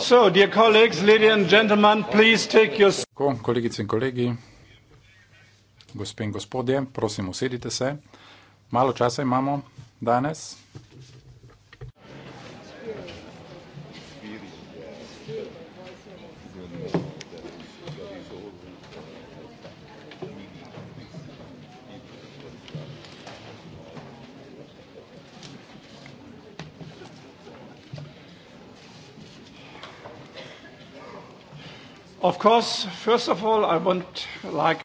So, dear colleagues, ladies and gentlemen, please take your... Tako, kolegice in kolegi, gospe in gospodje, prosim, usedite se. Malo časa imamo danes.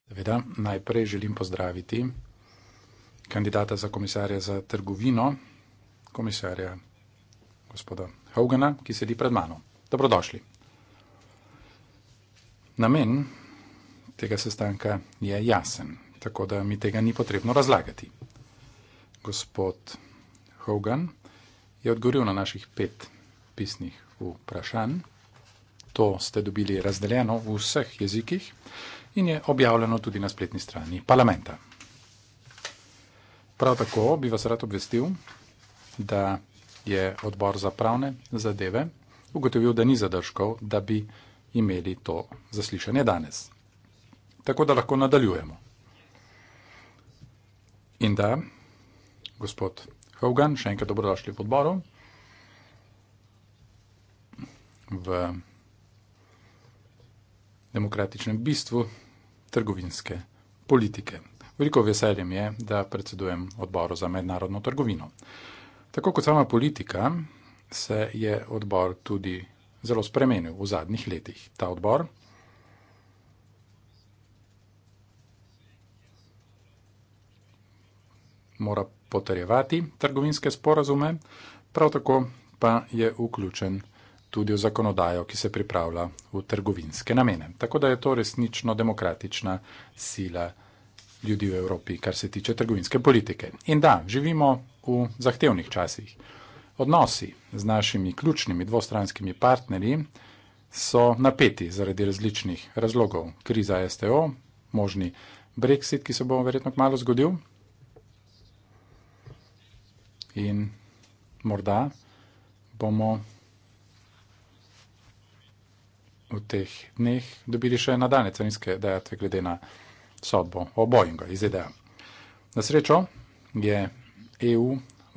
Seveda, najprej želim pozdraviti kandidata za komisarja za trgovino, komisarja gospoda Hogana, ki sedi pred mano. Dobrodošli. Namen tega sestanka je jasen, tako da mi tega ni potrebno razlagati. Gospod Hogan je odgovoril na naših pet pisnih vprašanj to ste dobili razdeljeno v vseh jezikih in je objavljeno tudi na spletni strani parlamenta. Prav tako bi vas rad obvestil, da je odbor za pravne zadeve ugotovil, da ni zadržkov, da bi imeli to zaslišanje danes. Tako da lahko nadaljujemo. In da, gospod Hogan, še enkrat dobrodošli v odboru. V demokratičnem bistvu trgovinske politike. Veliko veseljem je, da predsedujem odboru za mednarodno trgovino. Tako kot sama politika, se je odbor tudi zelo spremenil v zadnjih letih. Ta odbor mora potrjevati trgovinske sporazume, prav tako pa je vključen tudi v zakonodajo, ki se pripravlja v trgovinske namene. Tako da je to resnično demokratična sila ljudi v Evropi, kar se tiče trgovinske politike. In da, živimo v zahtevnih časih. Odnosi z našimi ključnimi dvostranskimi partnerji so napeti zaradi različnih razlogov. Kriza STO, možni Brexit, ki se bo verjetno kmalo zgodil. In morda bomo v teh dneh dobili še nadaljne carinske dejatve glede na sodbo obojnega iz EDA. Na srečo je EU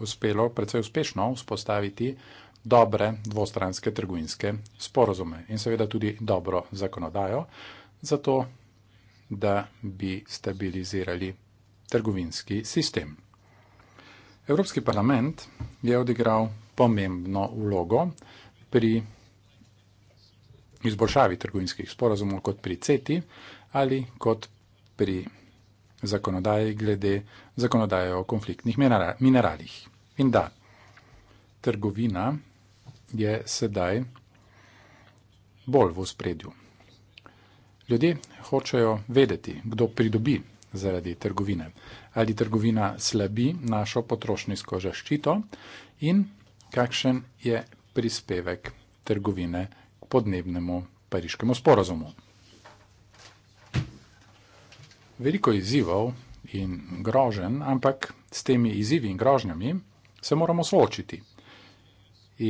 uspelo predvsej uspešno vzpostaviti dobre dvostranske trgovinske sporozume in seveda tudi dobro zakonodajo, zato da bi stabilizirali trgovinski sistem. Evropski parlament je odigral pomembno vlogo pri izboljšavi trgovinskih sporazumov kot pri CETI ali kot pri zakonodaji glede zakonodaje o konfliktnih mineralih. In da, trgovina je sedaj bolj v spredju. Ljudje hočejo vedeti, kdo pridobi zaradi trgovine. Ali trgovina slabi našo potrošnjsko zaščito in kakšen je prispevek trgovine trgovine podnebnemu pariškemu sporazumu. Veliko izzivov in grožen, ampak s temi izzivi in grožnjami se moramo soočiti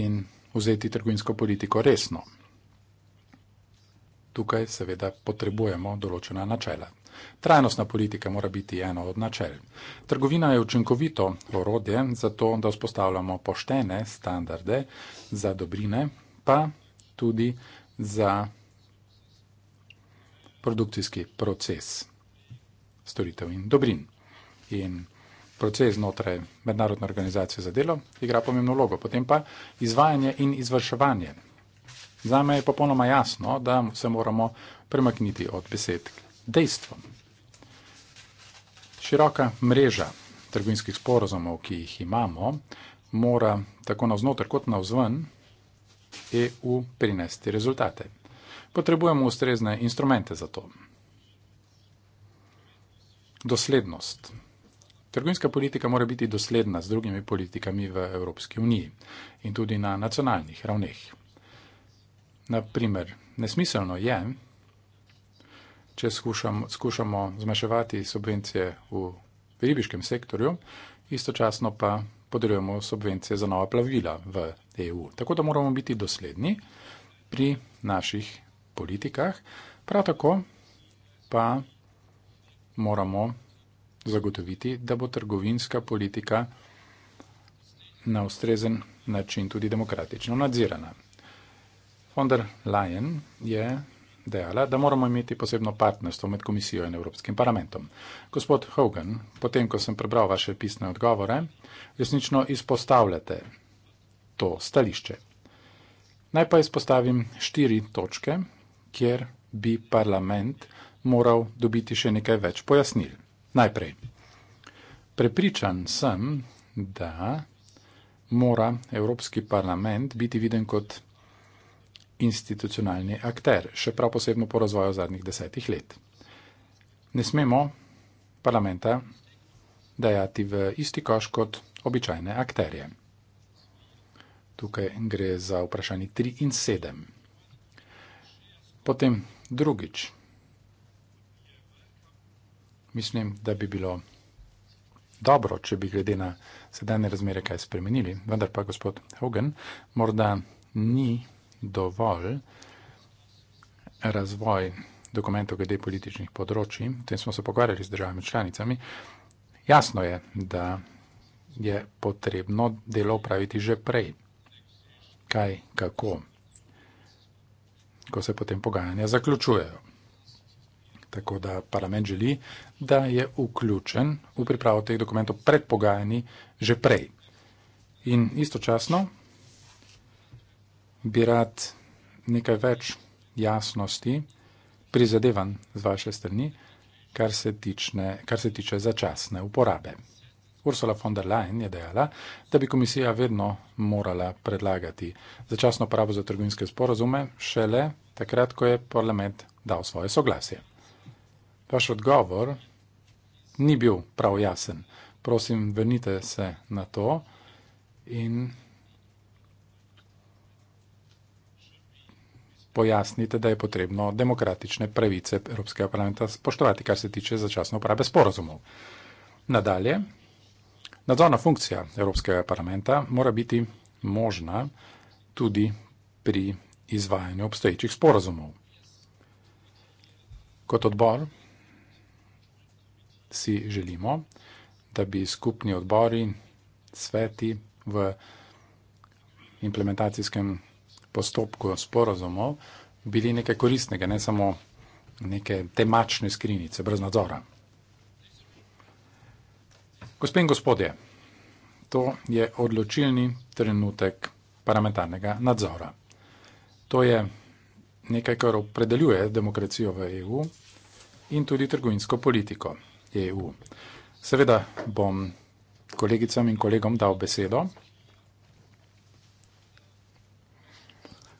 in vzeti trgovinsko politiko resno. Tukaj seveda potrebujemo določena načela. Trajnostna politika mora biti eno od načel. Trgovina je učinkovito orodje za to, da vzpostavljamo poštene standarde za dobrine, pa tudi za produkcijski proces storitev in dobrin. In proces znotraj mednarodne organizacije za delo igra pomembno vlogo. Potem pa izvajanje in izvrševanje. Zame je popolnoma jasno, da se moramo premakniti od besed k dejstvom. Široka mreža trgovinskih sporozumov, ki jih imamo, mora tako na znotraj kot na vzven EU prinesti rezultate. Potrebujemo ustrezne instrumente za to. Doslednost. Trgovinska politika mora biti dosledna z drugimi politikami v Evropski uniji in tudi na nacionalnih ravneh. Naprimer, nesmiselno je, če skušamo, skušamo zmaševati subvencije v ribiškem sektorju, istočasno pa podeljujemo subvencije za nova plavila v EU. Tako da moramo biti dosledni pri naših politikah, prav tako pa moramo zagotoviti, da bo trgovinska politika na ustrezen način tudi demokratično nadzirana. Von der Leyen je dejala, da moramo imeti posebno partnerstvo med komisijo in Evropskim parlamentom. Gospod Hogan, potem, ko sem prebral vaše pisne odgovore, resnično izpostavljate to stališče. Naj pa izpostavim štiri točke, kjer bi parlament moral dobiti še nekaj več pojasnil. Najprej. Prepričan sem, da mora Evropski parlament biti viden kot institucionalni akter, še prav posebno po razvoju zadnjih desetih let. Ne smemo parlamenta dajati v isti koš kot običajne akterje. Tukaj gre za vprašanje 3 in 7. Potem drugič. Mislim, da bi bilo dobro, če bi glede na sedajne razmere kaj spremenili, vendar pa gospod Hogan morda ni dovolj razvoj dokumentov glede političnih področji. V tem smo se pogovarjali z državami članicami. Jasno je, da je potrebno delo upraviti že prej. Kaj, kako, ko se potem pogajanja zaključujejo. Tako da parlament želi, da je vključen v pripravo teh dokumentov pred pogajanji že prej. In istočasno bi rad nekaj več jasnosti, prizadevan z vaše strani, kar se, tične, kar se tiče začasne uporabe. Ursula von der Leyen je dejala, da bi komisija vedno morala predlagati začasno pravo za trgovinske sporozume, šele takrat, ko je parlament dal svoje soglasje. Vaš odgovor ni bil prav jasen. Prosim, vrnite se na to in pojasnite, da je potrebno demokratične pravice Evropskega parlamenta spoštovati, kar se tiče začasno uporabe sporozumov. Nadalje, nadzorna funkcija Evropskega parlamenta mora biti možna tudi pri izvajanju obstoječih sporozumov. Kot odbor si želimo, da bi skupni odbori, sveti v implementacijskem postopku sporozumov bili nekaj koristnega, ne samo neke temačne skrinice brez nadzora. Gospe in gospodje, to je odločilni trenutek parlamentarnega nadzora. To je nekaj, kar opredeljuje demokracijo v EU in tudi trgovinsko politiko EU. Seveda bom kolegicam in kolegom dal besedo.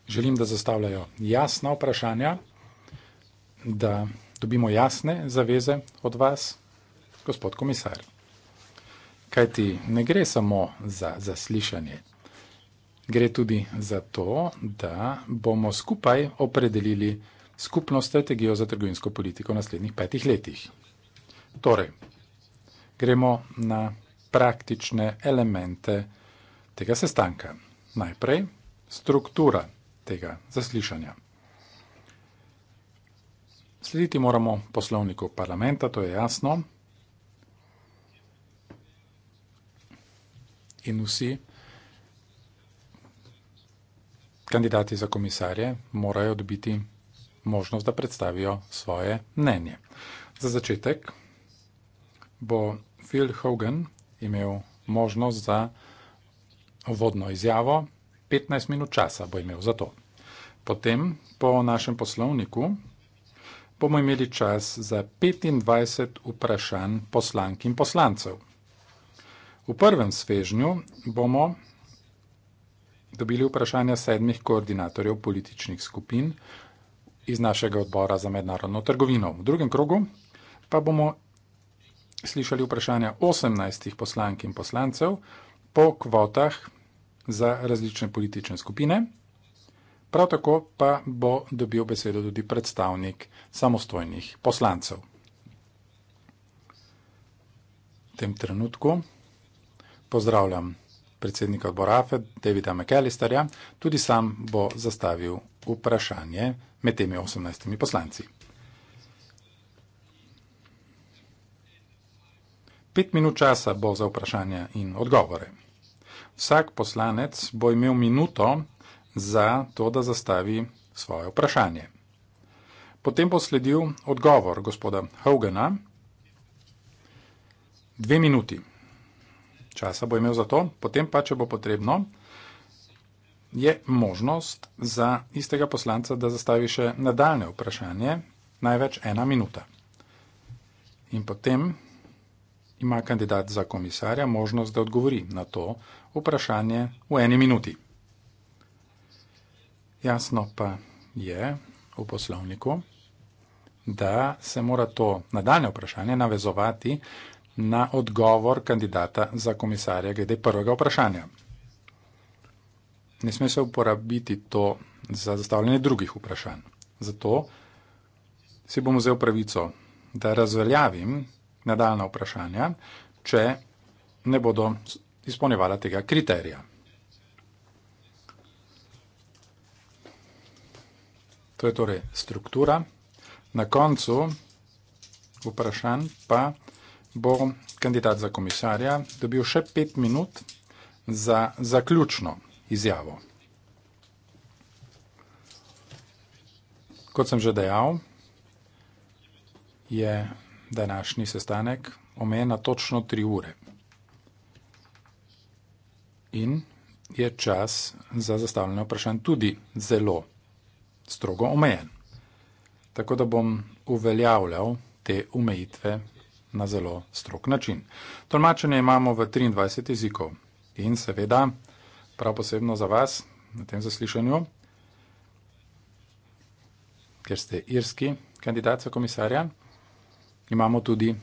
želim, da zastavljajo jasna vprašanja, da dobimo jasne zaveze od vas, gospod komisar. Kaj ti ne gre samo za zaslišanje, gre tudi za to, da bomo skupaj opredelili skupno strategijo za trgovinsko politiko v naslednjih petih letih. Torej, gremo na praktične elemente tega sestanka. Najprej struktura tega zaslišanja. Slediti moramo poslovniku parlamenta, to je jasno. In vsi kandidati za komisarje morajo dobiti možnost, da predstavijo svoje mnenje. Za začetek bo Phil Hogan imel možnost za vodno izjavo, 15 minut časa bo imel za to. Potem, po našem poslovniku, bomo imeli čas za 25 vprašanj poslank in poslancev. V prvem svežnju bomo dobili vprašanja sedmih koordinatorjev političnih skupin iz našega odbora za mednarodno trgovino. V drugem krogu pa bomo slišali vprašanja 18 poslank in poslancev po kvotah za različne politične skupine. Prav tako pa bo dobil besedo tudi predstavnik samostojnih poslancev. V tem trenutku pozdravljam predsednika odbora AFE, Davida McAllisterja, tudi sam bo zastavil vprašanje med temi 18 poslanci. Pet minut časa bo za vprašanja in odgovore. Vsak poslanec bo imel minuto za to, da zastavi svoje vprašanje. Potem bo sledil odgovor gospoda Hogana. Dve minuti časa bo imel za to, potem pa, če bo potrebno, je možnost za istega poslanca, da zastavi še nadaljne vprašanje, največ ena minuta. In potem ima kandidat za komisarja možnost, da odgovori na to vprašanje v eni minuti. Jasno pa je v poslovniku, da se mora to nadaljne vprašanje navezovati na odgovor kandidata za komisarja glede prvega vprašanja. Ne sme se uporabiti to za zastavljanje drugih vprašanj. Zato si bom vzel pravico, da razveljavim nadaljna vprašanja, če ne bodo disponevala tega kriterija. To je torej struktura. Na koncu vprašan pa bo kandidat za komisarja dobil še pet minut za zaključno izjavo. Kot sem že dejal, je današnji sestanek omejen na točno tri ure in je čas za zastavljanje vprašanj tudi zelo strogo omejen. Tako da bom uveljavljal te omejitve na zelo strok način. Tolmačenje imamo v 23 jezikov in seveda prav posebno za vas na tem zaslišanju, ker ste irski kandidat za komisarja, imamo tudi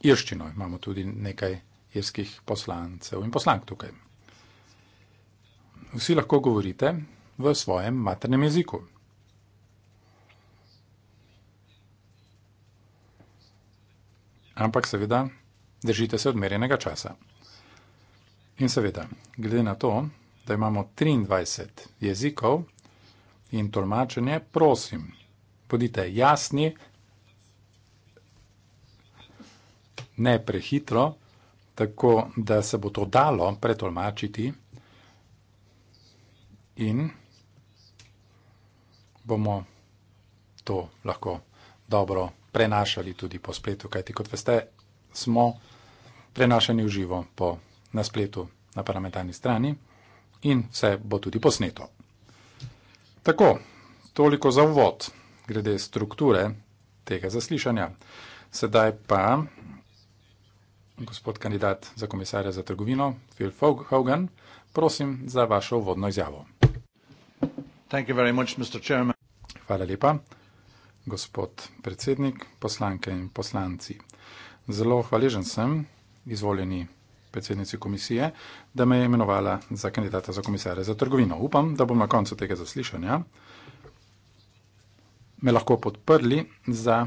irščino, imamo tudi nekaj irskih poslancev in poslank tukaj vsi lahko govorite v svojem maternem jeziku. Ampak seveda držite se odmerjenega časa. In seveda, glede na to, da imamo 23 jezikov in tolmačenje, prosim, bodite jasni, ne prehitro, tako da se bo to dalo pretolmačiti, in bomo to lahko dobro prenašali tudi po spletu, kajti kot veste, smo prenašani v živo po, na spletu na parlamentarni strani in vse bo tudi posneto. Tako, toliko za uvod glede strukture tega zaslišanja. Sedaj pa gospod kandidat za komisarja za trgovino, Phil Hogan, prosim za vašo uvodno izjavo. Hvala lepa, gospod predsednik, poslanke in poslanci. Zelo hvaležen sem izvoljeni predsednici komisije, da me je imenovala za kandidata za komisarja za trgovino. Upam, da bom na koncu tega zaslišanja me lahko podprli za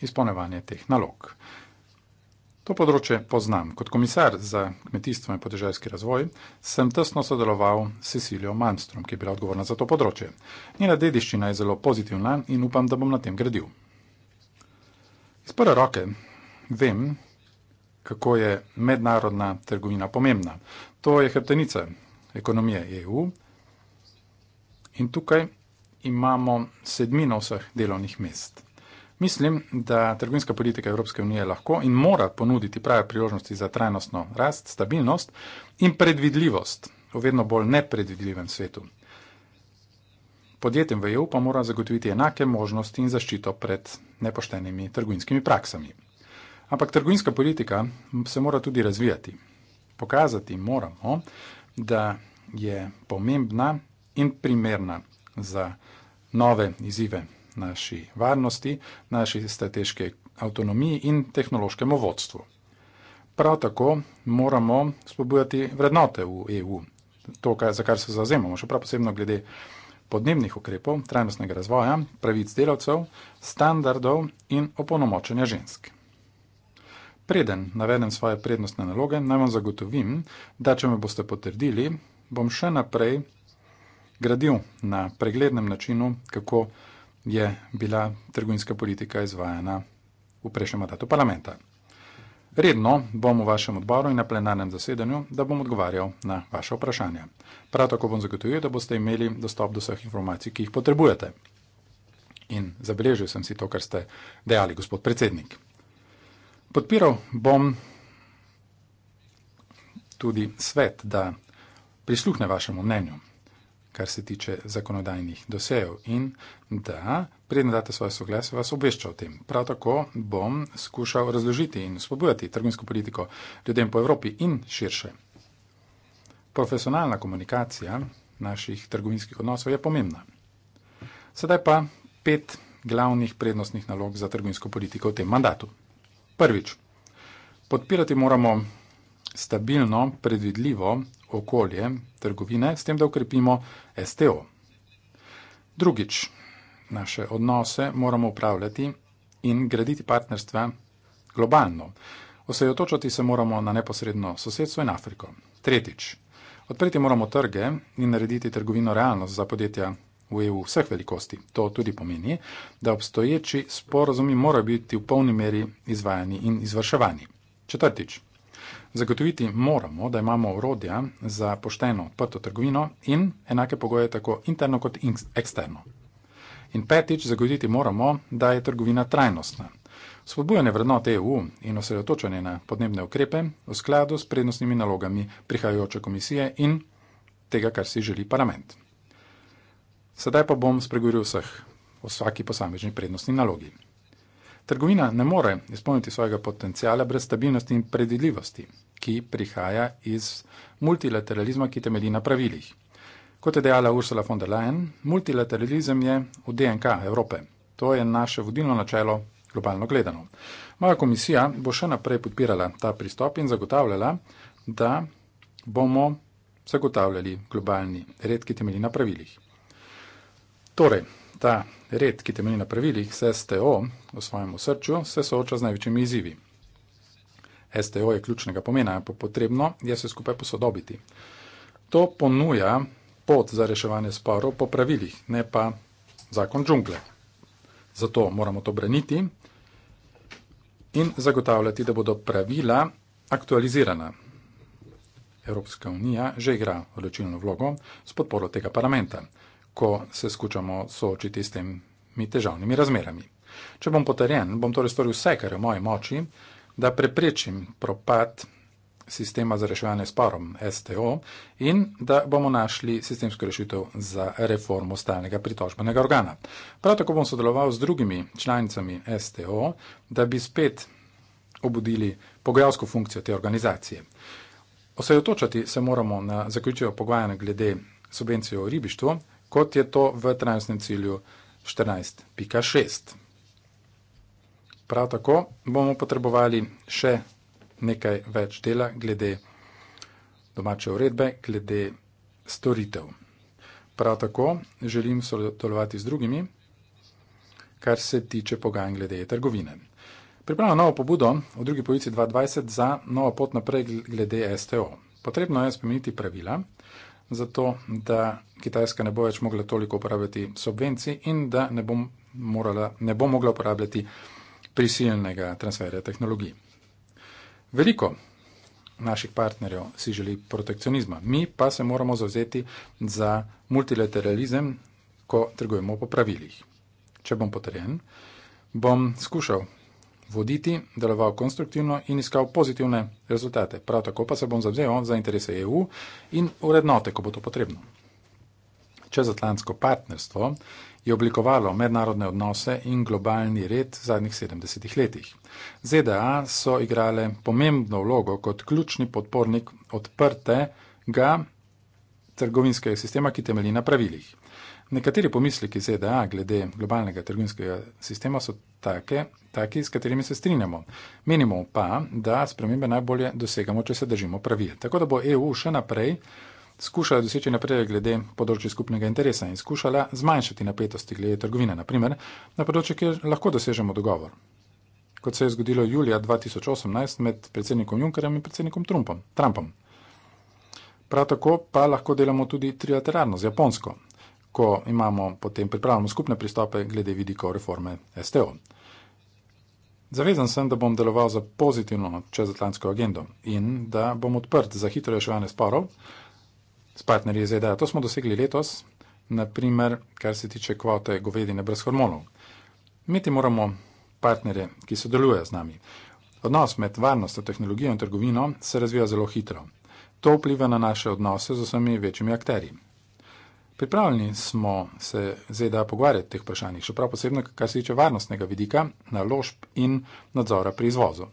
izpolnevanje teh nalog. To področje poznam. Kot komisar za kmetijstvo in podeželjski razvoj sem tesno sodeloval s Cecilijo Malmstrom, ki je bila odgovorna za to področje. Njena dediščina je zelo pozitivna in upam, da bom na tem gradil. Iz prve roke vem, kako je mednarodna trgovina pomembna. To je hrbtenica ekonomije EU in tukaj imamo sedmino vseh delovnih mest. Mislim, da trgovinska politika Evropske unije lahko in mora ponuditi prave priložnosti za trajnostno rast, stabilnost in predvidljivost v vedno bolj nepredvidljivem svetu. Podjetjem v EU pa mora zagotoviti enake možnosti in zaščito pred nepoštenimi trgovinskimi praksami. Ampak trgovinska politika se mora tudi razvijati. Pokazati moramo, da je pomembna in primerna za nove izzive naši varnosti, naši strateški avtonomiji in tehnološkemu vodstvu. Prav tako moramo spodbujati vrednote v EU, to, za kar se zauzemamo, še prav posebno glede podnebnih ukrepov, trajnostnega razvoja, pravic delavcev, standardov in opolnomočenja žensk. Preden navedem svoje prednostne naloge, naj vam zagotovim, da če me boste potrdili, bom še naprej gradil na preglednem načinu, kako je bila trgovinska politika izvajana v prejšnjem mandatu parlamenta. Redno bom v vašem odboru in na plenarnem zasedanju, da bom odgovarjal na vaše vprašanja. Prav tako bom zagotovil, da boste imeli dostop do vseh informacij, ki jih potrebujete. In zabeležil sem si to, kar ste dejali, gospod predsednik. Podpiral bom tudi svet, da prisluhne vašemu mnenju kar se tiče zakonodajnih dosejev in da predem date svoje soglasje, vas obvešča o tem. Prav tako bom skušal razložiti in spodbujati trgovinsko politiko ljudem po Evropi in širše. Profesionalna komunikacija naših trgovinskih odnosov je pomembna. Sedaj pa pet glavnih prednostnih nalog za trgovinsko politiko v tem mandatu. Prvič, podpirati moramo stabilno, predvidljivo okolje, trgovine, s tem, da ukrepimo STO. Drugič, naše odnose moramo upravljati in graditi partnerstva globalno. Osejotočati se moramo na neposredno sosedstvo in Afriko. Tretjič, odpreti moramo trge in narediti trgovino realnost za podjetja v EU vseh velikosti. To tudi pomeni, da obstoječi sporozumi morajo biti v polni meri izvajani in izvrševani. Četrtič, Zagotoviti moramo, da imamo urodja za pošteno odprto trgovino in enake pogoje tako interno kot eksterno. In petič, zagotoviti moramo, da je trgovina trajnostna. Spodbujanje vrednot EU in osredotočanje na podnebne ukrepe v skladu s prednostnimi nalogami prihajajoče komisije in tega, kar si želi parlament. Sedaj pa bom spregovoril vseh o vsaki posamečni prednostni nalogi. Trgovina ne more izpolniti svojega potencijala brez stabilnosti in predvidljivosti ki prihaja iz multilateralizma, ki temelji na pravilih. Kot je dejala Ursula von der Leyen, multilateralizem je v DNK Evrope. To je naše vodilno načelo globalno gledano. Moja komisija bo še naprej podpirala ta pristop in zagotavljala, da bomo zagotavljali globalni red, ki temelji na pravilih. Torej, ta red, ki temelji na pravilih, se STO v svojem srču se sooča z največjimi izzivi. STO je ključnega pomena, pa potrebno je se skupaj posodobiti. To ponuja pot za reševanje sporov po pravilih, ne pa zakon džungle. Zato moramo to braniti in zagotavljati, da bodo pravila aktualizirana. Evropska unija že igra odločilno vlogo s podporo tega parlamenta, ko se skušamo soočiti s temi težavnimi razmerami. Če bom potrjen, bom torej storil vse, kar je v moji moči, da preprečim propad sistema za reševanje sporom STO in da bomo našli sistemsko rešitev za reformo stalnega pritožbenega organa. Prav tako bom sodeloval z drugimi članicami STO, da bi spet obudili pogajalsko funkcijo te organizacije. Osredotočati se moramo na zaključijo pogajanja glede subvencije o ribištvu, kot je to v trajnostnem cilju 14.6. Prav tako bomo potrebovali še nekaj več dela glede domače uredbe, glede storitev. Prav tako želim sodelovati z drugimi, kar se tiče pogajanj glede trgovine. Pripravljam novo pobudo v drugi polovici 2020 za novo pot naprej glede STO. Potrebno je spremeniti pravila, zato da Kitajska ne bo več mogla toliko uporabljati subvencij in da ne bo, morala, ne bo mogla uporabljati prisilnega transferja tehnologij. Veliko naših partnerjev si želi protekcionizma, mi pa se moramo zavzeti za multilateralizem, ko trgujemo po pravilih. Če bom potrjen, bom skušal voditi, deloval konstruktivno in iskal pozitivne rezultate. Prav tako pa se bom zavzel za interese EU in urednote, ko bo to potrebno čezatlantsko partnerstvo je oblikovalo mednarodne odnose in globalni red v zadnjih 70 letih. ZDA so igrale pomembno vlogo kot ključni podpornik odprtega trgovinskega sistema, ki temelji na pravilih. Nekateri pomisliki ZDA glede globalnega trgovinskega sistema so take, taki, s katerimi se strinjamo. Menimo pa, da spremembe najbolje dosegamo, če se držimo pravil. Tako da bo EU še naprej skušala doseči napredek glede področja skupnega interesa in skušala zmanjšati napetosti glede trgovine, naprimer na področju, kjer lahko dosežemo dogovor. Kot se je zgodilo julija 2018 med predsednikom Junckerjem in predsednikom Trumpom, Trumpom. Prav tako pa lahko delamo tudi trilateralno z Japonsko, ko imamo potem pripravljeno skupne pristope glede vidikov reforme STO. Zavezan sem, da bom deloval za pozitivno čezatlantsko agendo in da bom odprt za hitro reševanje sporov s partnerji iz ZDA. E to smo dosegli letos, naprimer, kar se tiče kvote govedine brez hormonov. Imeti moramo partnerje, ki sodelujejo z nami. Odnos med varnostjo, tehnologijo in trgovino se razvija zelo hitro. To vpliva na naše odnose z vsemi večjimi akteri. Pripravljeni smo se ZDA e pogovarjati o teh vprašanjih, še prav posebno, kar se tiče varnostnega vidika, naložb in nadzora pri izvozu.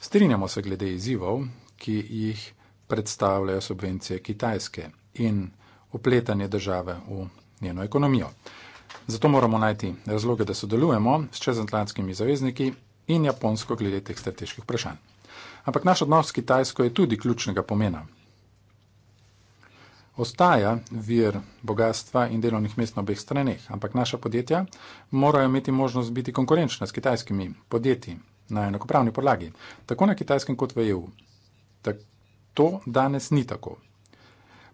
Strinjamo se glede izzivov, ki jih predstavljajo subvencije Kitajske in upletanje države v njeno ekonomijo. Zato moramo najti razloge, da sodelujemo s čezantlantskimi zavezniki in Japonsko glede teh strateških vprašanj. Ampak naš odnos s Kitajsko je tudi ključnega pomena. Ostaja vir bogatstva in delovnih mest na obeh straneh, ampak naša podjetja morajo imeti možnost biti konkurenčna s kitajskimi podjetji na enakopravni podlagi, tako na kitajskem kot v EU. Tako To danes ni tako.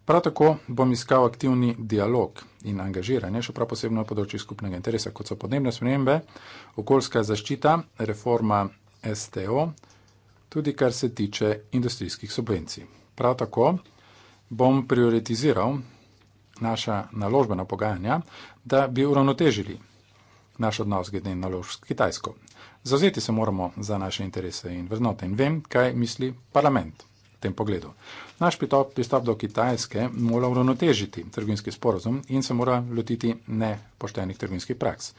Prav tako bom iskal aktivni dialog in angažiranje, še prav posebno na področju skupnega interesa, kot so podnebne spremembe, okoljska zaščita, reforma STO, tudi kar se tiče industrijskih subvencij. Prav tako bom prioritiziral naša naložbena pogajanja, da bi uravnotežili naš odnos glede naložb s Kitajsko. Zavzeti se moramo za naše interese in vrednote in vem, kaj misli parlament tem pogledu. Naš pristop, pristop do Kitajske mora uravnotežiti trgovinski sporozum in se mora lotiti nepoštenih trgovinskih praks.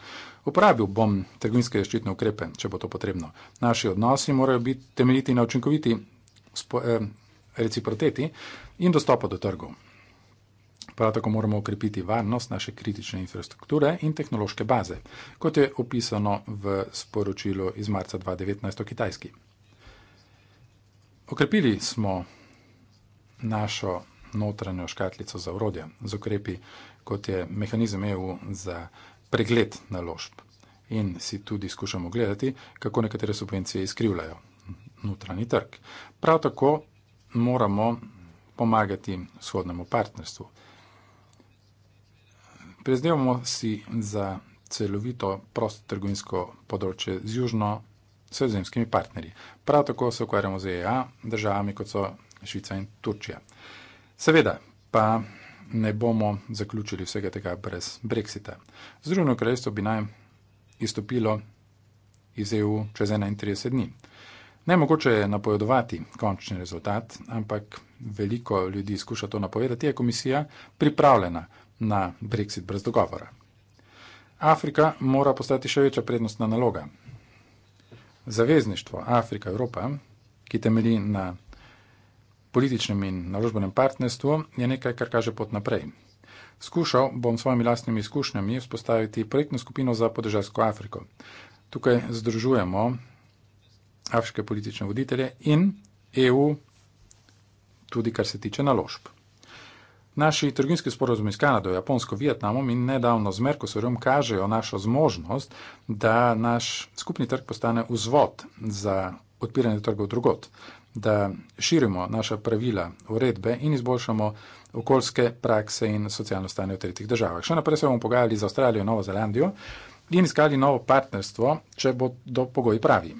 Uporabil bom trgovinske zaščitne ukrepe, če bo to potrebno. Naši odnosi morajo biti temeljiti na učinkoviti eh, reciproteti in dostopu do trgov. Prav tako moramo ukrepiti varnost naše kritične infrastrukture in tehnološke baze, kot je opisano v sporočilu iz marca 2019 o Kitajski. Okrepili smo našo notranjo škatlico za urodja z ukrepi, kot je mehanizem EU za pregled naložb. In si tudi skušamo gledati, kako nekatere subvencije izkrivljajo notranji trg. Prav tako moramo pomagati shodnemu partnerstvu. Prezdevamo si za celovito prostotrgovinsko področje z južno s sredozemskimi partnerji. Prav tako se ukvarjamo z EA, državami kot so Švica in Turčija. Seveda pa ne bomo zaključili vsega tega brez Brexita. Združeno kraljestvo bi naj izstopilo iz EU čez 31 dni. Nemogoče je napovedovati končni rezultat, ampak veliko ljudi skuša to napovedati, je komisija pripravljena na Brexit brez dogovora. Afrika mora postati še večja prednostna naloga zavezništvo Afrika, Evropa, ki temelji na političnem in naložbenem partnerstvu, je nekaj, kar kaže pot naprej. Skušal bom s svojimi lastnimi izkušnjami vzpostaviti projektno skupino za podeželsko Afriko. Tukaj združujemo afriške politične voditelje in EU, tudi kar se tiče naložb. Naši trgovinski sporozumi s Kanado, Japonsko, Vietnamom in nedavno z Merkosorjem kažejo našo zmožnost, da naš skupni trg postane vzvod za odpiranje trgov drugot, da širimo naša pravila, uredbe in izboljšamo okoljske prakse in socialno stanje v tretjih državah. Še naprej se bomo pogajali z Avstralijo in Novo Zelandijo in iskali novo partnerstvo, če bodo pogoji pravi.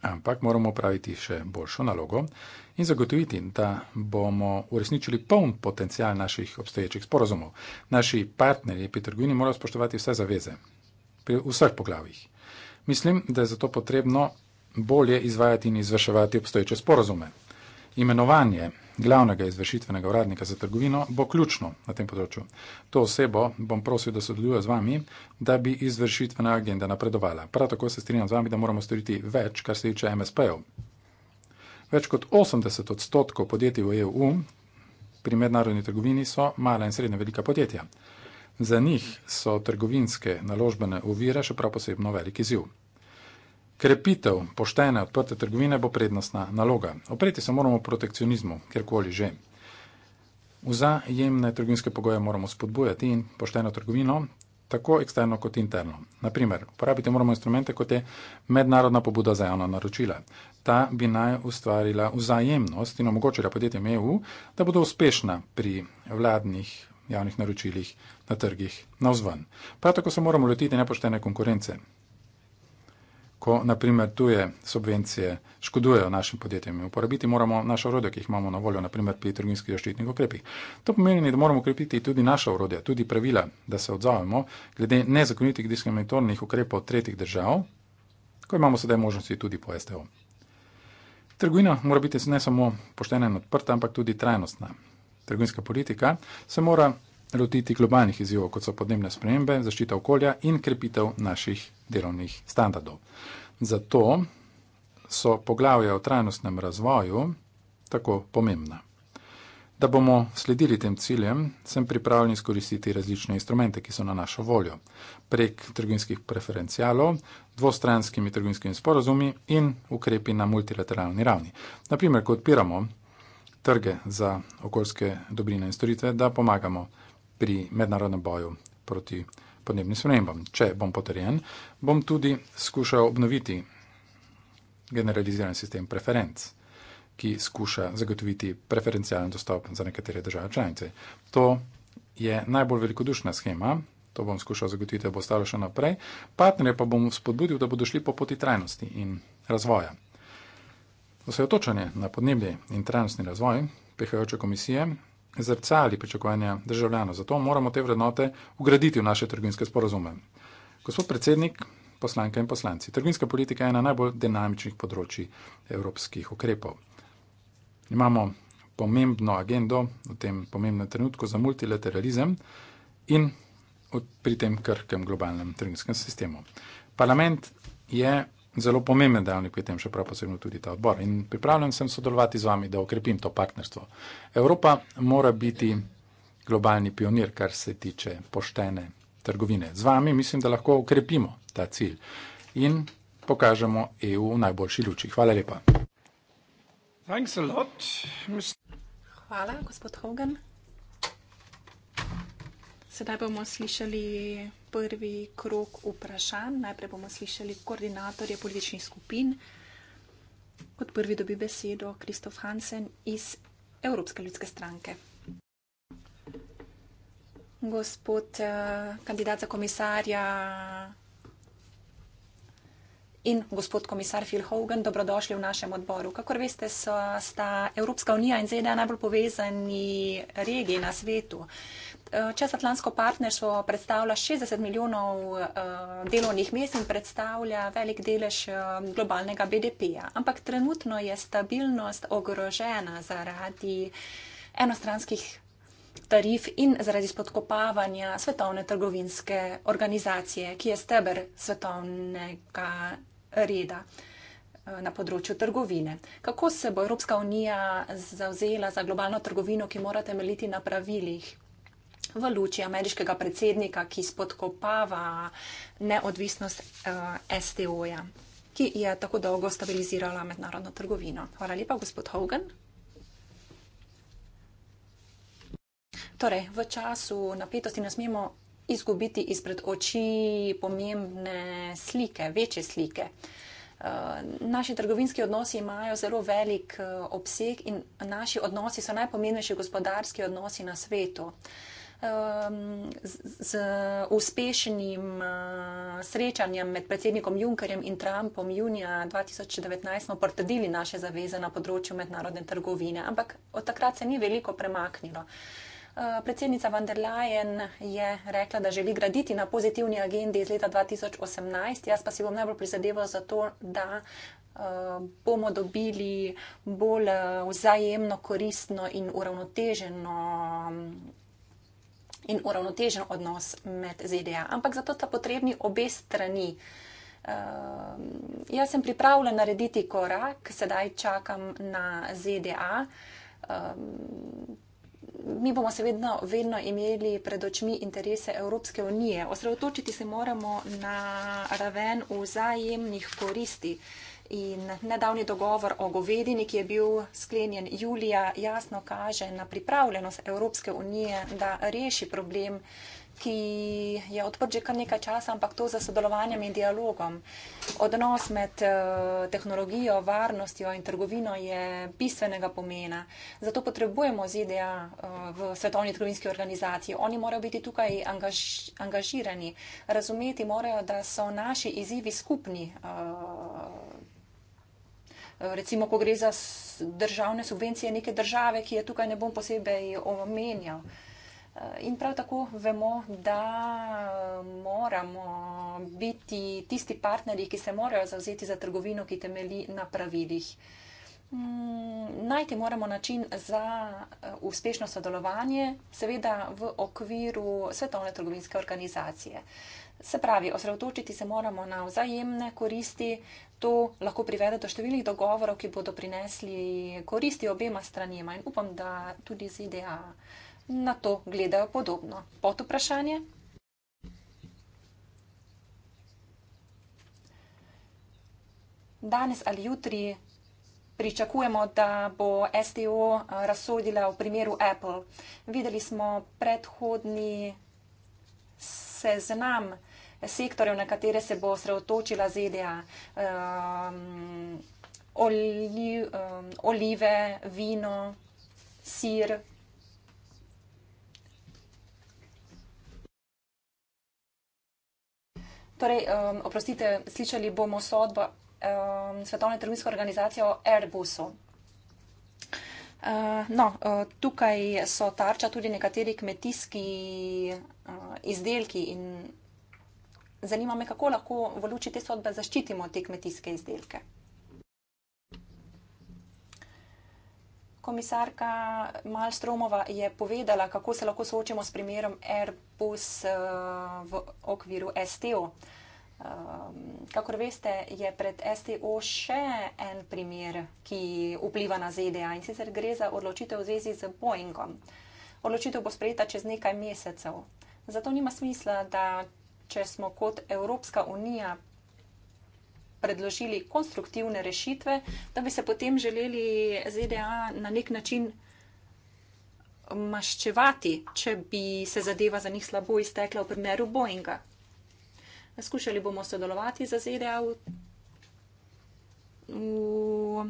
Ampak moramo praviti še boljšo nalogo in zagotoviti, da bomo uresničili poln potencial naših obstoječih sporozumov. Naši partnerji pri trgovini morajo spoštovati vse zaveze, pri vseh poglavjih. Mislim, da je zato potrebno bolje izvajati in izvrševati obstoječe sporozume. Imenovanje glavnega izvršitvenega uradnika za trgovino bo ključno na tem področju. To osebo bom prosil, da sodeluje z vami, da bi izvršitvena agenda napredovala. Prav tako se strinjam z vami, da moramo storiti več, kar se tiče MSP-ov. Več kot 80 odstotkov podjetij v EU pri mednarodni trgovini so mala in srednja velika podjetja. Za njih so trgovinske naložbene ovire še prav posebno veliki ziv. Krepitev poštene odprte trgovine bo prednostna naloga. Opreti se moramo protekcionizmu, kjerkoli že. Vzajemne trgovinske pogoje moramo spodbujati in pošteno trgovino, tako eksterno kot interno. Naprimer, uporabiti moramo instrumente, kot je mednarodna pobuda za javno naročila. Ta bi naj ustvarila vzajemnost in omogočila podjetjem EU, da bodo uspešna pri vladnih javnih naročilih na trgih navzven. Prav tako se moramo lotiti nepoštene konkurence ko naprimer tuje subvencije škodujejo našim podjetjem. Uporabiti moramo naše urodje, ki jih imamo na voljo, naprimer pri trgovinskih zaščitnih ukrepih. To pomeni, da moramo ukrepiti tudi naše urodje, tudi pravila, da se odzovemo glede nezakonitih diskriminatornih ukrepov tretjih držav, ko imamo sedaj možnosti tudi po STO. Trgovina mora biti ne samo poštena in odprta, ampak tudi trajnostna. Trgovinska politika se mora lotiti globalnih izzivov, kot so podnebne spremembe, zaščita okolja in krepitev naših delovnih standardov. Zato so poglavja o trajnostnem razvoju tako pomembna. Da bomo sledili tem ciljem, sem pripravljen izkoristiti različne instrumente, ki so na našo voljo, prek trgovinskih preferencialov, dvostranskimi trgovinskimi sporozumi in ukrepi na multilateralni ravni. Naprimer, ko odpiramo trge za okoljske dobrine in storitve, da pomagamo pri mednarodnem boju proti podnebnim spremembam. Če bom potrjen, bom tudi skušal obnoviti generaliziran sistem preferenc, ki skuša zagotoviti preferencialen dostop za nekatere države članice. To je najbolj velikodušna schema, to bom skušal zagotoviti, da bo stalo še naprej, partnerje pa bom spodbudil, da bodo šli po poti trajnosti in razvoja. Osredotočanje na podnebje in trajnostni razvoj prihajajoče komisije zrcali pričakovanja državljanov. Zato moramo te vrednote ugraditi v naše trgovinske sporozume. Gospod predsednik, poslanke in poslanci, trgovinska politika je ena najbolj dinamičnih področji evropskih ukrepov. Imamo pomembno agendo v tem pomembnem trenutku za multilateralizem in pri tem krhkem globalnem trgovinskem sistemu. Parlament je zelo pomemben dejavnik pri tem, še prav posebno tudi ta odbor. In pripravljen sem sodelovati z vami, da okrepim to partnerstvo. Evropa mora biti globalni pionir, kar se tiče poštene trgovine. Z vami mislim, da lahko okrepimo ta cilj in pokažemo EU v najboljši luči. Hvala lepa. Lot, Hvala, gospod Hogan. Sedaj bomo slišali prvi krok vprašanj. Najprej bomo slišali koordinatorje političnih skupin. Kot prvi dobi besedo Kristof Hansen iz Evropske ljudske stranke. Gospod eh, kandidat za komisarja in gospod komisar Phil Hogan, dobrodošli v našem odboru. Kakor veste, so, sta Evropska unija in ZDA najbolj povezani regiji na svetu. Eh, Čez Atlantsko partnerstvo predstavlja 60 milijonov eh, delovnih mest in predstavlja velik delež eh, globalnega BDP-ja. Ampak trenutno je stabilnost ogrožena zaradi enostranskih tarif in zaradi spodkopavanja svetovne trgovinske organizacije, ki je steber svetovnega reda na področju trgovine. Kako se bo Evropska unija zauzela za globalno trgovino, ki mora temeljiti na pravilih? v luči ameriškega predsednika, ki spodkopava neodvisnost uh, eh, STO-ja, ki je tako dolgo stabilizirala mednarodno trgovino. Hvala lepa, gospod Hogan. Torej, v času napetosti ne smemo izgubiti izpred oči pomembne slike, večje slike. Eh, naši trgovinski odnosi imajo zelo velik eh, obseg in naši odnosi so najpomembnejši gospodarski odnosi na svetu um, z, z uspešnim uh, srečanjem med predsednikom Junckerjem in Trumpom junija 2019 smo potrdili naše zaveze na področju mednarodne trgovine, ampak od takrat se ni veliko premaknilo. Uh, predsednica von der Leyen je rekla, da želi graditi na pozitivni agendi iz leta 2018. Jaz pa si bom najbolj prizadeval za to, da uh, bomo dobili bolj uh, vzajemno, koristno in uravnoteženo um, in uravnotežen odnos med ZDA. Ampak zato sta potrebni obe strani. Uh, jaz sem pripravljen narediti korak, sedaj čakam na ZDA. Uh, ehm, mi bomo seveda vedno imeli pred očmi interese Evropske unije. Osredotočiti se moramo na raven vzajemnih koristi. Uh, In nedavni dogovor o govedini, ki je bil sklenjen julija, jasno kaže na pripravljenost Evropske unije, da reši problem, ki je odprt že kar nekaj časa, ampak to za sodelovanjem in dialogom. Odnos med eh, tehnologijo, varnostjo in trgovino je bistvenega pomena. Zato potrebujemo ZDA eh, v Svetovni trgovinski organizaciji. Oni morajo biti tukaj angaž, angažirani, razumeti morajo, da so naši izzivi skupni. Uh, recimo, ko gre za državne subvencije neke države, ki je tukaj ne bom posebej omenjal. Eh, in prav tako vemo, da moramo biti tisti partnerji, ki se morajo zavzeti za trgovino, ki temeli na pravilih. Mm, najti moramo način za eh, uspešno sodelovanje, seveda v okviru Svetovne trgovinske organizacije. Se pravi, osredotočiti se moramo na vzajemne koristi, to lahko privede do številnih dogovorov, ki bodo prinesli koristi obema stranima in upam, da tudi ZDA na to gledajo podobno. Pod vprašanje. Danes ali jutri pričakujemo, da bo STO eh, razsodila v primeru Apple. Videli smo predhodni seznam sektorjev, na katere se bo sreotočila ZDA. Um, ehm, oli, um, olive, vino, sir. Torej, um, oprostite, slišali bomo sodbo um, Svetovne trgovinske organizacije o Airbusu. Uh, no, uh, tukaj so tarča tudi nekateri kmetijski uh, izdelki in Zanima me, kako lahko v luči te sodbe zaščitimo te kmetijske izdelke. Komisarka Malstromova je povedala, kako se lahko soočimo s primerom Airbus eh, v okviru STO. Eh, kakor veste, je pred STO še en primer, ki vpliva na ZDA in sicer gre za odločitev v zvezi z Boeingom. Odločitev bo sprejeta čez nekaj mesecev. Zato nima smisla, da če smo kot Evropska unija predložili konstruktivne rešitve, da bi se potem želeli ZDA na nek način maščevati, če bi se zadeva za njih slabo iztekla v primeru Boeinga. Skušali bomo sodelovati za ZDA v, v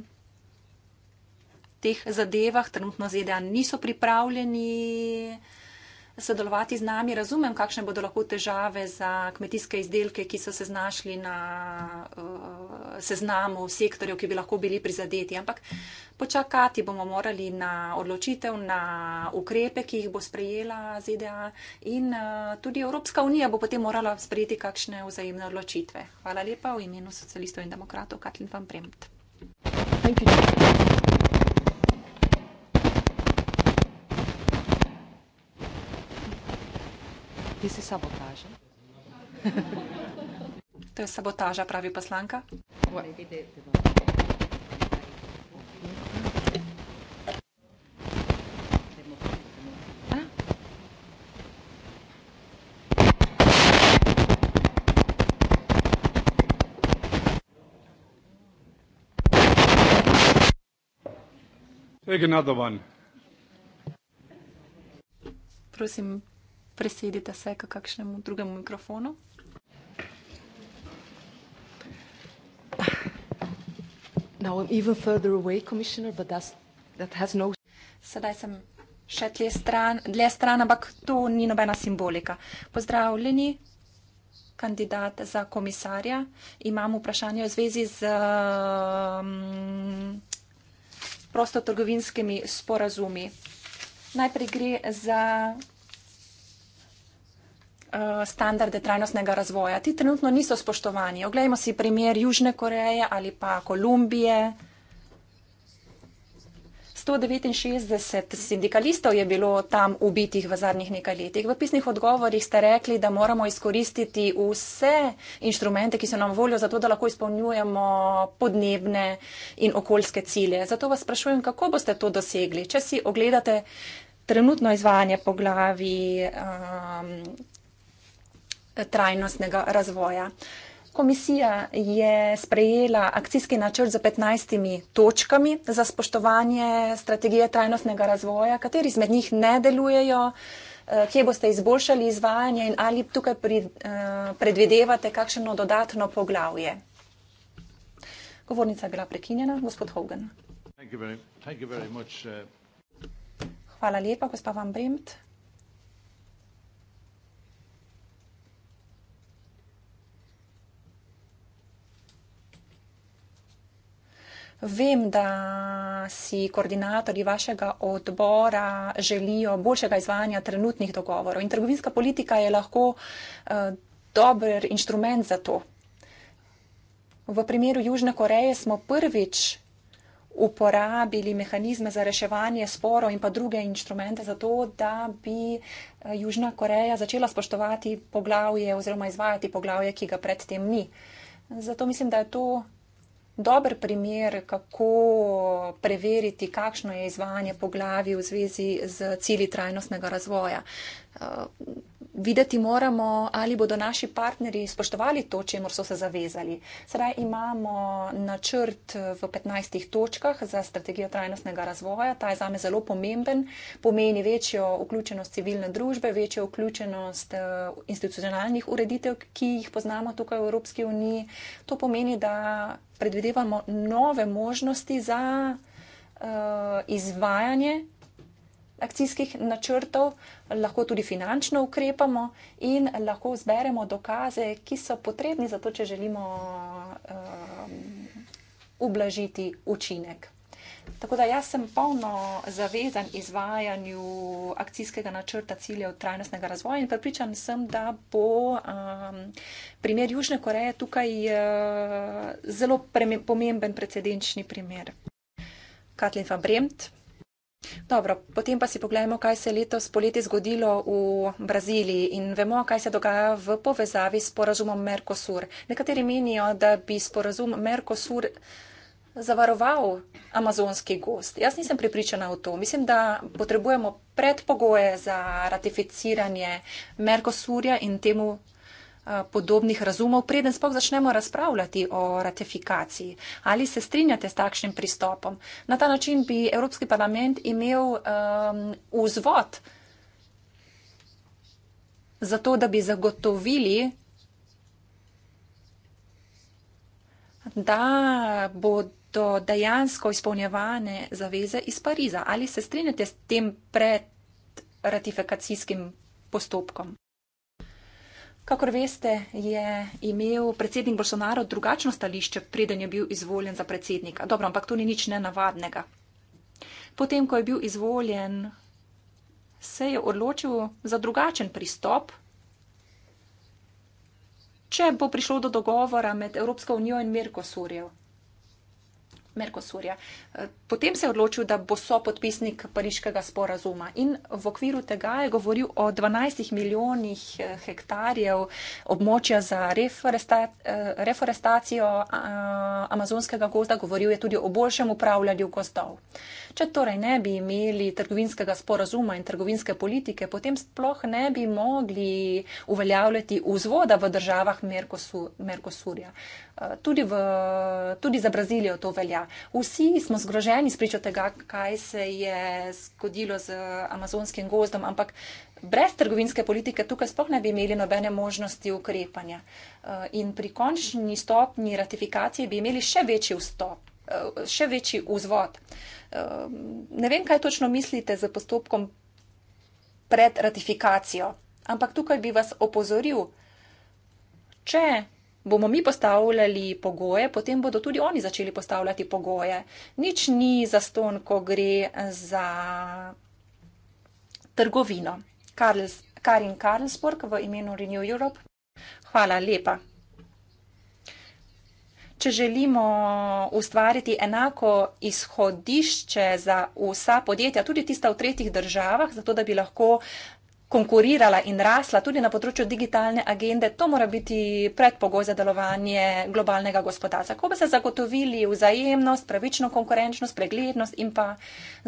teh zadevah. Trenutno ZDA niso pripravljeni sodelovati z nami. Razumem, kakšne bodo lahko težave za kmetijske izdelke, ki so se znašli na uh, seznamu sektorjev, ki bi lahko bili prizadeti. Ampak počakati bomo morali na odločitev, na ukrepe, ki jih bo sprejela ZDA in uh, tudi Evropska unija bo potem morala sprejeti kakšne vzajemne odločitve. Hvala lepa v imenu socialistov in demokratov, Katlin van Premt. Thank you. Jaz si sabotaža. to je sabotaža, pravi poslanka. Take another one. Prosim, presedite se k kakšnemu drugemu mikrofonu. Away, that has no... Sedaj sem še tle stran, dlje stran, ampak to ni nobena simbolika. Pozdravljeni, kandidat za komisarja. Imam vprašanje v zvezi z um, prostotrgovinskimi sporazumi. Najprej gre za Eh, standarde trajnostnega razvoja. Ti trenutno niso spoštovani. Oglejmo si primer Južne Koreje ali pa Kolumbije. 169 sindikalistov je bilo tam ubitih v zadnjih nekaj letih. V pisnih odgovorih ste rekli, da moramo izkoristiti vse inštrumente, ki so nam voljo za to, da lahko izpolnjujemo podnebne in okoljske cilje. Zato vas sprašujem, kako boste to dosegli? Če si ogledate trenutno izvajanje poglavi um, ehm, trajnostnega razvoja. Komisija je sprejela akcijski načrt z 15 točkami za spoštovanje strategije trajnostnega razvoja, kateri izmed njih ne delujejo, eh, kje boste izboljšali izvajanje in ali tukaj eh, predvidevate kakšno dodatno poglavje. Govornica je bila prekinjena, gospod Hogan. Eh. Hvala lepa, gospa Van Bremt. Vem, da si koordinatorji vašega odbora želijo boljšega izvajanja trenutnih dogovorov in trgovinska politika je lahko eh, dober inštrument za to. V primeru Južne Koreje smo prvič uporabili mehanizme za reševanje sporov in pa druge inštrumente za to, da bi eh, Južna Koreja začela spoštovati poglavje oziroma izvajati poglavje, ki ga predtem ni. Zato mislim, da je to dober primer, kako preveriti, kakšno je izvajanje poglavi v zvezi z cili trajnostnega razvoja videti moramo, ali bodo naši partnerji spoštovali to, čemu so se zavezali. Sedaj imamo načrt eh, v 15 točkah za strategijo trajnostnega razvoja. Ta je zame zelo pomemben, pomeni večjo vključenost civilne družbe, večjo vključenost eh, institucionalnih ureditev, ki jih poznamo tukaj v Evropski uniji. To pomeni, da predvidevamo nove možnosti za uh, izvajanje akcijskih načrtov, lahko tudi finančno ukrepamo in lahko zberemo dokaze, ki so potrebni za to, če želimo um, ublažiti učinek. Tako da jaz sem polno zavezan izvajanju akcijskega načrta ciljev trajnostnega razvoja in pripričan sem, da bo um, primer Južne Koreje tukaj uh, zelo pomemben precedenčni primer. Katlin van Bremt. Dobro, potem pa si pogledamo, kaj se je letos poleti zgodilo v Braziliji in vemo, kaj se dogaja v povezavi s porazumom Mercosur. Nekateri menijo, da bi sporazum Mercosur zavaroval amazonski gost. Jaz nisem pripričana v to. Mislim, da potrebujemo predpogoje za ratificiranje Mercosurja in temu. Eh, podobnih razumov, preden spoh začnemo razpravljati o ratifikaciji. Ali se strinjate s takšnim pristopom? Na ta način bi Evropski parlament imel um, vzvod za to, da bi zagotovili, da bodo dejansko izpolnjevane zaveze iz Pariza. Ali se strinjate s tem pred ratifikacijskim postopkom? Kakor veste, je imel predsednik Bolsonaro drugačno stališče, preden je bil izvoljen za predsednika. Dobro, ampak to ni nič nenavadnega. Potem, ko je bil izvoljen, se je odločil za drugačen pristop. Če bo prišlo do dogovora med Evropsko unijo in Mercosurjev, Merkosurja. Eh, potem se je odločil, da bo sopodpisnik pariškega sporazuma in v okviru tega je govoril o 12 milijonih eh, hektarjev območja za eh, reforestacijo amazonskega gozda, govoril je tudi o boljšem upravljanju gozdov. Če torej ne bi imeli trgovinskega sporazuma in trgovinske politike, potem sploh ne bi mogli uveljavljati vzvoda v državah Merkosurja. Eh, tudi, v, tudi za Brazilijo to velja. Vsi smo zgroženi spričo tega, kaj se je zgodilo z amazonskim gozdom, ampak brez trgovinske politike tukaj sploh ne bi imeli nobene možnosti ukrepanja. Eh, in pri končni stopni ratifikacije bi imeli še večji, vstop, eh, še večji vzvod ne vem, kaj točno mislite z postopkom pred ratifikacijo, ampak tukaj bi vas opozoril, če bomo mi postavljali pogoje, potem bodo tudi oni začeli postavljati pogoje. Nič ni zaston, ko gre za trgovino. Karl, Karin Karlsburg v imenu Renew Europe. Hvala lepa če želimo ustvariti enako izhodišče za vsa podjetja, tudi tista v tretjih državah, zato da bi lahko konkurirala in rasla tudi na področju digitalne agende, to mora biti predpogoj za delovanje globalnega gospodarstva. Kako bi se zagotovili vzajemnost, pravično konkurenčnost, preglednost in pa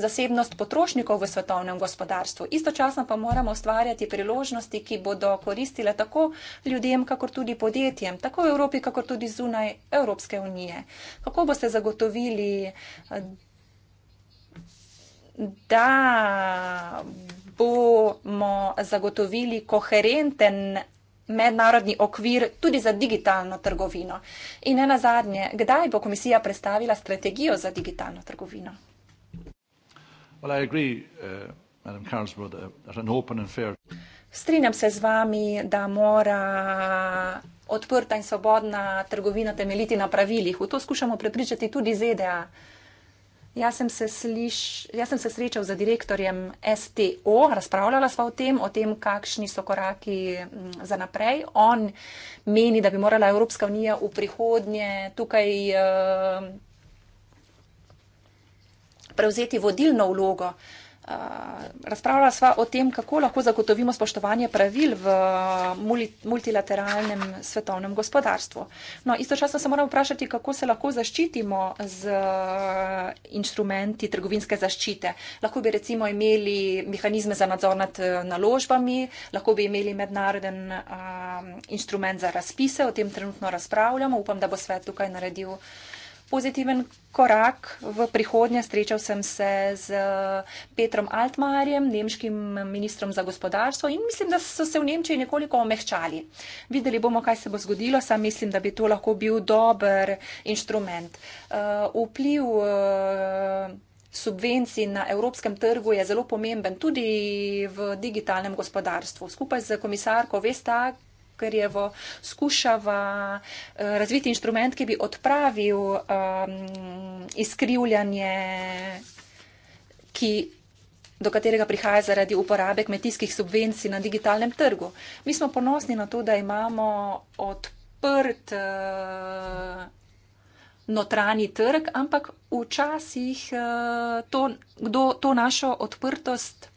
zasebnost potrošnikov v svetovnem gospodarstvu. Istočasno pa moramo ustvarjati priložnosti, ki bodo koristile tako ljudem, kakor tudi podjetjem, tako v Evropi, kakor tudi zunaj Evropske unije. Kako boste zagotovili, da bomo zagotovili koherenten mednarodni okvir tudi za digitalno trgovino. In ena zadnje, kdaj bo komisija predstavila strategijo za digitalno trgovino? Well, agree, uh, fair... Strinjam se z vami, da mora odprta in svobodna trgovina temeljiti na pravilih. V to skušamo prepričati tudi ZDA. Uh, Jaz sem, se sliš, jaz sem se srečal z direktorjem STO, razpravljala sva o tem, o tem, kakšni so koraki mm, za naprej. On meni, da bi morala Evropska unija v prihodnje tukaj uh, prevzeti vodilno vlogo uh, Eh, razpravljala sva o tem, kako lahko zagotovimo spoštovanje pravil v eh, multilateralnem svetovnem gospodarstvu. No, istočasno se moramo vprašati, kako se lahko zaščitimo z eh, inštrumenti trgovinske zaščite. Lahko bi recimo imeli mehanizme za nadzor nad naložbami, lahko bi imeli mednaroden a, inštrument za razpise, o tem trenutno razpravljamo, upam, da bo svet tukaj naredil pozitiven korak v prihodnje. Srečal sem se z eh, Petrom Altmarjem, nemškim ministrom za gospodarstvo in mislim, da so se v Nemčiji nekoliko omehčali. Videli bomo, kaj se bo zgodilo, sam mislim, da bi to lahko bil dober inštrument. Eh, vpliv eh, subvencij na evropskem trgu je zelo pomemben tudi v digitalnem gospodarstvu. Skupaj z komisarko Vestak Krjevo, skušava eh, razviti inštrument, ki bi odpravil um, izkrivljanje, ki, do katerega prihaja zaradi uporabe kmetijskih subvencij na digitalnem trgu. Mi smo ponosni na to, da imamo odprt uh, notranji trg, ampak včasih uh, to, kdo to našo odprtost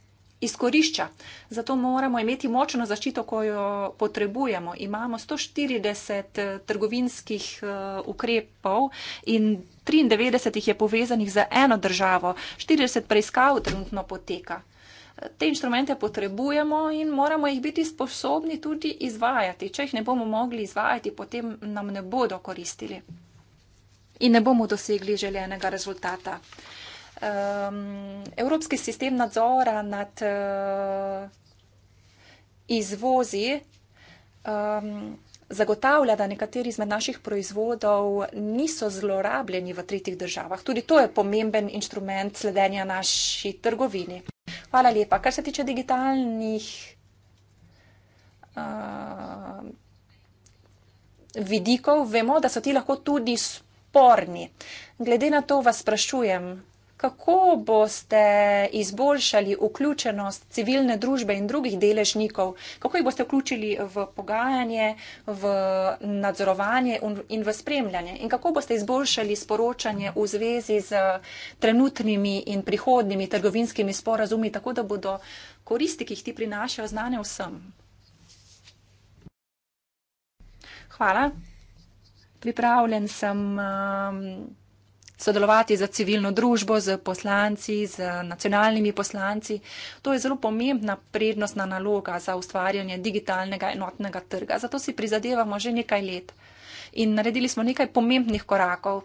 izkorišča. Zato moramo imeti močno zaščito, ko jo potrebujemo. Imamo 140 eh, trgovinskih eh, ukrepov in 93 jih je povezanih za eno državo. 40 preiskav trenutno poteka. Eh, te inštrumente potrebujemo in moramo jih biti sposobni tudi izvajati. Če jih ne bomo mogli izvajati, potem nam ne bodo koristili in ne bomo dosegli željenega rezultata um, evropski sistem nadzora nad uh, izvozi um, zagotavlja, da nekateri izmed naših proizvodov niso zlorabljeni v tretjih državah. Tudi to je pomemben inštrument sledenja naši trgovini. Hvala lepa. Kar se tiče digitalnih. Uh, vidikov, vemo, da so ti lahko tudi sporni. Glede na to vas sprašujem, kako boste izboljšali vključenost civilne družbe in drugih deležnikov, kako jih boste vključili v pogajanje, v nadzorovanje in v spremljanje in kako boste izboljšali sporočanje v zvezi z trenutnimi in prihodnimi trgovinskimi sporazumi, tako da bodo koristi, ki jih ti prinašajo, znane vsem. Hvala. Pripravljen sem. Um, sodelovati za civilno družbo, z poslanci, z nacionalnimi poslanci. To je zelo pomembna prednostna naloga za ustvarjanje digitalnega enotnega trga. Zato si prizadevamo že nekaj let in naredili smo nekaj pomembnih korakov.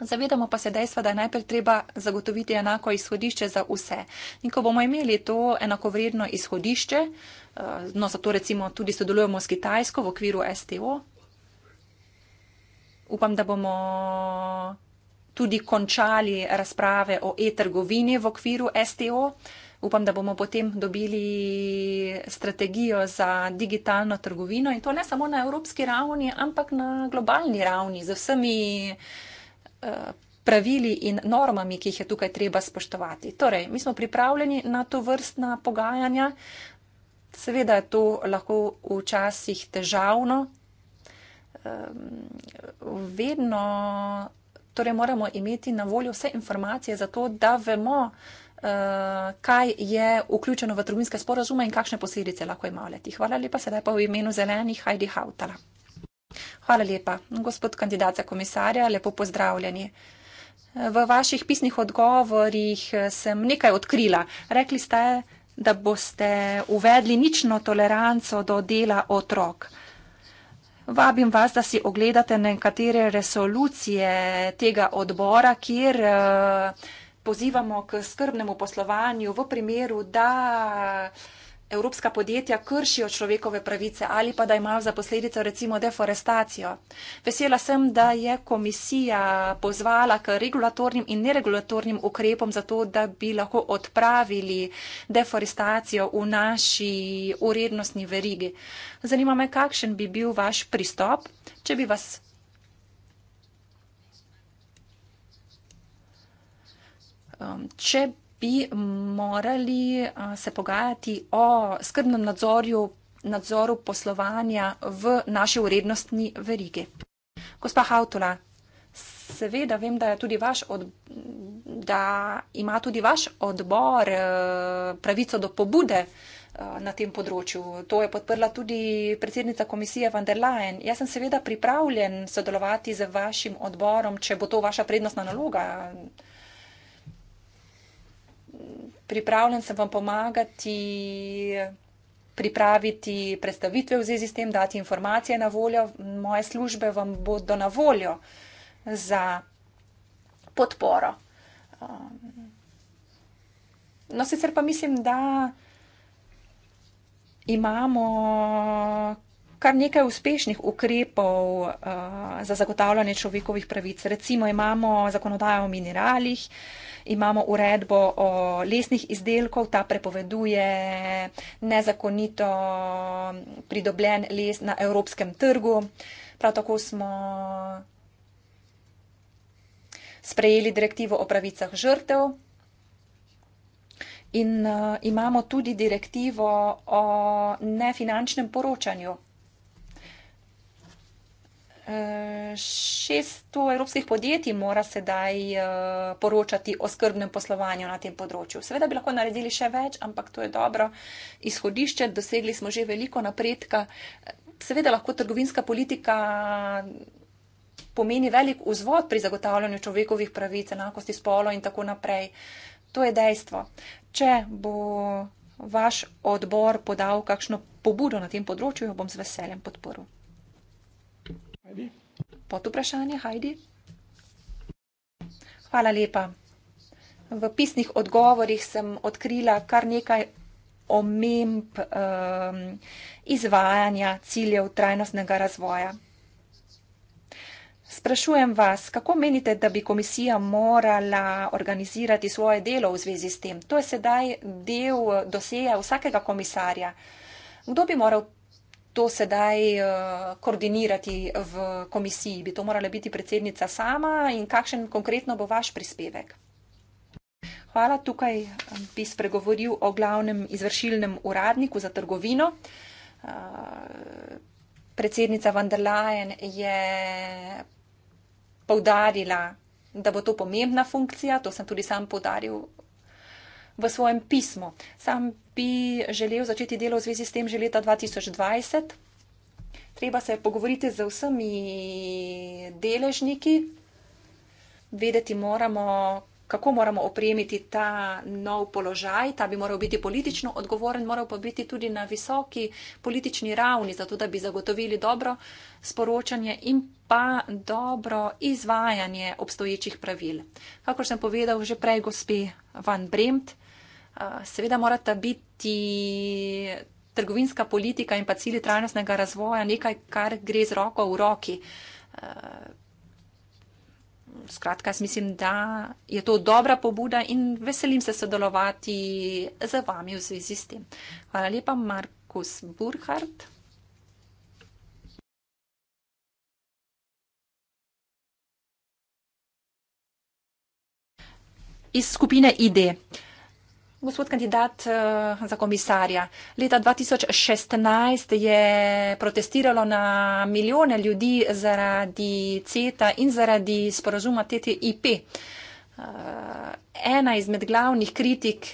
Zavedamo pa se dejstva, da je najprej treba zagotoviti enako izhodišče za vse. In ko bomo imeli to enakovredno izhodišče, eh, no zato recimo tudi sodelujemo s Kitajsko v okviru STO, upam, da bomo tudi končali razprave o e-trgovini v okviru STO. Upam, da bomo potem dobili strategijo za digitalno trgovino in to ne samo na evropski ravni, ampak na globalni ravni z vsemi eh, pravili in normami, ki jih je tukaj treba spoštovati. Torej, mi smo pripravljeni na to vrstna pogajanja. Seveda je to lahko včasih težavno. Ehm, vedno Torej, moramo imeti na voljo vse informacije, zato da vemo, eh, kaj je vključeno v trgovinske sporozume in kakšne posledice lahko imajo leti. Hvala lepa, sedaj pa v imenu zelenih Heidi Hautala. Hvala lepa, gospod kandidat za komisarja, lepo pozdravljeni. V vaših pisnih odgovorjih eh, sem nekaj odkrila. Rekli ste, da boste uvedli nično toleranco do dela otrok. Vabim vas, da si ogledate nekatere resolucije tega odbora, kjer eh, pozivamo k skrbnemu poslovanju v primeru, da evropska podjetja kršijo človekove pravice ali pa da imajo za posledico recimo deforestacijo. Vesela sem, da je komisija pozvala k regulatornim in neregulatornim ukrepom za to, da bi lahko odpravili deforestacijo v naši urednostni verigi. Zanima me, kakšen bi bil vaš pristop, če bi vas. Um, če bi morali se pogajati o skrbnem nadzorju, nadzoru poslovanja v naši urednostni verigi. Gospa Hautula, seveda vem, da, tudi od, da ima tudi vaš odbor e, pravico do pobude e, na tem področju. To je podprla tudi predsednica komisije van der Leyen. Jaz sem seveda pripravljen sodelovati z vašim odborom, če bo to vaša prednostna naloga pripravljen sem vam pomagati, pripraviti predstavitve v zvezi s tem, dati informacije na voljo. Moje službe vam bodo na voljo za podporo. Um, no, sicer pa mislim, da imamo kar nekaj uspešnih ukrepov uh, za zagotavljanje človekovih pravic. Recimo imamo zakonodajo o mineralih, uh, imamo uredbo o lesnih izdelkov, ta prepoveduje nezakonito pridobljen les na evropskem trgu. Prav tako smo sprejeli direktivo o pravicah žrtev in uh, imamo tudi direktivo o nefinančnem poročanju. 600 evropskih podjetij mora sedaj eh, poročati o skrbnem poslovanju na tem področju. Seveda bi lahko naredili še več, ampak to je dobro izhodišče, dosegli smo že veliko napredka. Seveda lahko trgovinska politika pomeni velik vzvod pri zagotavljanju človekovih pravic, enakosti spolo in tako naprej. To je dejstvo. Če bo vaš odbor podal kakšno pobudo na tem področju, jo bom z veseljem podporil. Heidi. Pod vprašanje, Heidi. Hvala lepa. V pisnih odgovorih sem odkrila kar nekaj omemb um, izvajanja ciljev trajnostnega razvoja. Sprašujem vas, kako menite, da bi komisija morala organizirati svoje delo v zvezi s tem? To je sedaj del doseja vsakega komisarja. Kdo bi moral to sedaj uh, koordinirati v komisiji? Bi to morala biti predsednica sama in kakšen konkretno bo vaš prispevek? Hvala, tukaj eh, bi spregovoril o glavnem izvršilnem uradniku za trgovino. Uh, predsednica van der Leyen je poudarila, da bo to pomembna funkcija, to sem tudi sam poudaril v svojem pismu. Sam bi želel začeti delo v zvezi s tem že leta 2020. Treba se pogovoriti z vsemi deležniki, vedeti moramo, kako moramo opremiti ta nov položaj. Ta bi moral biti politično odgovoren, moral pa biti tudi na visoki politični ravni, zato da bi zagotovili dobro sporočanje in pa dobro izvajanje obstoječih pravil. Kakor sem povedal že prej, gospe Van Bremt, Eh, seveda morata biti trgovinska politika in pa cilji trajnostnega razvoja nekaj, kar gre z roko v roki. Eh, skratka, mislim, da je to dobra pobuda in veselim se sodelovati z vami v zvezi s tem. Hvala lepa, Markus Burhardt. Iz skupine IDE. Uh, Gospod kandidat eh, za komisarja, leta 2016 je protestiralo na milijone ljudi zaradi CETA in zaradi sporazuma TTIP. Eh, ena izmed glavnih kritik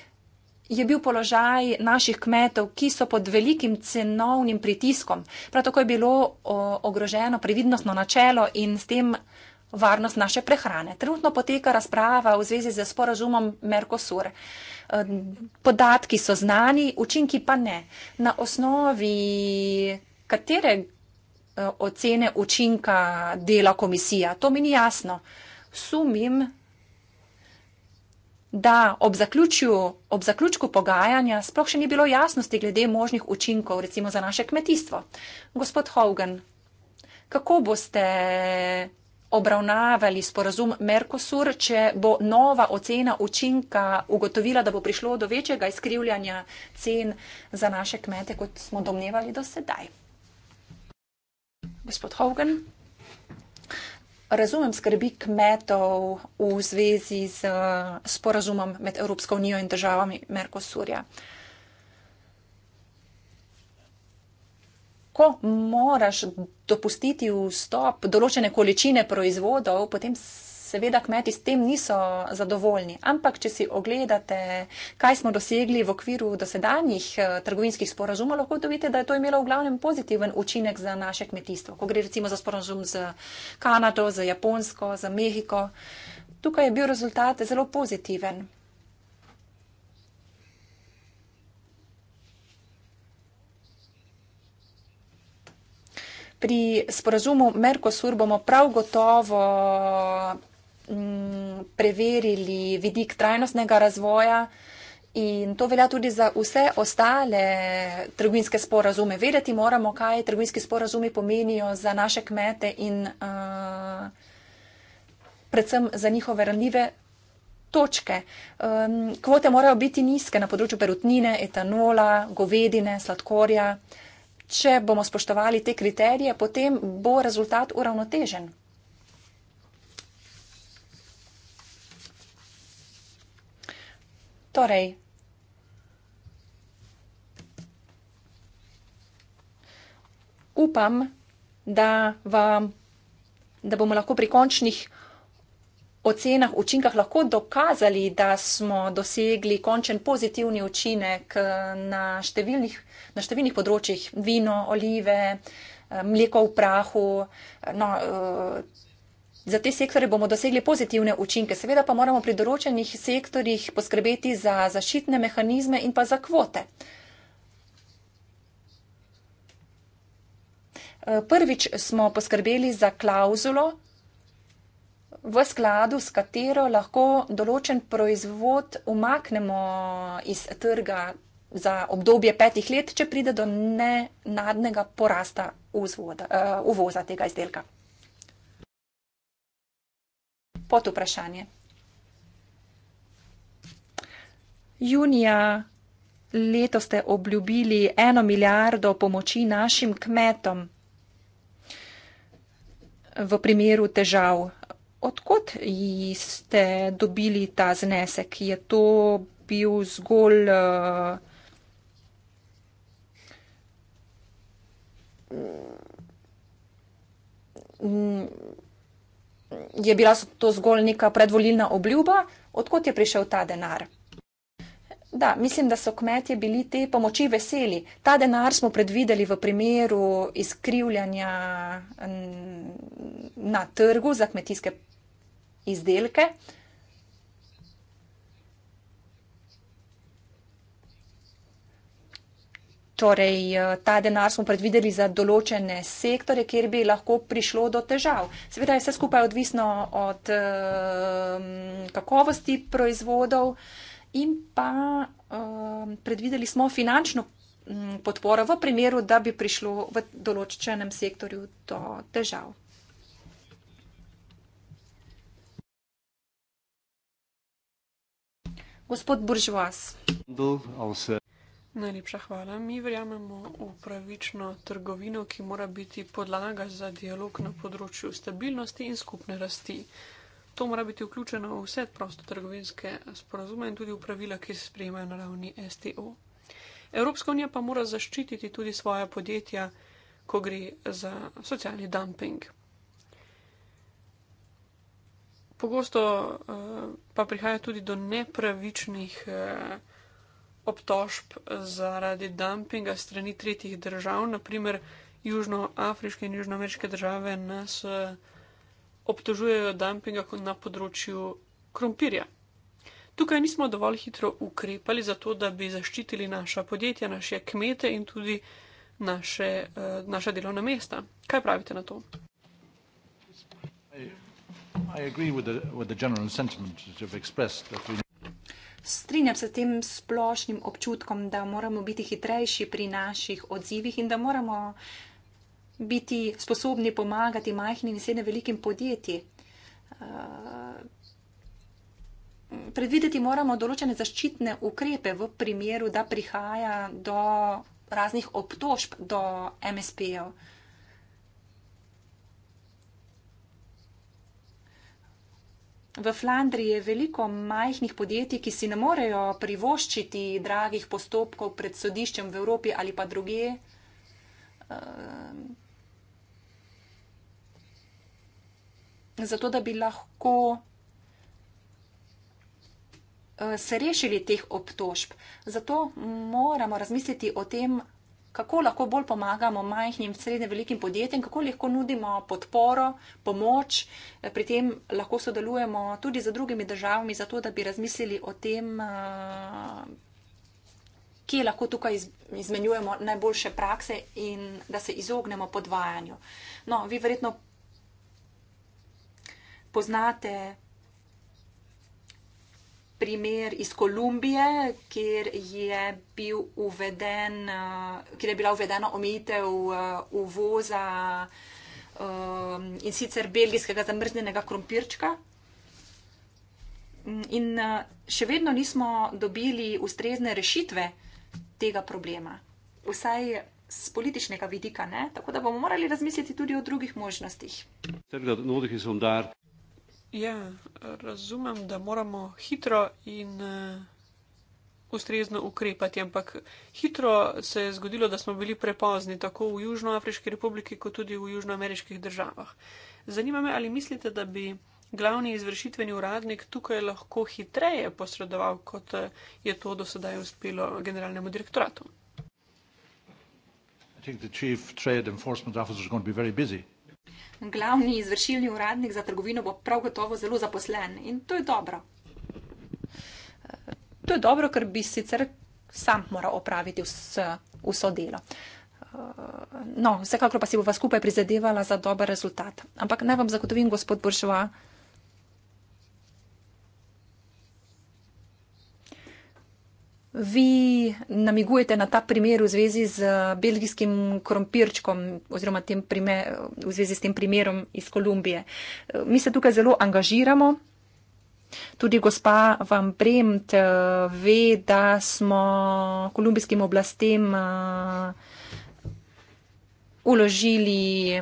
je bil položaj naših kmetov, ki so pod velikim cenovnim pritiskom. Prav tako je bilo ogroženo previdnostno načelo in s tem varnost naše prehrane. Trenutno poteka razprava v zvezi z sporazumom Mercosur. Eh, podatki so znani, učinki pa ne. Na osnovi katere eh, ocene učinka dela komisija, to mi ni jasno. Sumim, da ob, zaključju, ob zaključku pogajanja sploh še ni bilo jasnosti glede možnih učinkov, recimo za naše kmetijstvo. Gospod Hogan, kako boste obravnavali sporazum Merkosur, če bo nova ocena učinka ugotovila, da bo prišlo do večjega izkrivljanja cen za naše kmete, kot smo domnevali do sedaj. Gospod Hogan, razumem skrbi kmetov v zvezi z eh, sporazumom med Evropsko unijo in državami Merkosurja. Uh, ko moraš dopustiti vstop določene količine proizvodov, potem seveda kmeti s tem niso zadovoljni. Ampak, če si ogledate, kaj smo dosegli v okviru dosedanjih eh, trgovinskih sporazumov, lahko dobite, da je to imelo v glavnem pozitiven učinek za naše kmetijstvo. Ko gre recimo za sporazum z Kanado, z Japonsko, z Mehiko, tukaj je bil rezultat zelo pozitiven. pri sporazumu Merkosur bomo prav gotovo mm, preverili vidik trajnostnega razvoja in to velja tudi za vse ostale trgovinske sporazume. Vedeti moramo, kaj trgovinski sporazumi pomenijo za naše kmete in uh, predvsem za njihove ranljive točke. Um, kvote morajo biti nizke na področju perutnine, etanola, govedine, sladkorja. Uh, če bomo spoštovali te kriterije, potem bo rezultat uravnotežen. Torej, upam, da, vam, da bomo lahko pri končnih ocenah, učinkah lahko dokazali, da smo dosegli končen pozitivni učinek eh, na številnih, na številnih področjih vino, olive, eh, mleko v prahu. Eh, no, Za te sektore bomo dosegli pozitivne učinke. Seveda pa moramo pri določenih sektorjih poskrbeti za zašitne mehanizme in pa za kvote. Prvič smo poskrbeli za klauzulo, v skladu s katero lahko določen proizvod umaknemo iz trga za obdobje petih let, če pride do nenadnega porasta uzvoda, uh, eh, uvoza tega izdelka. Pod vprašanje. Junija letos ste obljubili eno milijardo pomoči našim kmetom v primeru težav odkot ste dobili ta znesek? Je to bil zgolj. Eh, mm, je bila to zgolj neka predvolilna obljuba, odkot je prišel ta denar? Da, mislim, da so kmetje bili te pomoči veseli. Ta denar smo predvideli v primeru izkrivljanja na trgu za kmetijske izdelke. Torej, eh, ta denar smo predvideli za določene sektore, kjer bi lahko prišlo do težav. Seveda je vse skupaj odvisno od um, kakovosti proizvodov. Uh, in pa um, predvideli smo finančno um, podporo v primeru, da bi prišlo v določenem sektorju do težav. Gospod Buržuas. Najlepša hvala. Mi verjamemo v pravično trgovino, ki mora biti podlaga za dialog na področju stabilnosti in skupne rasti. To mora biti vključeno v vse prostotrgovinske sporozume in tudi v pravila, ki se sprejemajo na ravni STO. Evropska unija pa mora zaščititi tudi svoje podjetja, ko gre za socialni dumping. Pogosto uh, pa prihaja tudi do nepravičnih uh, obtožb zaradi dumpinga strani tretjih držav, naprimer Južnoafriške in Južnoameriške države nas. Uh, obtožujejo dumpinga na področju krompirja. Tukaj nismo dovolj hitro ukrepali za to, da bi zaščitili naša podjetja, naše kmete in tudi naše, uh, naša delovna mesta. Kaj pravite na to? I, I with the, with the Strinjam se s tem splošnim občutkom, da moramo biti hitrejši pri naših odzivih in da moramo uh, biti sposobni pomagati majhnim in srednje velikim podjetjem. Eh, predvideti moramo določene zaščitne ukrepe v primeru, da prihaja do raznih obtožb do MSP-jev. V Flandriji je veliko majhnih podjetij, ki si ne morejo privoščiti dragih postopkov pred sodiščem v Evropi ali pa druge. Eh, zato da bi lahko eh, se rešili teh obtožb. Zato moramo razmisliti o tem, kako lahko bolj pomagamo majhnim, srednje velikim podjetjem, kako lahko nudimo podporo, pomoč, eh, pri tem lahko sodelujemo tudi z drugimi državami, zato da bi razmislili o tem, eh, kje lahko tukaj izmenjujemo najboljše prakse in da se izognemo podvajanju. No, vi verjetno poznate primer iz Kolumbije, kjer je, bil uveden, eh, kjer je bila uvedena omejitev eh, uvoza eh, in sicer belgijskega zamrznjenega krompirčka. In še vedno nismo dobili ustrezne rešitve tega problema. Vsaj z političnega vidika ne, tako da bomo morali razmisliti tudi o drugih možnostih. Ja, razumem, da moramo hitro in uh, ustrezno ukrepati, ampak hitro se je zgodilo, da smo bili prepozni tako v Južnoafriški republiki, kot tudi v Južnoameriških državah. Zanima me, ali mislite, da bi glavni izvršitveni uradnik tukaj lahko hitreje posredoval, kot eh, je to do sedaj uspelo generalnemu direktoratu. I think the chief trade enforcement officer is going to be very busy glavni izvršilni uradnik za trgovino bo prav gotovo zelo zaposlen in to je dobro. Eh, to je dobro, ker bi sicer sam moral opraviti vse, vso delo. Eh, no, vsekakor pa si bova skupaj prizadevala za dober rezultat. Ampak naj vam zagotovim, gospod Buržova, vi namigujete na ta primer v zvezi z belgijskim krompirčkom oziroma prime, v zvezi s tem primerom iz Kolumbije. Mi se tukaj zelo angažiramo. Tudi gospa Van Bremt eh, ve, da smo kolumbijskim oblastem eh, uložili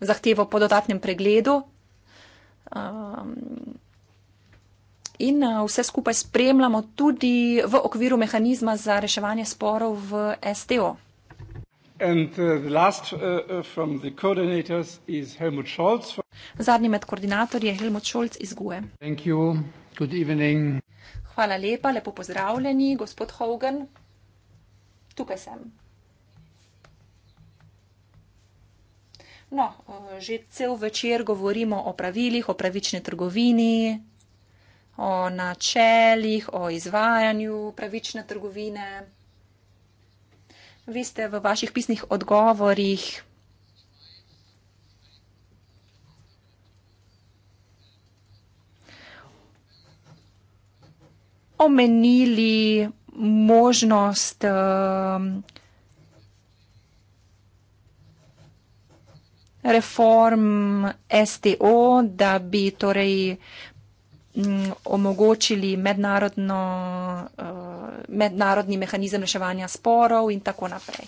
zahtevo po dodatnem pregledu. Ehm, in eh, vse skupaj spremljamo tudi v okviru mehanizma za reševanje sporov v uh, STO. Uh, uh, Zadnji med koordinatorji je Helmut Scholz iz GUE. Hvala lepa, lepo pozdravljeni, gospod Hogan. Tukaj sem. No, eh, že cel večer govorimo o pravilih, o pravični trgovini, o načeljih, o izvajanju pravične trgovine. Vi ste v vaših pisnih odgovorih omenili možnost um, reform STO, da bi torej omogočili mednarodno, uh, mednarodni mehanizem reševanja sporov in tako naprej.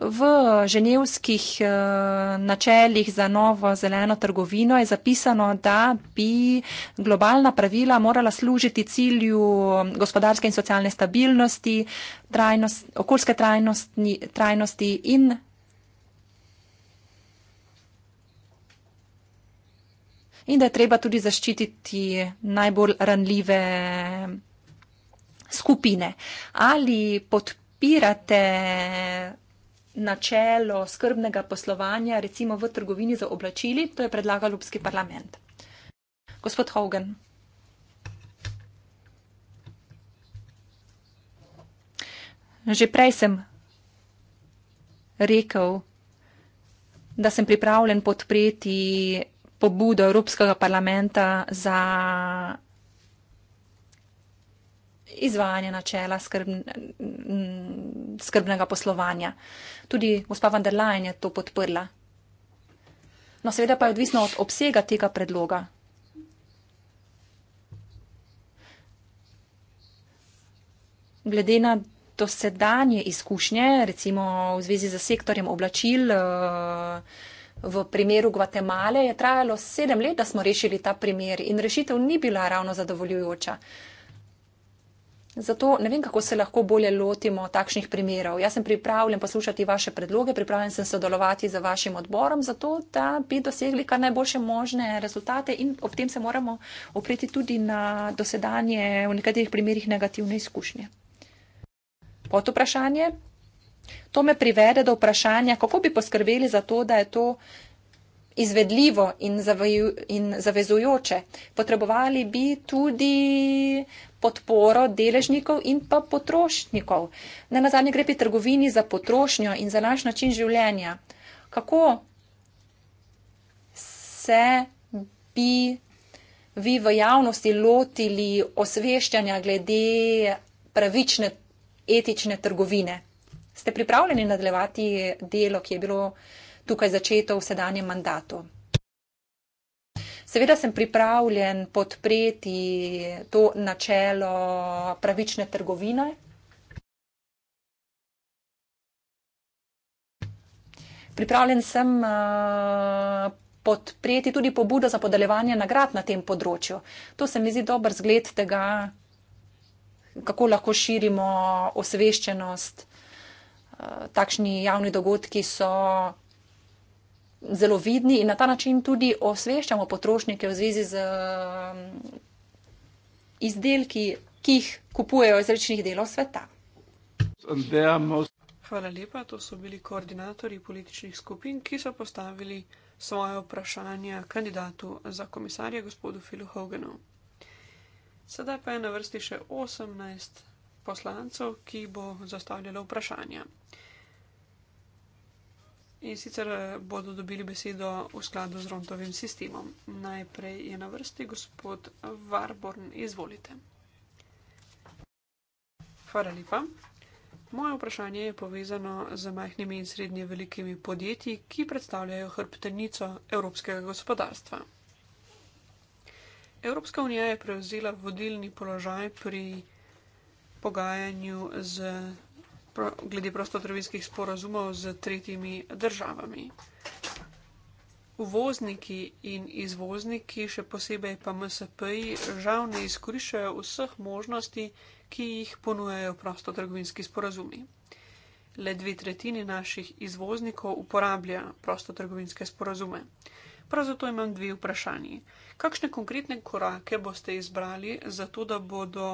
V ženevskih uh, eh, načeljih za novo zeleno trgovino je zapisano, da bi globalna pravila morala služiti cilju gospodarske in socialne stabilnosti, trajnost, okoljske trajnosti, trajnosti in in da je treba tudi zaščititi najbolj ranljive skupine. Ali podpirate načelo skrbnega poslovanja, recimo v trgovini za oblačili, to je predlagal Ljubski parlament. Gospod Hogan. Že prej sem rekel, da sem pripravljen podpreti pobudo Evropskega parlamenta za izvajanje načela skrb, skrbnega poslovanja. Tudi gospa van der Leyen je to podprla. No, seveda pa je odvisno od obsega tega predloga. Glede na dosedanje izkušnje, recimo v zvezi z sektorjem oblačil, uh, v primeru Gvatemale je trajalo sedem let, da smo rešili ta primer in rešitev ni bila ravno zadovoljujoča. Zato ne vem, kako se lahko bolje lotimo takšnih primerov. Jaz sem pripravljen poslušati vaše predloge, pripravljen sem sodelovati z vašim odborom, zato da bi dosegli kar najboljše možne rezultate in ob tem se moramo opreti tudi na dosedanje v nekaterih primerjih negativne izkušnje. Pod vprašanje To me privede do vprašanja, kako bi poskrbeli za to, da je to izvedljivo in, zavaju, in zavezujoče. Potrebovali bi tudi podporo deležnikov in pa potrošnikov. Ne na zadnje gre pri trgovini za potrošnjo in za naš način življenja. Kako se bi vi v javnosti lotili osveščanja glede pravične etične trgovine? Ste pripravljeni nadaljevati delo, ki je bilo tukaj začeto v sedanjem mandatu? Seveda sem pripravljen podpreti to načelo pravične trgovine. Pripravljen sem uh, podpreti tudi pobudo za podeljevanje nagrad na tem področju. To se mi zdi dober zgled tega, kako lahko širimo osveščenost takšni javni dogodki so zelo vidni in na ta način tudi osveščamo potrošnike v zvezi z um, izdelki, ki jih kupujejo iz rečnih delov sveta. Hvala lepa, to so bili koordinatori političnih skupin, ki so postavili svoje vprašanja kandidatu za komisarja gospodu Filu Hoganu. Sedaj pa je na vrsti še 18 poslancev, ki bo zastavljalo vprašanja. In sicer eh, bodo dobili besedo v skladu z rondovim sistemom. Najprej je na vrsti gospod Varborn, izvolite. Hvala lepa. Moje vprašanje je povezano z majhnimi in srednje velikimi podjetji, ki predstavljajo hrbtenico evropskega gospodarstva. Evropska unija je prevzela vodilni položaj pri pogajanju z, pro, glede prostotrovinskih sporazumov z tretjimi državami. Uvozniki in izvozniki, še posebej pa MSP-ji, žal ne izkoriščajo vseh možnosti, ki jih ponujajo prostotrgovinski sporazumi. Le dve tretjini naših izvoznikov uporablja prostotrgovinske sporazume. Prav zato imam dve vprašanji. Kakšne konkretne korake boste izbrali za to, da bodo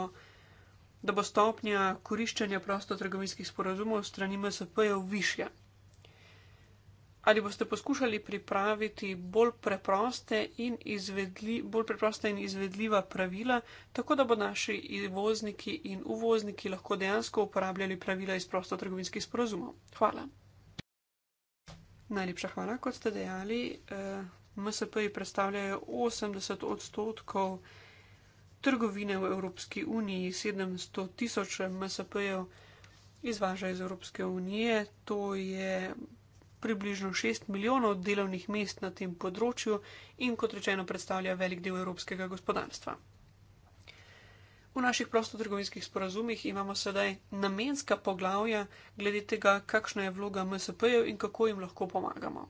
da bo stopnja koriščenja prostotrgovinskih sporazumov strani MSP-jev višja? Ali boste poskušali pripraviti bolj preproste, izvedli, bolj preproste in izvedljiva pravila, tako da bo naši izvozniki in uvozniki lahko dejansko uporabljali pravila iz prostotrgovinskih sporazumov? Hvala. Najlepša hvala, kot ste dejali. Eh, MSP-ji predstavljajo 80 odstotkov trgovine v Evropski uniji 700 tisoč MSP-jev izvaža iz Evropske unije. To je približno 6 milijonov delovnih mest na tem področju in kot rečeno predstavlja velik del evropskega gospodarstva. V naših prostotrgovinskih sporazumih imamo sedaj namenska poglavja glede tega, kakšna je vloga MSP-jev in kako jim lahko pomagamo.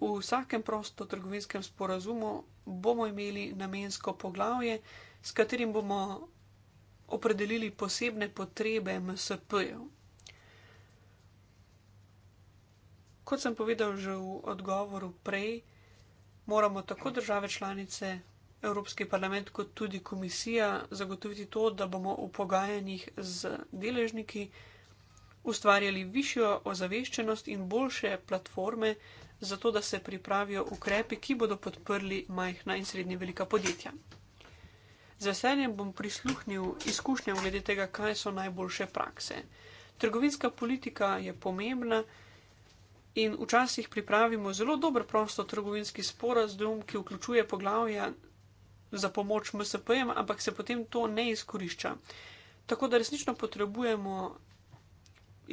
V vsakem prostotrgovinskem sporazumu bomo imeli namensko poglavje, s katerim bomo opredelili posebne potrebe MSP-jev. Kot sem povedal že v odgovoru prej, moramo tako države članice, Evropski parlament, kot tudi komisija zagotoviti to, da bomo v pogajanjih z deležniki ustvarjali višjo ozaveščenost in boljše platforme, zato da se pripravijo ukrepi, ki bodo podprli majhna in srednje velika podjetja. Z veseljem bom prisluhnil izkušnjam glede tega, kaj so najboljše prakse. Trgovinska politika je pomembna in včasih pripravimo zelo dober prosto trgovinski sporazum, ki vključuje poglavja za pomoč MSP-jem, ampak se potem to ne izkorišča. Tako da resnično potrebujemo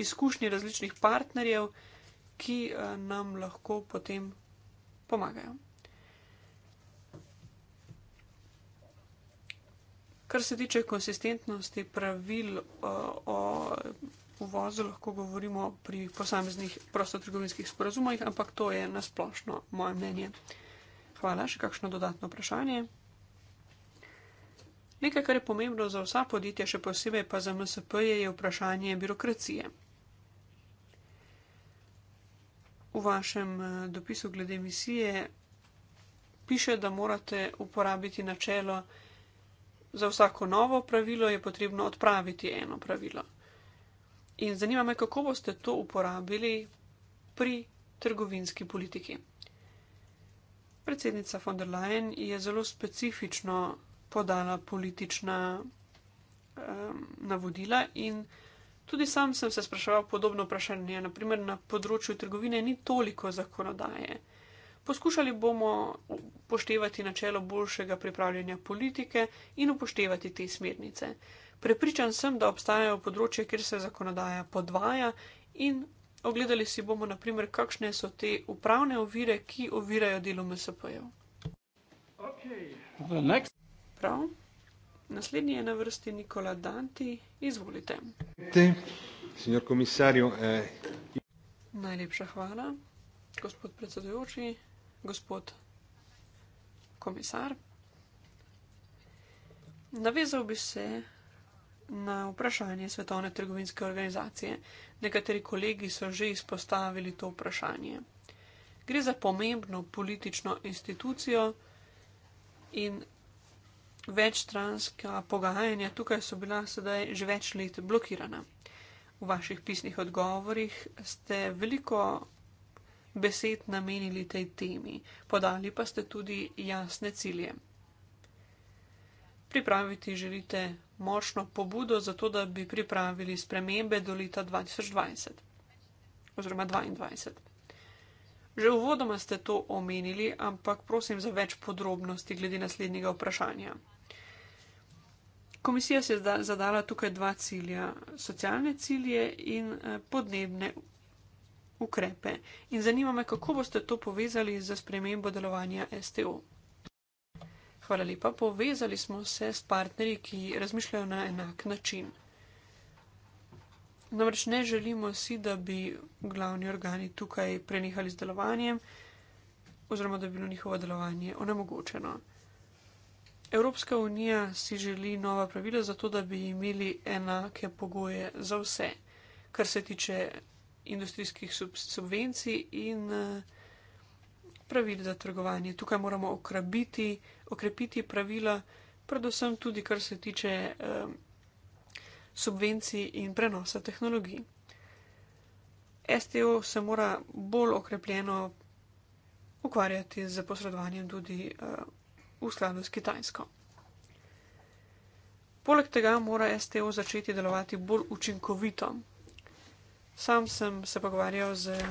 izkušnje različnih partnerjev, ki eh, nam lahko potem pomagajo. kar se tiče konsistentnosti pravil uh, o uvozu, lahko govorimo pri posameznih prostotrgovinskih sporazumih, ampak to je nasplošno moje mnenje. Hvala, še kakšno dodatno vprašanje? Nekaj, kar je pomembno za vsa podjetja, še posebej pa za MSP, je vprašanje birokracije. V vašem eh, dopisu glede emisije piše, da morate uporabiti načelo za vsako novo pravilo je potrebno odpraviti eno pravilo. In zanima me, kako boste to uporabili pri trgovinski politiki. Predsednica von der Leyen je zelo specifično podala politična um, navodila in tudi sam sem se spraševal podobno vprašanje. Naprimer, na področju trgovine ni toliko zakonodaje. Poskušali bomo upoštevati načelo boljšega pripravljanja politike in upoštevati te smernice. Prepričan sem, da obstajajo področje, kjer se zakonodaja podvaja in ogledali si bomo, naprimer, kakšne so te upravne ovire, ki ovirajo delo MSP-jev. Prav. Naslednji je na vrsti Nikola Danti. Izvolite. Te, eh. Najlepša hvala, gospod predsedujoči gospod komisar. Navezal bi se na vprašanje Svetovne trgovinske organizacije. Nekateri kolegi so že izpostavili to vprašanje. Gre za pomembno politično institucijo in večstranska pogajanja tukaj so bila sedaj že več let blokirana. V vaših pisnih odgovorih ste veliko besed namenili tej temi, podali pa ste tudi jasne cilje. Pripraviti želite močno pobudo za to, da bi pripravili spremembe do leta 2020 oziroma 2022. Že uvodoma ste to omenili, ampak prosim za več podrobnosti glede naslednjega vprašanja. Komisija se je zadala tukaj dva cilja: socialne cilje in eh, podnebne ukrepe. In zanima me, kako boste to povezali z spremembo delovanja STO. Hvala lepa, povezali smo se s partnerji, ki razmišljajo na enak način. Namreč ne želimo si, da bi glavni organi tukaj prenehali z delovanjem, oziroma da bi bilo njihovo delovanje onemogočeno. Evropska unija si želi nova pravila, zato da bi imeli enake pogoje za vse, kar se tiče industrijskih sub subvencij in eh, pravil za trgovanje. Tukaj moramo okrabiti, okrepiti pravila, predvsem tudi, kar se tiče eh, subvencij in prenosa tehnologij. STO se mora bolj okrepljeno ukvarjati z posredovanjem tudi uh, v skladu s Kitajsko. Poleg tega mora STO začeti delovati bolj učinkovito, Sam sem se pogovarjal z eh,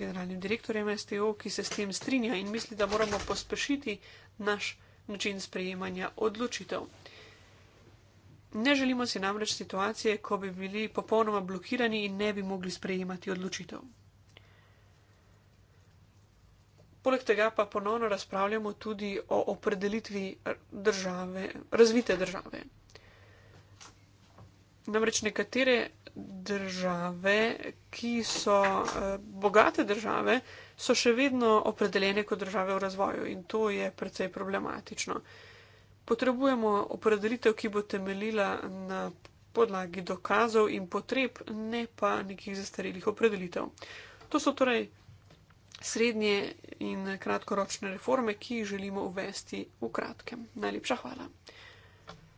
generalnim direktorjem STO, ki se s tem strinja in misli, da moramo pospešiti naš način sprejemanja odločitev. Ne želimo si namreč situacije, ko bi bili popolnoma blokirani in ne bi mogli sprejemati odločitev. Poleg tega pa ponovno razpravljamo tudi o opredelitvi države, razvite države. Namreč nekatere države, ki so eh, bogate države, so še vedno opredeljene kot države v razvoju in to je precej problematično. Potrebujemo opredelitev, ki bo temeljila na podlagi dokazov in potreb, ne pa nekih zastarelih opredelitev. To so torej srednje in kratkoročne reforme, ki jih želimo uvesti v kratkem. Najlepša hvala.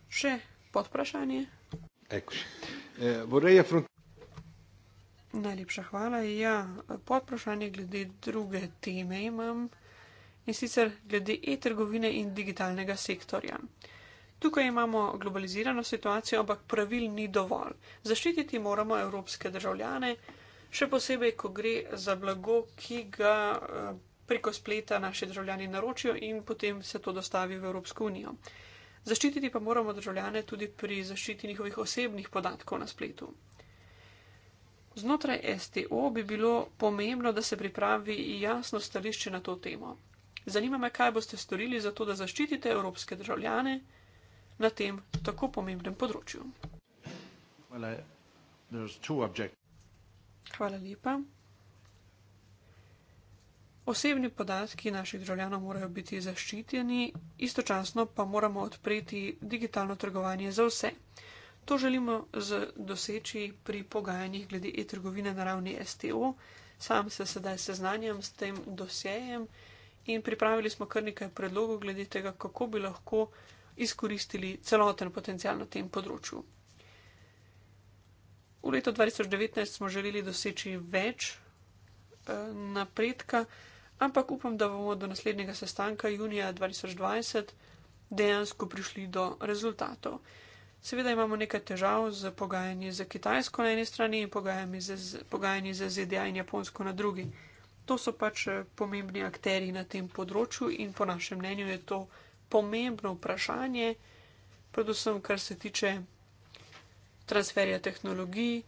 Še podprašanje? Eccoci. Eh, vorrei affrontare. Najlepša hvala. Ja, pod vprašanje glede druge teme imam in sicer glede e-trgovine in digitalnega sektorja. Tukaj imamo globalizirano situacijo, ampak pravil ni dovolj. Zaščititi moramo evropske državljane, še posebej, ko gre za blago, ki ga eh, preko spleta naši državljani naročijo in potem se to dostavi v Evropsko unijo. Zaščititi pa moramo državljane tudi pri zaščiti njihovih osebnih podatkov na spletu. Znotraj STO bi bilo pomembno, da se pripravi jasno stališče na to temo. Zanima me, kaj boste storili za to, da zaščitite evropske državljane na tem tako pomembnem področju. Hvala, Hvala lepa. Osebni podatki naših državljanov morajo biti zaščiteni, istočasno pa moramo odpreti digitalno trgovanje za vse. To želimo doseči pri pogajanjih glede e-trgovine na ravni STO. Sam se sedaj seznanjam s tem dosjejem in pripravili smo kar nekaj predlogov glede tega, kako bi lahko izkoristili celoten potencial na tem področju. V letu 2019 smo želeli doseči več eh, napredka ampak upam, da bomo do naslednjega sestanka junija 2020 dejansko prišli do rezultatov. Seveda imamo nekaj težav z pogajanji za Kitajsko na eni strani in pogajanji za ZDA in Japonsko na drugi. To so pač eh, pomembni akteri na tem področju in po našem mnenju je to pomembno vprašanje, predvsem kar se tiče transferja tehnologij,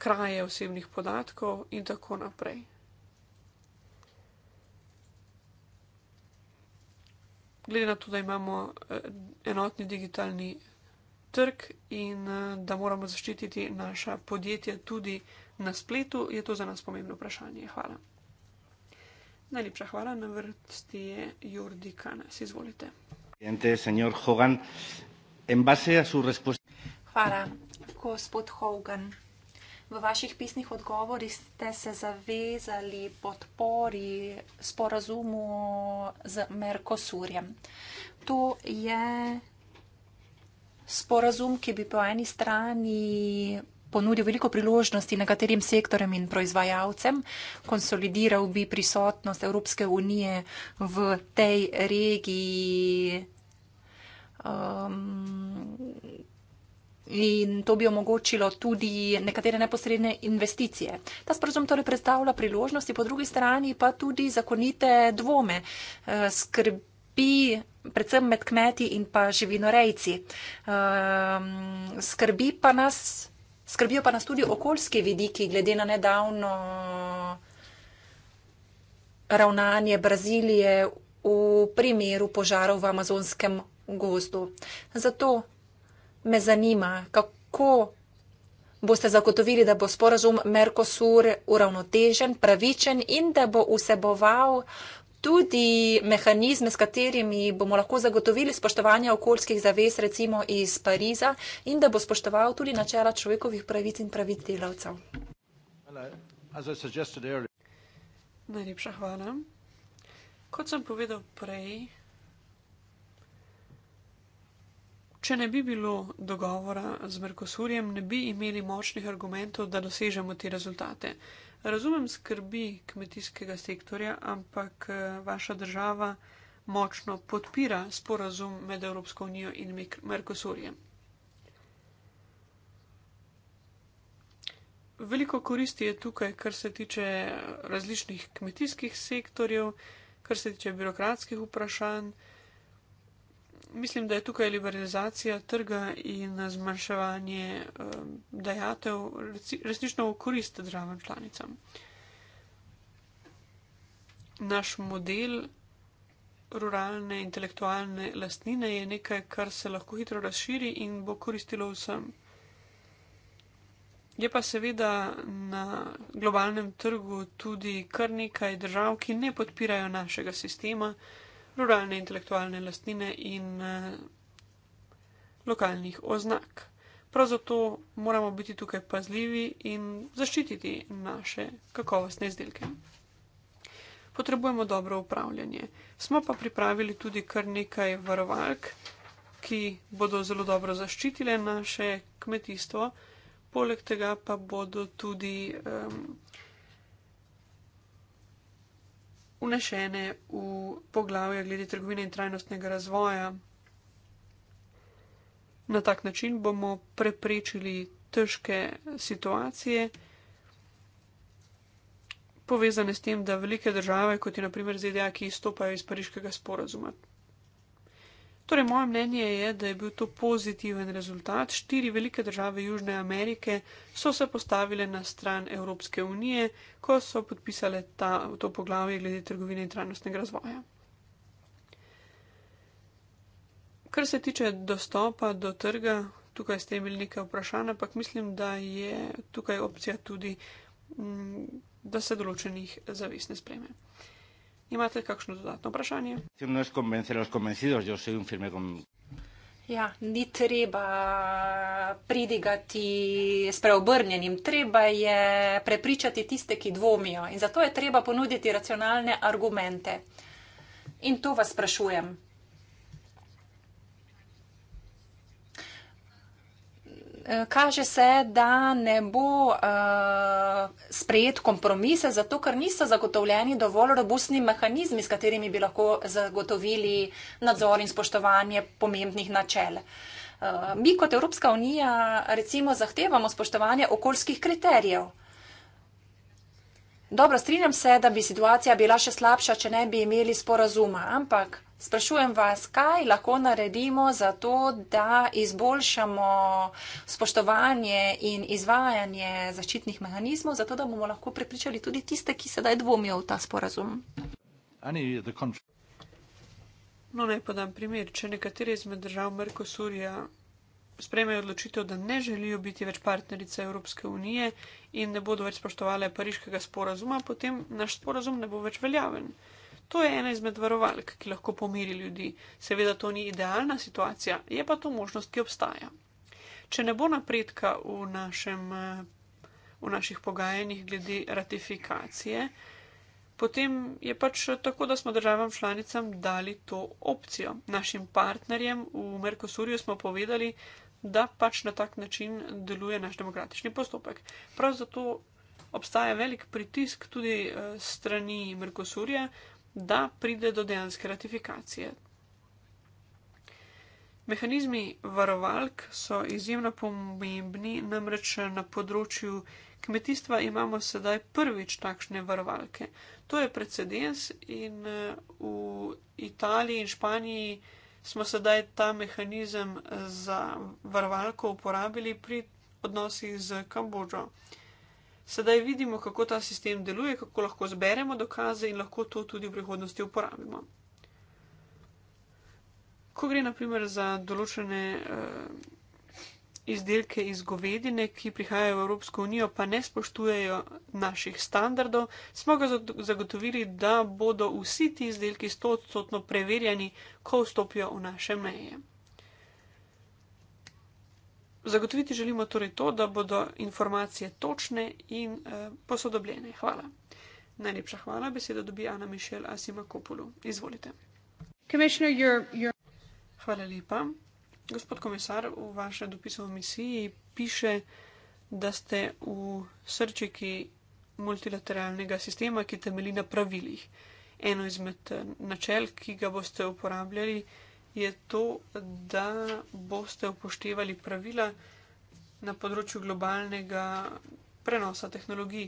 kraje osebnih podatkov in tako naprej. glede na to, da imamo eh, enotni digitalni trg in eh, da moramo zaščititi naša podjetja tudi na spletu, je to za nas pomembno vprašanje. Hvala. Najlepša hvala, na vrsti je Jordi Kanes. Izvolite. Hvala, gospod Hogan. V vaših pisnih odgovorih ste se zavezali podpori sporazumu z Merkosurjem. To je sporazum, ki bi po eni strani ponudil veliko priložnosti nekaterim sektorem in proizvajalcem, konsolidiral bi prisotnost Evropske unije v tej regiji. Um, in to bi omogočilo tudi nekatere neposredne investicije. Ta sporozum torej predstavlja priložnosti, po drugi strani pa tudi zakonite dvome, eh, skrbi predvsem med kmeti in pa živinorejci. Ehm, skrbi pa nas, skrbijo pa nas tudi okoljski vidiki, glede na nedavno ravnanje Brazilije v primeru požarov v amazonskem gozdu. Zato me zanima, kako boste zagotovili, da bo sporazum Merkosur uravnotežen, pravičen in da bo vseboval tudi mehanizme, s katerimi bomo lahko zagotovili spoštovanje okoljskih zavez, recimo iz Pariza, in da bo spoštoval tudi načela človekovih pravic in pravic delavcev. Najlepša hvala. Kot sem povedal prej, Če ne bi bilo dogovora z Merkosurjem, ne bi imeli močnih argumentov, da dosežemo te rezultate. Razumem skrbi kmetijskega sektorja, ampak eh, vaša država močno podpira sporazum med Evropsko unijo in Merkosurjem. Veliko koristi je tukaj, kar se tiče različnih kmetijskih sektorjev, kar se tiče birokratskih vprašanj mislim, da je tukaj liberalizacija trga in zmanjševanje um, dajatev resnično v korist državam članicam. Naš model ruralne intelektualne lastnine je nekaj, kar se lahko hitro razširi in bo koristilo vsem. Je pa seveda na globalnem trgu tudi kar nekaj držav, ki ne podpirajo našega sistema ruralne intelektualne lastnine in eh, lokalnih oznak. Prav zato moramo biti tukaj pazljivi in zaščititi naše kakovostne izdelke. Potrebujemo dobro upravljanje. Smo pa pripravili tudi kar nekaj varovalk, ki bodo zelo dobro zaščitile naše kmetijstvo, poleg tega pa bodo tudi um, unešene v poglavje glede trgovine in trajnostnega razvoja. Na tak način bomo preprečili težke situacije, povezane s tem, da velike države, kot je naprimer ZDA, ki izstopajo iz pariškega sporazuma, Torej, moje mnenje je, da je bil to pozitiven rezultat. Štiri velike države Južne Amerike so se postavile na stran Evropske unije, ko so podpisale ta, to poglavje glede trgovine in trajnostnega razvoja. Kar se tiče dostopa do trga, tukaj ste imeli nekaj vprašanj, ampak mislim, da je tukaj opcija tudi, mm, da se določenih zavest ne spreme. Imate kakšno dodatno vprašanje? Sem ne no skonvencer los convencidos, jo sem un firme con... Ja, ni treba pridigati s preobrnjenim, treba je prepričati tiste, ki dvomijo in zato je treba ponuditi racionalne argumente. In to vas sprašujem. Eh, kaže se, da ne bo uh, sprejet kompromise, zato ker niso zagotovljeni dovolj robustni mehanizmi, s katerimi bi lahko zagotovili nadzor in spoštovanje pomembnih načel. Uh, mi kot Evropska unija recimo zahtevamo spoštovanje okoljskih kriterijev. Dobro, strinjam se, da bi situacija bila še slabša, če ne bi imeli sporazuma, ampak Sprašujem vas, kaj lahko naredimo za to, da izboljšamo spoštovanje in izvajanje zaščitnih mehanizmov, zato da bomo lahko prepričali tudi tiste, ki sedaj dvomijo v ta sporazum. No, naj podam primer. Če nekatere izmed držav Merkosurja sprejmejo odločitev, da ne želijo biti več partnerice Evropske unije in ne bodo več spoštovale pariškega sporazuma, potem naš sporazum ne bo več veljaven. To je ena izmed varovalk, ki lahko pomiri ljudi. Seveda to ni idealna situacija, je pa to možnost, ki obstaja. Če ne bo napredka v, našem, v naših pogajanjih glede ratifikacije, potem je pač tako, da smo državam članicam dali to opcijo. Našim partnerjem v Merkosurju smo povedali, da pač na tak način deluje naš demokratični postopek. Prav zato obstaja velik pritisk tudi eh, strani Merkosurja, da pride do dejanske ratifikacije. Mehanizmi varovalk so izjemno pomembni, namreč na področju kmetijstva imamo sedaj prvič takšne varovalke. To je precedens in eh, v Italiji in Španiji smo sedaj ta mehanizem za varovalko uporabili pri odnosih z Kambodžo. Sedaj vidimo, kako ta sistem deluje, kako lahko zberemo dokaze in lahko to tudi v prihodnosti uporabimo. Ko gre naprimer za določene uh, izdelke iz govedine, ki prihajajo v Evropsko unijo, pa ne spoštujejo naših standardov, smo ga zagotovili, da bodo vsi ti izdelki 100% preverjani, ko vstopijo v naše meje. Zagotoviti želimo torej to, da bodo informacije točne in eh, posodobljene. Hvala. Najlepša hvala. Besedo dobi Ana Mišel Asima Kopulu. Izvolite. You're, you're... Hvala lepa. Gospod komisar, v vašem dopisu v misiji piše, da ste v srčiki multilateralnega sistema, ki temelji na pravilih. Eno izmed eh, načel, ki ga boste uporabljali, je to, da boste upoštevali pravila na področju globalnega prenosa tehnologij.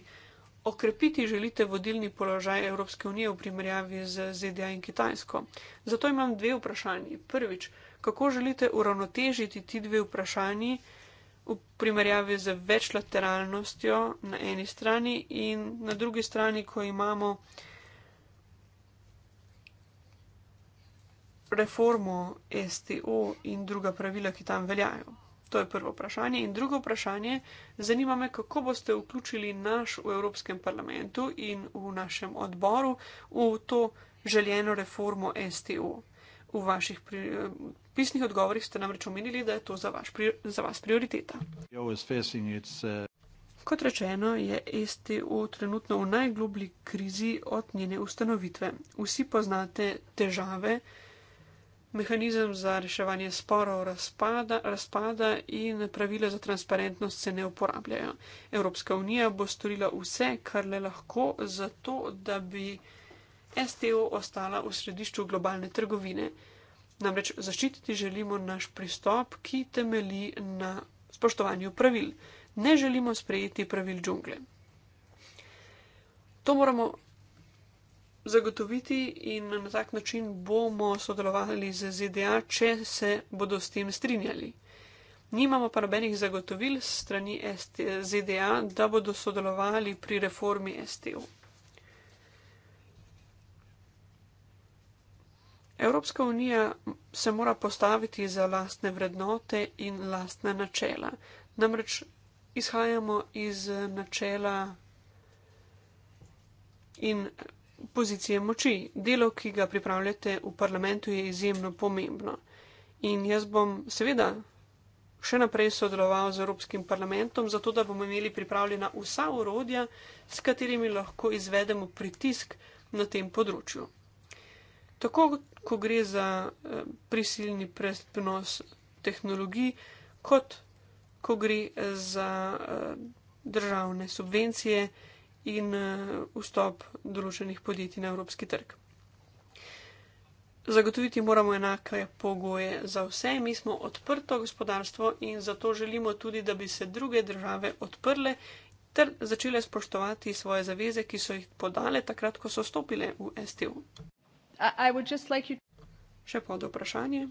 Okrepiti želite vodilni položaj Evropske unije v primerjavi z ZDA in Kitajsko. Zato imam dve vprašanji. Prvič, kako želite uravnotežiti ti dve vprašanji v primerjavi z večlateralnostjo na eni strani in na drugi strani, ko imamo. reformo STO in druga pravila, ki tam veljajo? To je prvo vprašanje. In drugo vprašanje, zanima me, kako boste vključili naš v Evropskem parlamentu in v našem odboru v to željeno reformo STO. V vaših pri, eh, pisnih odgovorih ste namreč omenili, da je to za, vaš, za vas prioriteta. Eh, Kot rečeno, je STO trenutno v najgloblji krizi od njene ustanovitve. Vsi poznate težave, mehanizem za reševanje sporov razpada, razpada in pravila za transparentnost se ne uporabljajo. Evropska unija bo storila vse, kar le lahko, zato da bi STO ostala v središču globalne trgovine. Namreč zaščititi želimo naš pristop, ki temeli na spoštovanju pravil. Ne želimo sprejeti pravil džungle. To moramo zagotoviti in na tak način bomo sodelovali z ZDA, če se bodo s tem strinjali. Nimamo pa nobenih zagotovil strani ZDA, da bodo sodelovali pri reformi STO. Evropska unija se mora postaviti za lastne vrednote in lastne načela. Namreč izhajamo iz načela in pozicije moči. Delo, ki ga pripravljate v parlamentu, je izjemno pomembno. In jaz bom seveda še naprej sodeloval z Evropskim parlamentom, zato da bomo imeli pripravljena vsa urodja, s katerimi lahko izvedemo pritisk na tem področju. Tako, ko gre za eh, prisilni prenos tehnologij, kot ko gre za eh, državne subvencije, in eh, vstop določenih podjetij na evropski trg. Zagotoviti moramo enake pogoje za vse, mi smo odprto gospodarstvo in zato želimo tudi, da bi se druge države odprle ter začele spoštovati svoje zaveze, ki so jih podale takrat, ko so stopile v STO. Like you... Še pod vprašanje.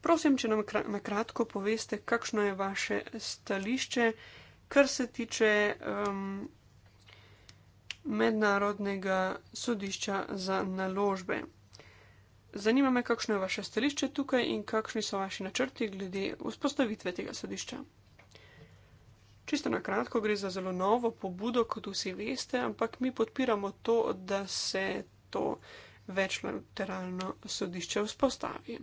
Prosim, če nam na kratko poveste, kakšno je vaše stališče, kar se tiče. Um, Mednarodnega sodišča za naložbe. Zanima me, kakšno je vaše stališče tukaj in kakšni so vaši načrti glede vzpostavitve tega sodišča. Čisto na kratko gre za zelo novo pobudo, kot vsi veste, ampak mi podpiramo to, da se to večlateralno sodišče vzpostavi.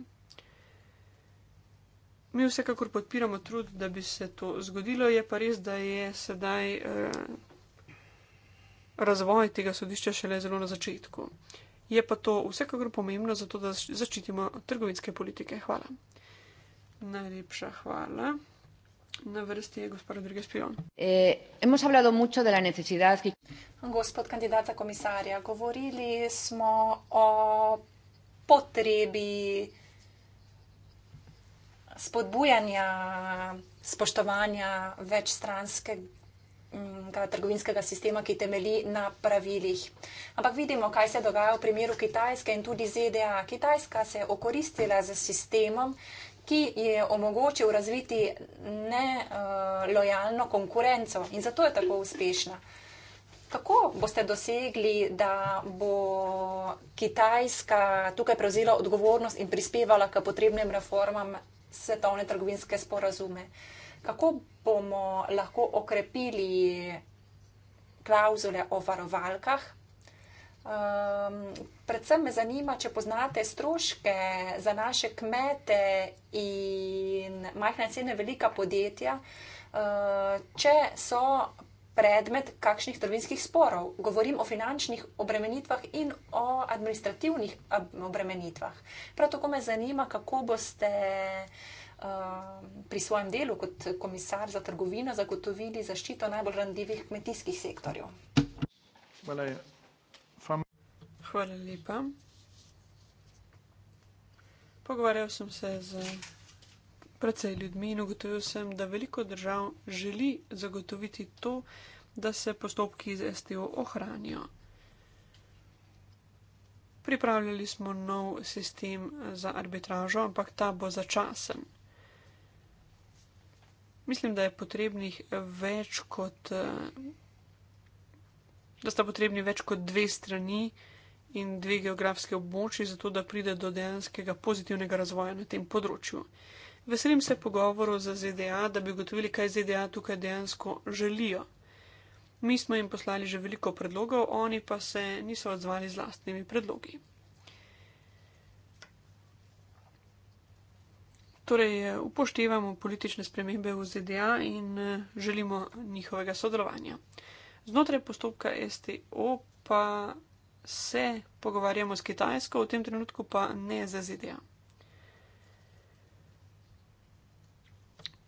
Mi vsekakor podpiramo trud, da bi se to zgodilo, je pa res, da je sedaj eh, razvoj tega sodišča šele zelo na začetku. Je pa to vsekakor pomembno, zato da začitimo trgovinske politike. Hvala. Najlepša hvala. Na vrsti je gospod Rodriguez Pion. Eh, necesidadki... Gospod kandidata komisarja, govorili smo o potrebi spodbujanja spoštovanja večstranske Mm, trgovinskega sistema, ki temelji na pravilih. Ampak vidimo, kaj se dogaja v primeru Kitajske in tudi ZDA. Kitajska se je okoristila z sistemom, ki je omogočil razviti nelojalno eh, uh, konkurenco in zato je tako uspešna. Kako boste dosegli, da bo Kitajska tukaj prevzela odgovornost in prispevala k potrebnim reformam svetovne trgovinske sporazume? Uh, kako bomo lahko okrepili klauzule o varovalkah. Um, predvsem me zanima, če poznate stroške za naše kmete in majhne cene velika podjetja, uh, če so predmet kakšnih trgovinskih sporov. Govorim o finančnih obremenitvah in o administrativnih eh, obremenitvah. Prav tako me zanima, kako boste. Eh, pri svojem delu kot komisar za trgovino zagotovili zaščito najbolj randljivih kmetijskih sektorjev. Hvala, Hvala lepa. Pogovarjal sem se z precej ljudmi in ugotovil sem, da veliko držav želi zagotoviti to, da se postopki iz STO ohranijo. Pripravljali smo nov sistem za arbitražo, ampak ta bo začasen mislim, da je potrebnih več kot. Eh, da sta potrebni več kot dve strani in dve geografske območji, zato da pride do dejanskega pozitivnega razvoja na tem področju. Veselim se pogovoru z ZDA, da bi ugotovili, kaj ZDA tukaj dejansko želijo. Mi smo jim poslali že veliko predlogov, oni pa se niso odzvali z lastnimi predlogi. Torej, eh, upoštevamo politične spremembe v ZDA in eh, želimo njihovega sodelovanja. Znotraj postopka STO pa se pogovarjamo s Kitajsko, v tem trenutku pa ne za ZDA.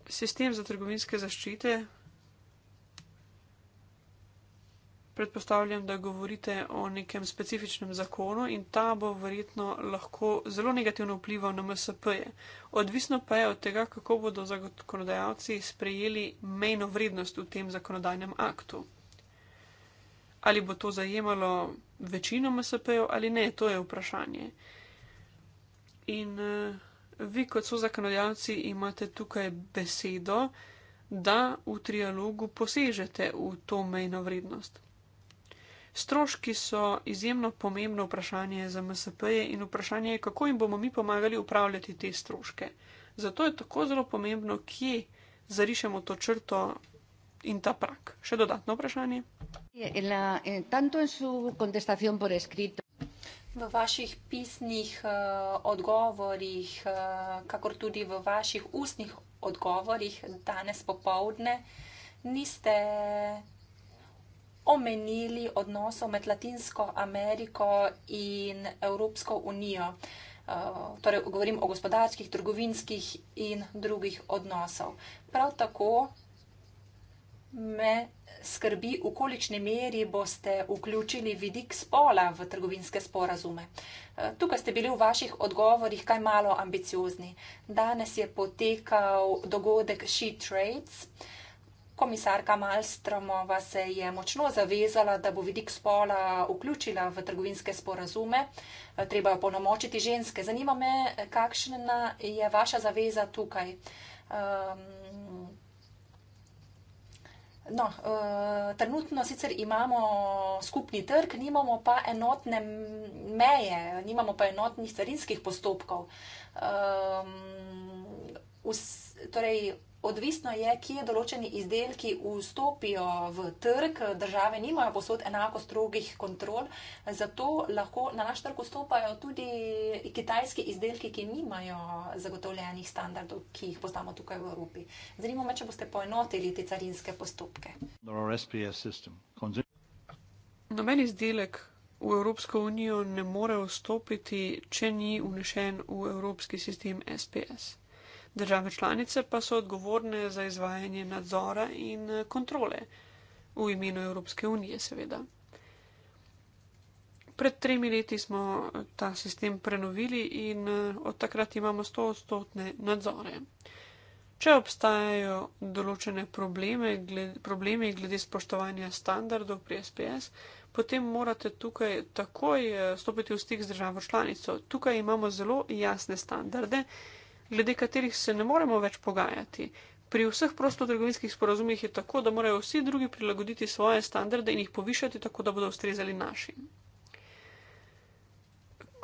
Sistem za trgovinske zaščite predpostavljam, da govorite o nekem specifičnem zakonu in ta bo verjetno lahko zelo negativno vplival na MSP-je. Odvisno pa je od tega, kako bodo zakonodajalci sprejeli mejno vrednost v tem zakonodajnem aktu. Ali bo to zajemalo večino MSP-jev ali ne, to je vprašanje. In uh, vi, kot so zakonodajalci, imate tukaj besedo, da v trialogu posežete v to mejno vrednost. Stroški so izjemno pomembno vprašanje za MSP -je in vprašanje je, kako jim bomo mi pomagali upravljati te stroške. Zato je tako zelo pomembno, kje zarišemo to črto in ta prak. Še dodatno vprašanje. Eh, eh, v vaših pisnih eh, odgovorih, kakor tudi v vaših ustnih odgovorih danes popovdne, niste omenili odnosov med Latinsko Ameriko in Evropsko unijo. Eh, torej, govorim o gospodarskih, trgovinskih in drugih odnosov. Prav tako me skrbi, v kolikšni meri boste vključili vidik spola v trgovinske sporazume. Eh, tukaj ste bili v vaših odgovorih kaj malo ambiciozni. Danes je potekal dogodek She Trades. Komisarka Malstromova se je močno zavezala, da bo vidik spola vključila v trgovinske sporazume. Treba jo ponomočiti ženske. Zanima me, kakšna je vaša zaveza tukaj. Um, No, eh, trenutno sicer imamo skupni trg, nimamo pa enotne meje, nimamo pa enotnih carinskih postopkov. Um, vs, torej, odvisno je, kje določeni izdelki vstopijo v trg. Države nimajo posod enako strogih kontrol, zato lahko na naš trg vstopajo tudi kitajski izdelki, ki nimajo zagotovljenih standardov, ki jih poznamo tukaj v Evropi. Zanima me, če boste poenotili te carinske postopke. Noben izdelek v Evropsko unijo ne more vstopiti, če ni vnešen v Evropski sistem SPS. Države članice pa so odgovorne za izvajanje nadzora in eh, kontrole v imenu Evropske unije, seveda. Pred tremi leti smo eh, ta sistem prenovili in eh, od takrat imamo 100-stotne nadzore. Če obstajajo določene probleme glede, problemi glede spoštovanja standardov pri SPS, potem morate tukaj takoj stopiti v stik z državo članico. Tukaj imamo zelo jasne standarde, glede katerih se ne moremo več pogajati. Pri vseh prostotrgovinskih sporazumih je tako, da morajo vsi drugi prilagoditi svoje standarde in jih povišati tako, da bodo ustrezali našim.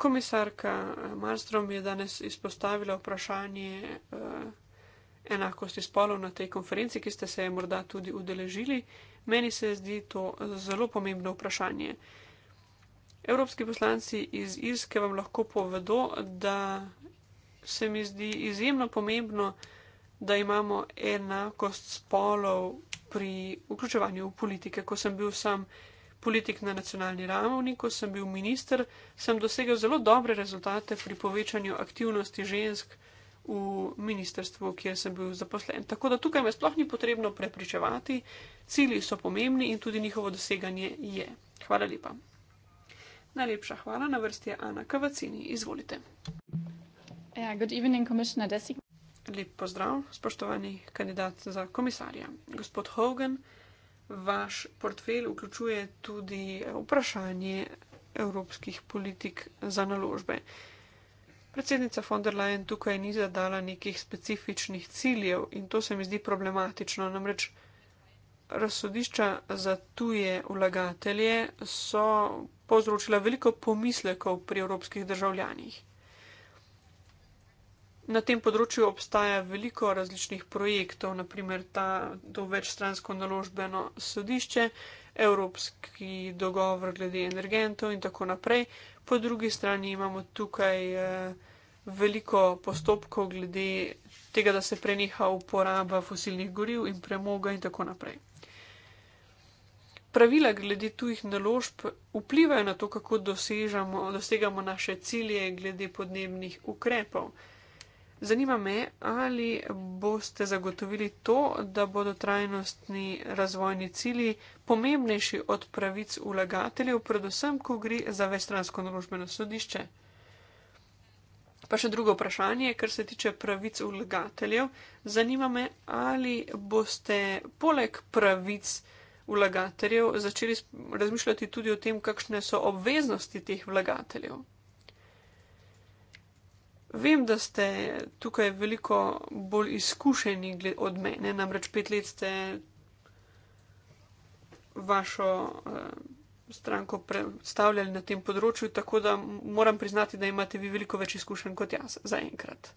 Komisarka eh, Malmström je danes izpostavila vprašanje eh, enakosti spolov na tej konferenci, ki ste se je morda tudi udeležili. Meni se zdi to zelo pomembno vprašanje. Evropski poslanci iz Irske vam lahko povedo, da se mi zdi izjemno pomembno, da imamo enakost spolov pri vključevanju v politike. Ko sem bil sam politik na nacionalni ravni, ko sem bil minister, sem dosegel zelo dobre rezultate pri povečanju aktivnosti žensk v ministerstvu, kjer sem bil zaposlen. Tako da tukaj me sploh ni potrebno prepričevati, cilji so pomembni in tudi njihovo doseganje je. Hvala lepa. Najlepša hvala na vrsti je Ana Kavacini. Izvolite. Ja, good evening, komisar Desi. Lep pozdrav, spoštovani kandidat za komisarja. Gospod Hogan, vaš portfelj vključuje tudi vprašanje evropskih politik za naložbe. Predsednica von der Leyen tukaj ni zadala nekih specifičnih ciljev in to se mi zdi problematično. Namreč razsodišča za tuje vlagatelje so povzročila veliko pomislekov pri evropskih državljanih. Na tem področju obstaja veliko različnih projektov, naprimer ta, to večstransko naložbeno sodišče, evropski dogovor glede energentov in tako naprej. Po drugi strani imamo tukaj eh, veliko postopkov glede tega, da se preneha uporaba fosilnih goriv in premoga in tako naprej. Pravila glede tujih naložb vplivajo na to, kako dosežemo, dosegamo naše cilje glede podnebnih ukrepov. Zanima me, ali boste zagotovili to, da bodo trajnostni razvojni cilji pomembnejši od pravic ulagateljev, predvsem, ko gre za večstransko naložbeno sodišče. Pa še drugo vprašanje, kar se tiče pravic ulagateljev. Zanima me, ali boste poleg pravic ulagateljev začeli razmišljati tudi o tem, kakšne so obveznosti teh vlagateljev. Vem, da ste tukaj veliko bolj izkušeni od mene, namreč pet let ste vašo uh, stranko predstavljali na tem področju, tako da moram priznati, da imate vi veliko več izkušenj kot jaz zaenkrat.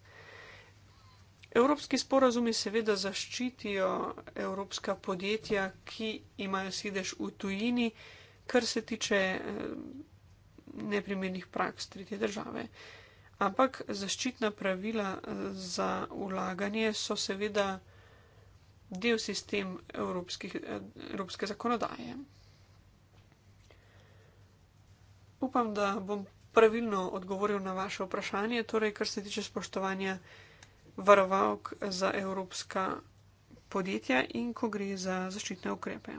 Evropski sporozumi seveda zaščitijo evropska podjetja, ki imajo sedež v tujini, kar se tiče eh, neprimernih praks tretje države. Uh, Ampak zaščitna pravila eh, za ulaganje so seveda del sistem evropskih, eh, evropske zakonodaje. Upam, da bom pravilno odgovoril na vaše vprašanje, torej kar se tiče spoštovanja varovalk za evropska podjetja in ko gre za zaščitne ukrepe.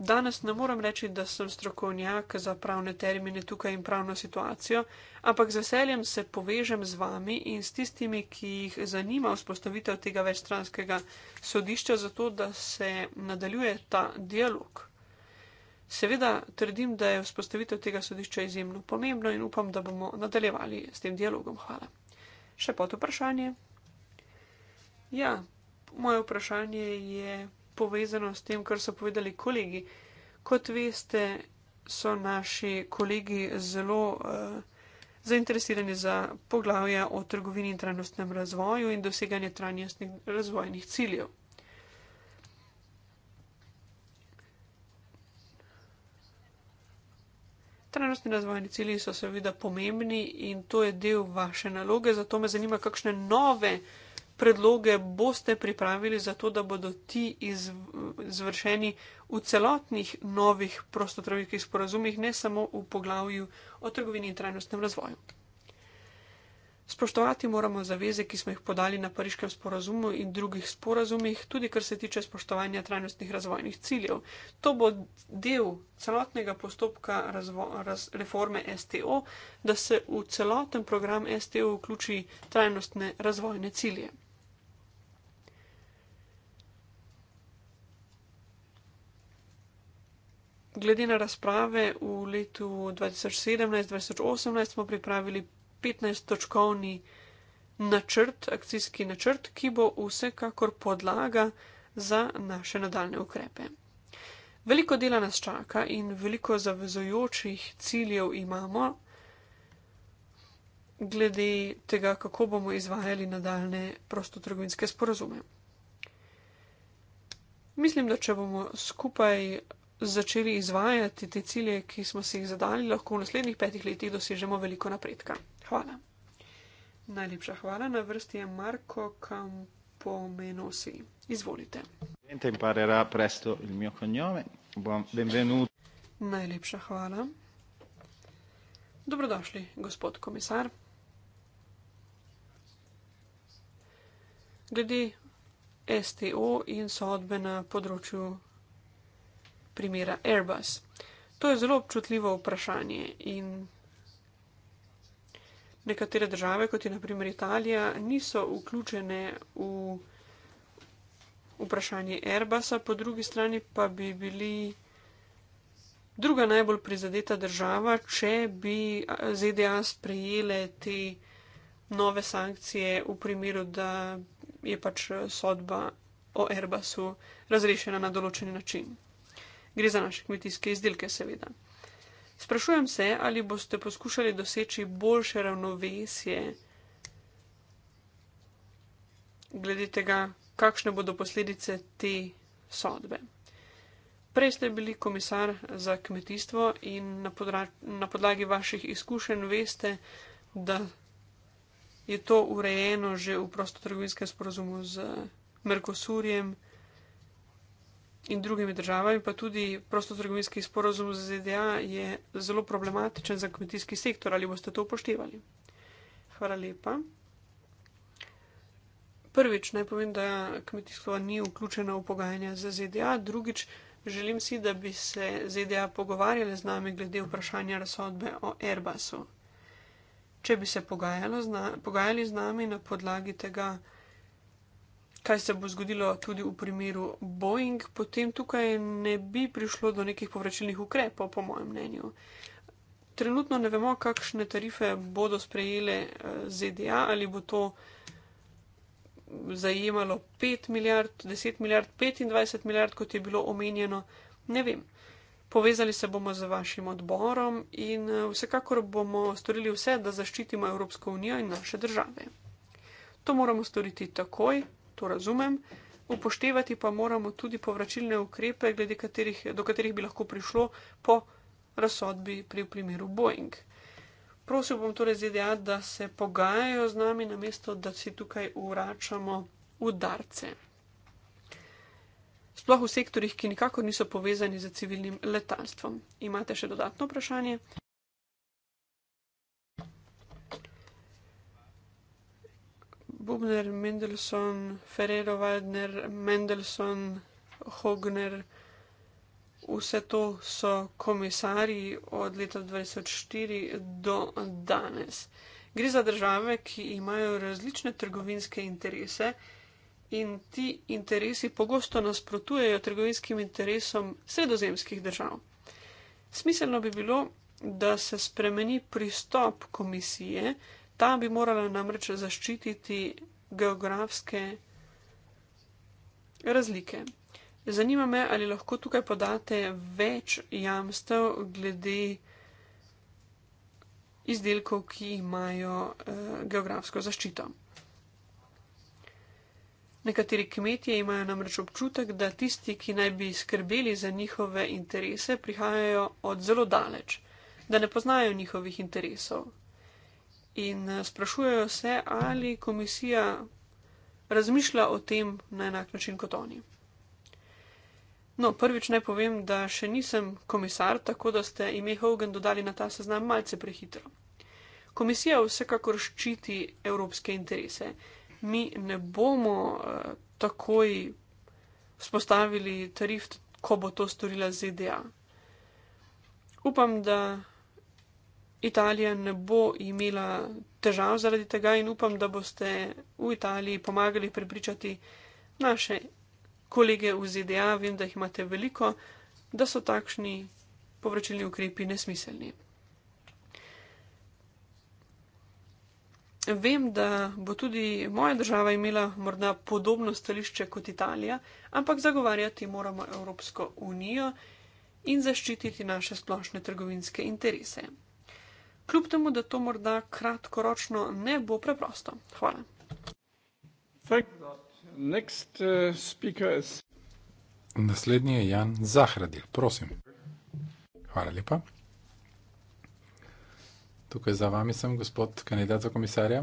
Danes ne moram reči, da sem strokovnjak za pravne termine tukaj in pravno situacijo, ampak z veseljem se povežem z vami in s tistimi, ki jih zanima vzpostavitev tega večstranskega sodišča, zato da se nadaljuje ta dialog. Seveda trdim, da je vzpostavitev tega sodišča izjemno pomembno in upam, da bomo nadaljevali s tem dialogom. Hvala. Še pot vprašanje? Ja, moje vprašanje je povezano s tem, kar so povedali kolegi. Kot veste, so naši kolegi zelo uh, zainteresirani za poglavje o trgovini in trajnostnem razvoju in doseganje trajnostnih razvojnih ciljev. Trenostni razvojni cilji so seveda pomembni in to je del vaše naloge, zato me zanima, kakšne nove uh, predloge boste pripravili za to, da bodo ti izvršeni v celotnih novih prostotrovinskih sporazumih, ne samo v poglavju o trgovini in trajnostnem razvoju. Spoštovati moramo zaveze, ki smo jih podali na Pariškem sporazumu in drugih sporazumih, tudi kar se tiče spoštovanja trajnostnih razvojnih ciljev. To bo del celotnega postopka razvo, raz, reforme STO, da se v celoten program STO vključi trajnostne razvojne cilje. glede na razprave v letu 2017-2018 smo pripravili 15-točkovni načrt, akcijski načrt, ki bo vsekakor podlaga za naše nadaljne ukrepe. Veliko dela nas čaka in veliko zavezojočih ciljev imamo, glede tega, kako bomo izvajali nadaljne prostotrgovinske sporazume. Mislim, da če bomo skupaj začeli izvajati te cilje, ki smo si jih zadali, lahko v naslednjih petih letih dosežemo veliko napredka. Hvala. Najlepša hvala. Na vrsti je Marko Kampomenosi. Izvolite. Najlepša hvala. Dobrodošli, gospod komisar. Glede STO in sodbe na področju primera Airbus. To je zelo občutljivo vprašanje in nekatere države, kot je naprimer Italija, niso vključene v vprašanje Airbusa, po drugi strani pa bi bili druga najbolj prizadeta država, če bi ZDA sprejele te nove sankcije v primeru, da je pač sodba o Airbusu razrešena na določen način. Gre za naše kmetijske izdelke, seveda. Sprašujem se, ali boste poskušali doseči boljše ravnovesje glede tega, kakšne bodo posledice te sodbe. Prej ste bili komisar za kmetijstvo in na, podra, na podlagi vaših izkušenj veste, da je to urejeno že v prostotrgovinskem sporozumu z Merkosurjem in drugimi državami, pa tudi prostotrgovinski sporozum z ZDA je zelo problematičen za kmetijski sektor. Ali boste to upoštevali? Hvala lepa. Prvič naj povem, da kmetijstvo ni vključeno v pogajanja za ZDA. Drugič, želim si, da bi se ZDA pogovarjale z nami glede vprašanja razsodbe o Airbusu. Če bi se pogajali z nami na podlagi tega, kaj se bo zgodilo tudi v primeru Boeing, potem tukaj ne bi prišlo do nekih povračilnih ukrepov, po mojem mnenju. Trenutno ne vemo, kakšne tarife bodo sprejele eh, ZDA, ali bo to zajemalo 5 milijard, 10 milijard, 25 milijard, kot je bilo omenjeno, ne vem. Povezali se bomo z vašim odborom in eh, vsekakor bomo storili vse, da zaščitimo Evropsko unijo in naše države. To moramo storiti takoj, to razumem. Upoštevati pa moramo tudi povračilne ukrepe, katerih, do katerih bi lahko prišlo po razsodbi pri primeru Boeing. Prosil bom torej ZDA, da se pogajajo z nami, namesto da si tukaj uračamo udarce. Sploh v sektorjih, ki nikako niso povezani z civilnim letalstvom. Imate še dodatno vprašanje? Bubner, Mendelssohn, Ferrero, Waldner, Mendelssohn, Hogner, vse to so komisarji od leta 2004 do danes. Gre za države, ki imajo različne trgovinske interese in ti interesi pogosto nasprotujejo trgovinskim interesom sredozemskih držav. Smiselno bi bilo, da se spremeni pristop komisije, Ta bi morala namreč zaščititi geografske razlike. Zanima me, ali lahko tukaj podate več jamstev glede izdelkov, ki imajo eh, geografsko zaščito. Nekateri kmetje imajo namreč občutek, da tisti, ki naj bi skrbeli za njihove interese, prihajajo od zelo daleč, da ne poznajo njihovih interesov, in eh, sprašujejo se, ali komisija razmišlja o tem na enak način kot oni. No, prvič naj povem, da še nisem komisar, tako da ste ime Hogan dodali na ta seznam malce prehitro. Komisija vsekakor ščiti evropske interese. Mi ne bomo uh, takoj spostavili tarif, ko bo to storila ZDA. Upam, da Italija ne bo imela težav zaradi tega in upam, da boste v Italiji pomagali prepričati naše kolege v ZDA, vem, da jih imate veliko, da so takšni povračilni ukrepi nesmiselni. Vem, da bo tudi moja država imela morda podobno stališče kot Italija, ampak zagovarjati moramo Evropsko unijo in zaščititi naše splošne trgovinske interese kljub temu, da to morda kratkoročno ne bo preprosto. Hvala. Next, uh, Naslednji je Jan Zahradil, prosim. Hvala lepa. Tukaj za vami sem, gospod kandidat za komisarja.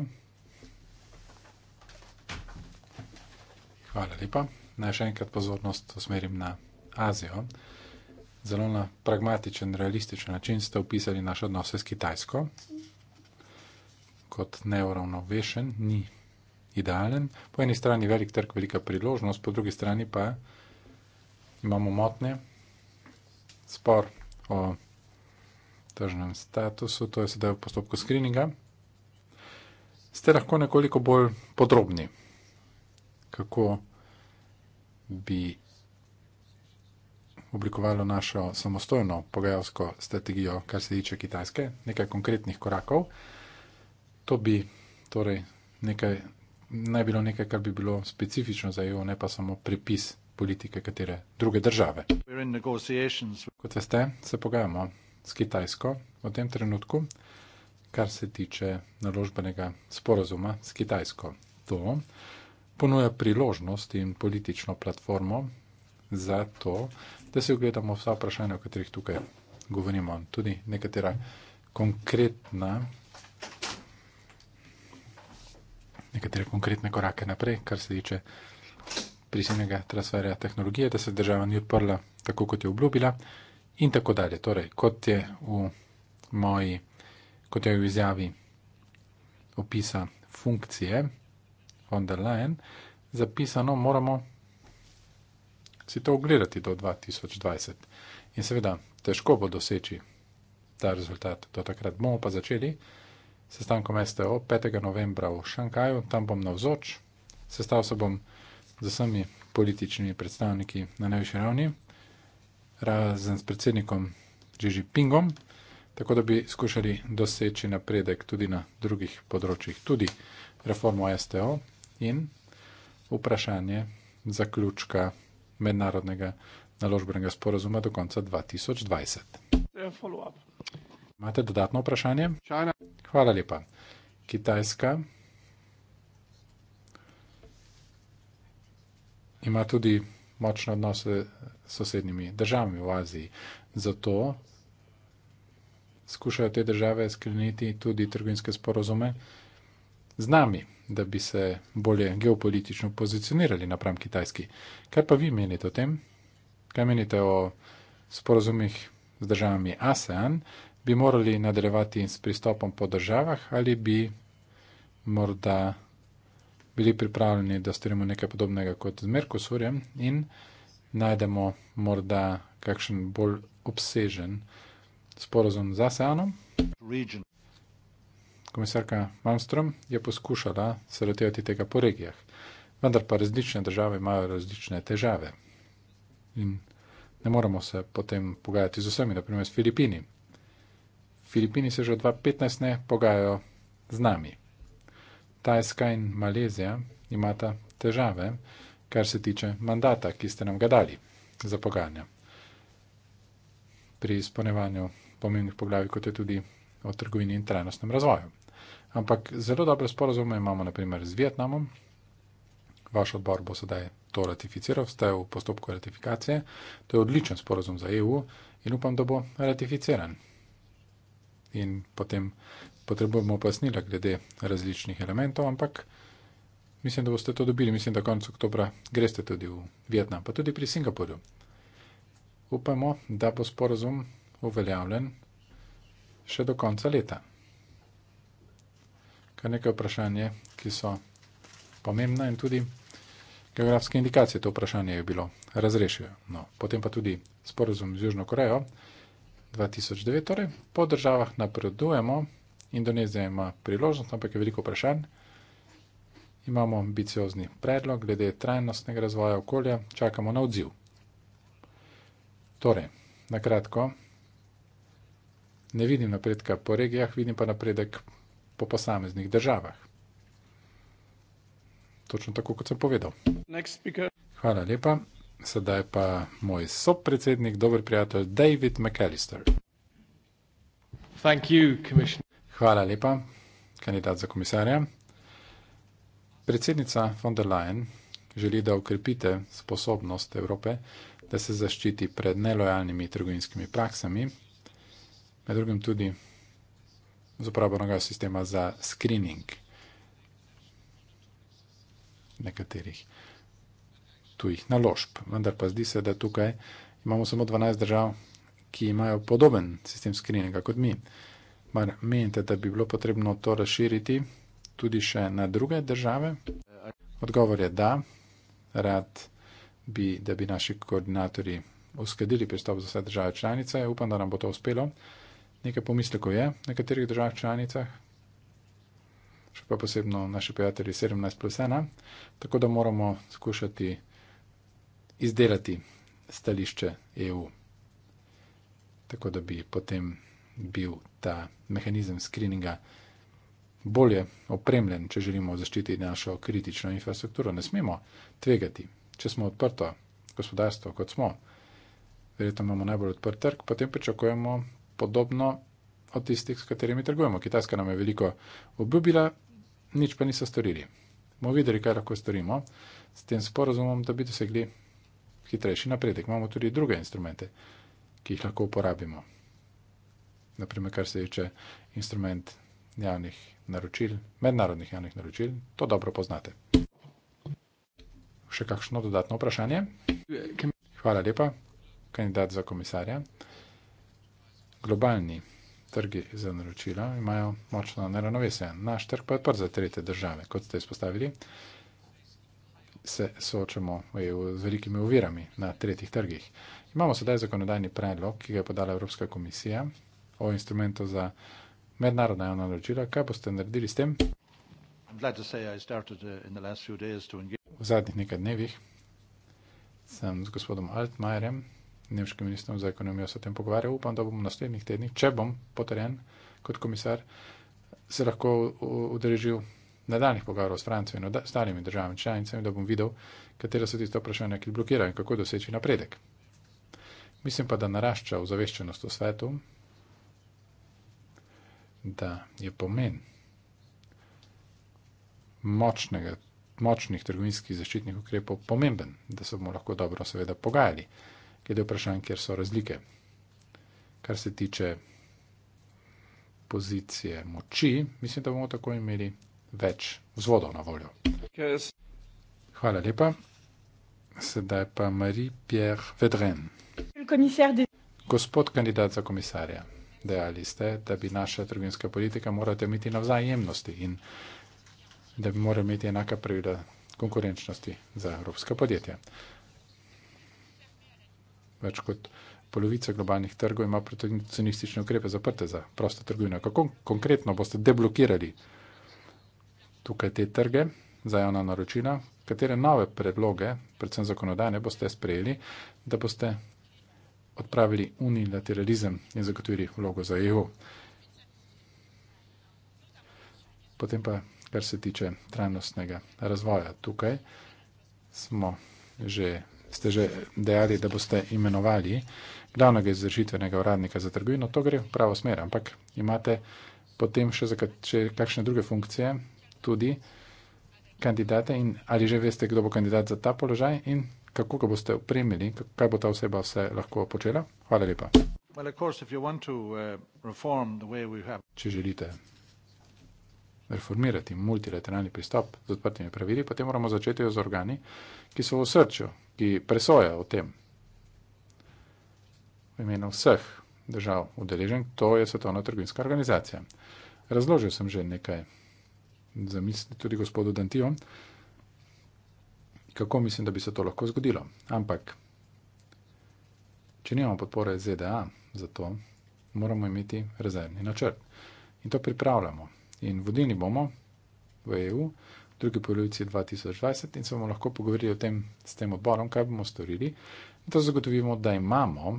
Hvala lepa. Naj še enkrat pozornost usmerim na Azijo zelo na pragmatičen, realističen način ste opisali naše odnose s Kitajsko. Kot neuravnovešen, ni idealen. Po eni strani velik trg, velika priložnost, po drugi strani pa imamo motne, spor o tržnem statusu, to je sedaj v postopku screeninga. Ste lahko nekoliko bolj podrobni, kako bi oblikovalo našo samostojno pogajalsko strategijo, kar se tiče Kitajske, nekaj konkretnih korakov. To bi torej nekaj, naj bilo nekaj, kar bi bilo specifično za EU, ne pa samo prepis politike katere druge države. Kot veste, se pogajamo s Kitajsko v tem trenutku, kar se tiče naložbenega sporozuma s Kitajsko. To ponuja priložnost in politično platformo za to, da si ogledamo vsa vprašanja, o katerih tukaj govorimo, tudi nekatera konkretna, nekatere konkretne korake naprej, kar se tiče prisilnega transferja tehnologije, da se država ni odprla tako, kot je obljubila in tako dalje. Torej, kot je v moji, kot je v izjavi opisa funkcije von der Leyen, zapisano moramo si to ogledati do 2020. In seveda, težko bo doseči ta rezultat do takrat. Bomo pa začeli sestankom STO 5. novembra v Šankaju, tam bom navzoč, sestal se bom z vsemi političnimi predstavniki na najvišji ravni, razen s predsednikom Žiži Pingom, tako da bi skušali doseči napredek tudi na drugih področjih, tudi reformo STO in vprašanje zaključka mednarodnega naložbenega sporozuma do konca 2020. Imate dodatno vprašanje? China. Hvala lepa. Kitajska ima tudi močne odnose s sosednjimi državami v Aziji. Zato skušajo te države skleniti tudi trgovinske sporozume z nami, da bi se bolje geopolitično pozicionirali napram Kitajski. Kaj pa vi menite o tem? Kaj menite o sporozumih z državami ASEAN? Bi morali nadaljevati s pristopom po državah ali bi morda bili pripravljeni, da storimo nekaj podobnega kot z Merkosurjem in najdemo morda kakšen bolj obsežen sporozum z ASEANom? region komisarka Malmström je poskušala se lotevati tega po regijah, vendar pa različne države imajo različne težave. In ne moramo se potem pogajati z vsemi, naprimer s Filipini. Filipini se že od 2015 ne pogajajo z nami. Tajska in Malezija imata težave, kar se tiče mandata, ki ste nam ga dali za pogajanja. Pri izpolnevanju pomembnih poglavij, kot je tudi o trgovini in trajnostnem razvoju. Ampak zelo dobre sporozume imamo, naprimer, z Vietnamom. Vaš odbor bo sedaj to ratificiral, ste v postopku ratifikacije. To je odličen sporozum za EU in upam, da bo ratificiran. In potem potrebujemo pojasnila glede različnih elementov, ampak mislim, da boste to dobili. Mislim, da konec oktobra greste tudi v Vietnam, pa tudi pri Singapurju. Upamo, da bo sporozum uveljavljen še do konca leta kar nekaj vprašanj, ki so pomembna in tudi geografske indikacije to vprašanje je bilo razrešeno. No, potem pa tudi sporozum z Južno Korejo 2009, torej po državah napredujemo, Indonezija ima priložnost, ampak je veliko vprašanj. Imamo ambiciozni predlog glede trajnostnega razvoja okolja, čakamo na odziv. Torej, na kratko, ne vidim napredka po regijah, vidim pa napredek po regijah po posameznih državah. Točno tako, kot sem povedal. Hvala lepa. Sedaj pa moj sopredsednik, dober prijatelj David McAllister. You, Hvala lepa, kandidat za komisarja. Predsednica von der Leyen želi, da ukrepite sposobnost Evrope, da se zaščiti pred nelojalnimi trgovinskimi praksami, med drugim tudi z uporabnega sistema za screening nekaterih tujih naložb. Vendar pa zdi se, da tukaj imamo samo 12 držav, ki imajo podoben sistem screeninga kot mi. Mar menite, da bi bilo potrebno to razširiti tudi še na druge države? Odgovor je da. Rad bi, da bi naši koordinatori uskladili pristop za vse države članice. Upam, da nam bo to uspelo. Nekaj pomislekov je v nekaterih državah članicah, še pa posebno naši prijatelji 17 plus 1, tako da moramo skušati izdelati stališče EU, tako da bi potem bil ta mehanizem skrininga bolje opremljen, če želimo zaščititi našo kritično infrastrukturo. Ne smemo tvegati, če smo odprto gospodarstvo, kot smo. Verjetno imamo najbolj odprt trg, potem pričakujemo podobno od tistih, s katerimi trgujemo. Kitajska nam je veliko obljubila, nič pa niso storili. Mo videli, kaj lahko storimo s tem sporozumom, da bi dosegli hitrejši napredek. Imamo tudi druge instrumente, ki jih lahko uporabimo. Naprimer, kar se tiče instrument javnih naročil, mednarodnih javnih naročil, to dobro poznate. Še kakšno dodatno vprašanje? Hvala lepa, kandidat za komisarja globalni trgi za naročila imajo močno neravnovesje. Naš trg pa je odprt za tretje države, kot ste izpostavili, se soočamo e z velikimi ovirami na tretjih trgih. Imamo sedaj zakonodajni predlog, ki ga je podala Evropska komisija o instrumentu za mednarodna javna naročila. Kaj boste naredili s tem? Uh, v zadnjih nekaj dnevih sem z gospodom Altmajerjem nemškim ministrom za ekonomijo se o tem pogovarjal. Upam, da bom v naslednjih tednih, če bom potrjen kot komisar, se lahko udeležil nadaljnih pogovorov s Francijo in ostalimi državami članicami, da bom videl, katera so tiste vprašanja, ki jih blokirajo in kako doseči napredek. Mislim pa, da narašča ozaveščenost v svetu, da je pomen močnega, močnih trgovinskih zaščitnih ukrepov pomemben, da se bomo lahko dobro seveda pogajali glede vprašanj, kjer so razlike. Kar se tiče pozicije moči, mislim, da bomo tako imeli več vzvodov na voljo. Hvala lepa. Sedaj pa Marie-Pierre Vedren. Gospod kandidat za komisarja, dejali ste, da bi naša trgovinska politika morala temeti na vzajemnosti in da bi morala imeti enaka pravila konkurenčnosti za evropska podjetja več kot polovica globalnih trgov ima protekcionistične ukrepe zaprte za prosto trgovino. Kako konkretno boste deblokirali tukaj te trge za javna naročila, katere nove predloge, predvsem zakonodajne, boste sprejeli, da boste odpravili unilateralizem in zagotovili vlogo za EU. Potem pa, kar se tiče trajnostnega razvoja, tukaj smo že ste že dejali, da boste imenovali glavnega izvršitvenega uradnika za trgovino, to gre v pravo smer, ampak imate potem še za še kakšne druge funkcije tudi kandidate in ali že veste, kdo bo kandidat za ta položaj in kako ga boste opremili, kaj bo ta oseba vse lahko počela. Hvala lepa. Uh, Če želite reformirati multilateralni pristop z odprtimi pravili, potem moramo začeti z organi, ki so v srču, ki presoja o tem. V imenu vseh držav udeležen, to je Svetovna trgovinska organizacija. Razložil sem že nekaj zamisli tudi gospodu Dantijo, kako mislim, da bi se to lahko zgodilo. Ampak, če nimamo podpore ZDA za to, moramo imeti rezervni načrt. In to pripravljamo in vodilni bomo v EU v drugi polovici 2020 in se bomo lahko pogovorili o tem s tem odborom, kaj bomo storili, da zagotovimo, da imamo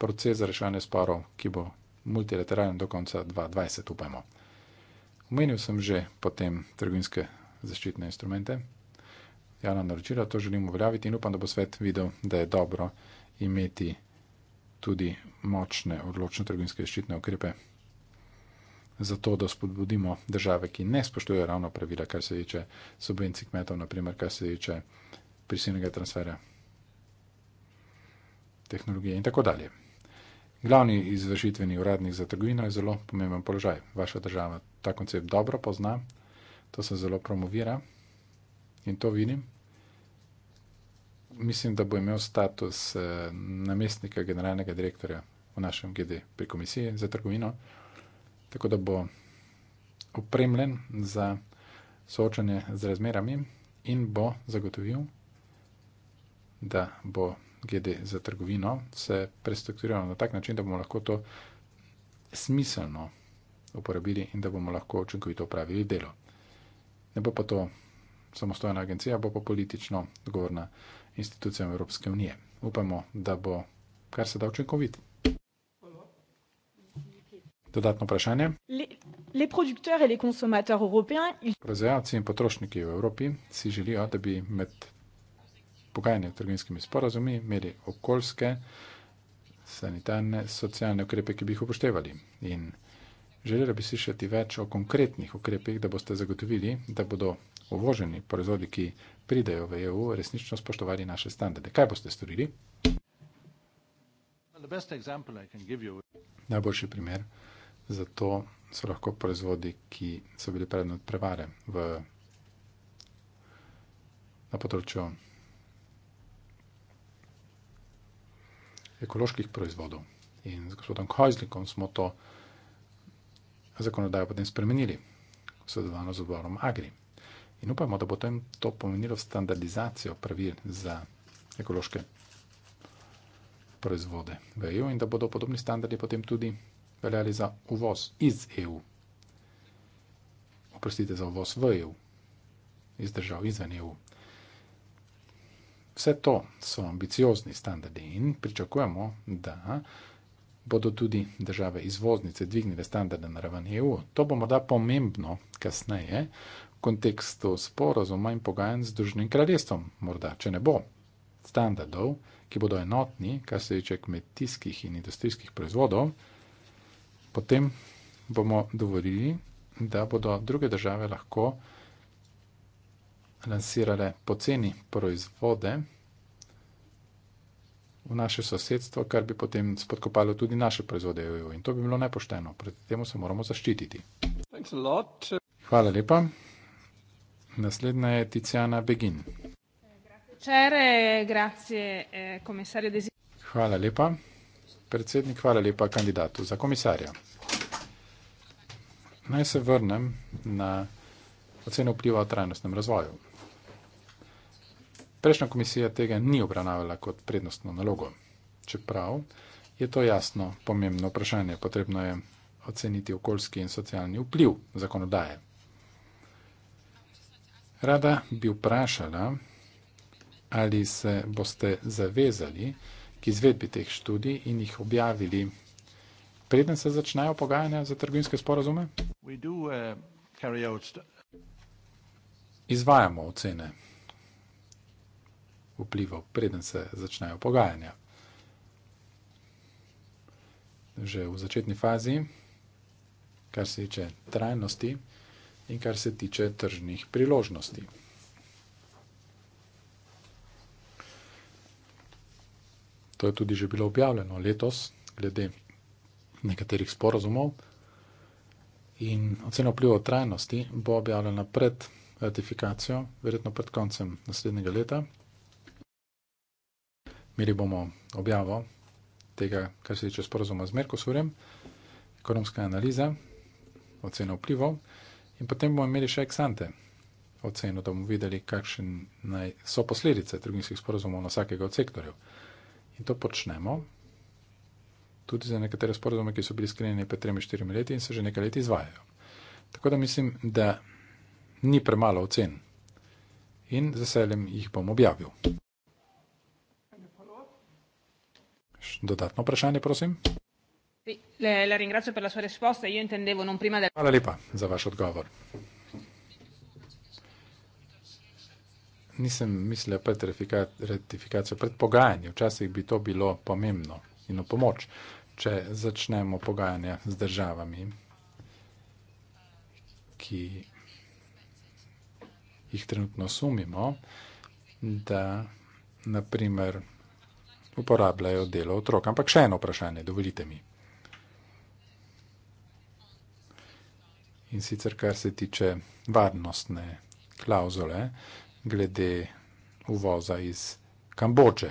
proces za reševanje sporov, ki bo multilateralen do konca 2020, upajmo. Omenil sem že potem trgovinske zaščitne instrumente, javna naročila, to želim uveljaviti in upam, da bo svet videl, da je dobro imeti tudi močne, odločne trgovinske zaščitne ukrepe zato, da spodbudimo države, ki ne spoštujejo ravno pravila, kar se tiče subvencij kmetov, naprimer, kar se tiče prisilnega transferja tehnologije in tako dalje. Glavni izvršitveni uradnik za trgovino je zelo pomemben položaj. Vaša država ta koncept dobro pozna, to se zelo promovira in to vidim. Mislim, da bo imel status eh, namestnika generalnega direktorja v našem GD pri komisiji za trgovino tako da bo opremljen za soočanje z razmerami in bo zagotovil, da bo GD za trgovino se prestrukturiral na tak način, da bomo lahko to smiselno uporabili in da bomo lahko učinkovito upravili delo. Ne bo pa to samostojna agencija, bo pa politično odgovorna institucija Evropske unije. Upamo, da bo kar se da učinkovito. Dodatno vprašanje. Proizvajalci in potrošniki v Evropi si želijo, da bi med pogajanjem trgovinskimi sporazumi imeli okoljske, sanitarne, socialne ukrepe, ki bi jih upoštevali. In želeli bi slišati več o konkretnih ukrepih, da boste zagotovili, da bodo uvoženi proizvodi, ki pridejo v EU, resnično spoštovali naše standarde. Kaj boste storili? Najboljši primer zato so lahko proizvodi, ki so bili predmet prevare v, na področju ekoloških proizvodov. In z gospodom Kojzlikom smo to zakonodajo potem spremenili, sodelovano z odborom Agri. In upamo, da bo potem to pomenilo standardizacijo pravil za ekološke proizvode v EU in da bodo podobni standardi potem tudi veljali za uvoz iz EU. Oprostite za uvoz v EU, iz držav izven EU. Vse to so ambiciozni standardi in pričakujemo, da bodo tudi države izvoznice dvignile standarde na raven EU. To bo morda pomembno kasneje v kontekstu sporozuma in pogajanj z Združenim kraljestvom. Morda, če ne bo standardov, ki bodo enotni, kar se tiče kmetijskih in industrijskih proizvodov, potem bomo dovolili, da bodo druge države lahko lansirale poceni proizvode v naše sosedstvo, kar bi potem spodkopalo tudi naše proizvode EU. In to bi bilo nepošteno. Pred temu se moramo zaščititi. Hvala lepa. Naslednja je Tiziana Begin. Eh, Hvala lepa predsednik, hvala lepa kandidatu za komisarja. Naj se vrnem na oceno vpliva o trajnostnem razvoju. Prejšnja komisija tega ni obravnavala kot prednostno nalogo. Čeprav je to jasno pomembno vprašanje, potrebno je oceniti okoljski in socialni vpliv zakonodaje. Rada bi vprašala, ali se boste zavezali, k izvedbi teh študij in jih objavili. Preden se začnejo pogajanja za trgovinske sporazume? Uh, Izvajamo ocene vplivov, preden se začnejo pogajanja. Že v začetni fazi, kar se tiče trajnosti in kar se tiče tržnih priložnosti. To je tudi že bilo objavljeno letos, glede nekaterih sporozumov. In ocena vpliva o trajnosti bo objavljena pred ratifikacijo, verjetno pred koncem naslednjega leta. Meri bomo objavo tega, kar se tiče sporozuma z Merkosurjem, ekonomska analiza, ocena vplivov in potem bomo imeli še eksante oceno, da bomo videli, kakšne so posledice trgovinskih sporozumov na vsakega od sektorjev. In to počnemo tudi za nekatere sporozume, ki so bili sklenjeni pred 3-4 leti in se že nekaj let izvajajo. Tako da mislim, da ni premalo ocen in z veseljem jih bom objavil. Dodatno vprašanje, prosim. Hvala lepa za vaš odgovor. nisem mislil pred ratifikacijo, pred pogajanjem. Včasih bi to bilo pomembno in v pomoč, če začnemo pogajanja z državami, ki jih trenutno sumimo, da naprimer uporabljajo delo otrok. Ampak še eno vprašanje, dovolite mi. In sicer, kar se tiče varnostne klauzule, glede uvoza iz Kambodže.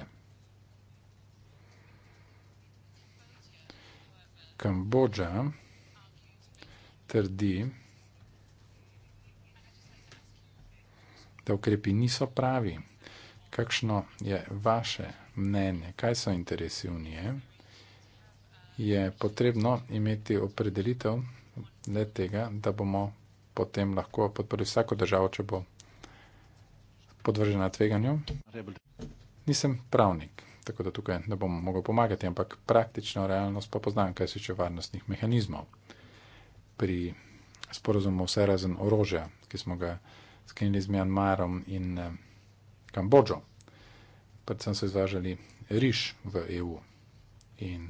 Kambodža trdi, da ukrepi niso pravi. Kakšno je vaše mnenje, kaj so interesi unije, je potrebno imeti opredelitev le tega, da bomo potem lahko podprli vsako državo, če bo podvržena tveganju. Nisem pravnik, tako da tukaj ne bom mogel pomagati, ampak praktično realnost pa poznam, kaj se tiče varnostnih mehanizmov. Pri sporozumu vse razen orožja, ki smo ga sklenili z Mjanmarom in eh, Kambodžo, predvsem so izvažali riž v EU. In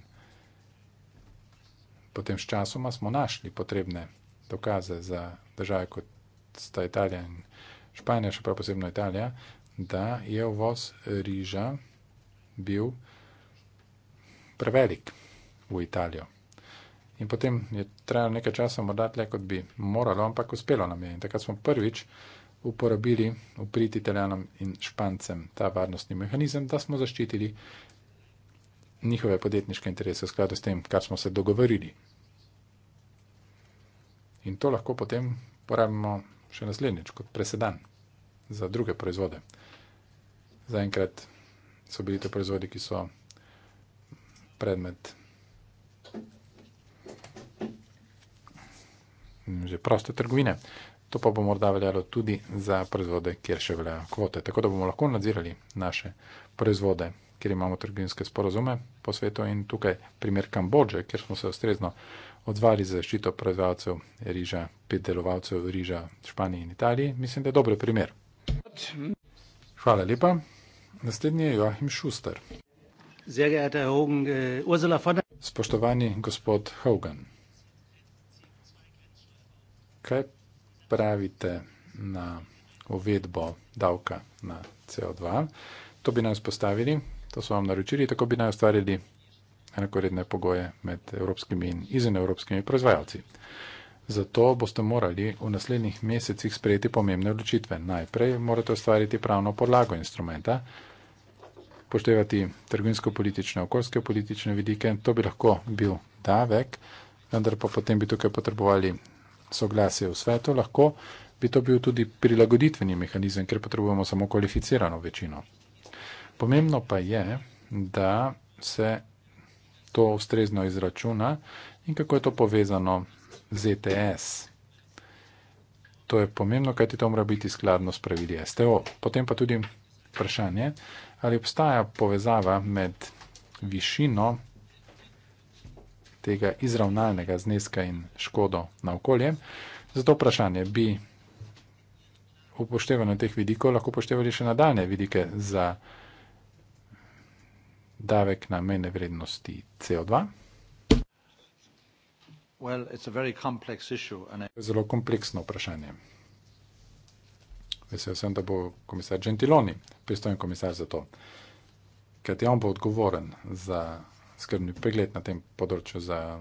potem s časoma smo našli potrebne dokaze za države kot sta Italija in Kambodža. Španija, še prav posebno Italija, da je uvoz riža bil prevelik v Italijo. In potem je trajalo nekaj časa, morda tle, kot bi moralo, ampak uspelo nam je. In takrat smo prvič uporabili uprit italijanom in špancem ta varnostni mehanizem, da smo zaščitili njihove podjetniške interese v skladu s tem, kar smo se dogovorili. In to lahko potem porabimo še naslednjič kot preseden za druge proizvode. Zaenkrat so bili to proizvodi, ki so predmet že proste trgovine. To pa bo morda veljalo tudi za proizvode, kjer še veljajo kvote. Tako da bomo lahko nadzirali naše proizvode, kjer imamo trgovinske sporozume po svetu in tukaj primer Kambodže, kjer smo se ustrezno odzvali za zaščito proizvajalcev riža, pridelovalcev riža v Španiji in Italiji. Mislim, da je dober primer. Hvala lepa. Naslednji je Joachim Schuster. Äh, Spoštovani gospod Hogan, kaj pravite na uvedbo davka na CO2? To bi naj vzpostavili, to so vam naročili, tako bi naj ustvarili enakoredne pogoje med evropskimi in izenevropskimi proizvajalci. Zato boste morali v naslednjih mesecih sprejeti pomembne odločitve. Najprej morate ustvariti pravno podlago instrumenta, poštevati trgovinsko-politične, okoljske-politične vidike. To bi lahko bil davek, vendar pa potem bi tukaj potrebovali soglasje v svetu. Lahko bi to bil tudi prilagoditveni mehanizem, ker potrebujemo samo kvalificirano večino. Pomembno pa je, da se to ustrezno izračuna in kako je to povezano z ETS. To je pomembno, kajti to mora biti skladno s pravili STO. Potem pa tudi vprašanje, ali obstaja povezava med višino tega izravnalnega zneska in škodo na okolje. Zato vprašanje, bi upoštevanje teh vidikov lahko upoštevali še nadaljne vidike za vprašanje davek na mene vrednosti CO2? Well, it's a very complex issue and I... Zelo kompleksno vprašanje. Vesel sem, da bo komisar Gentiloni pristojen komisar za to, kajti on bo odgovoren za skrbni pregled na tem področju za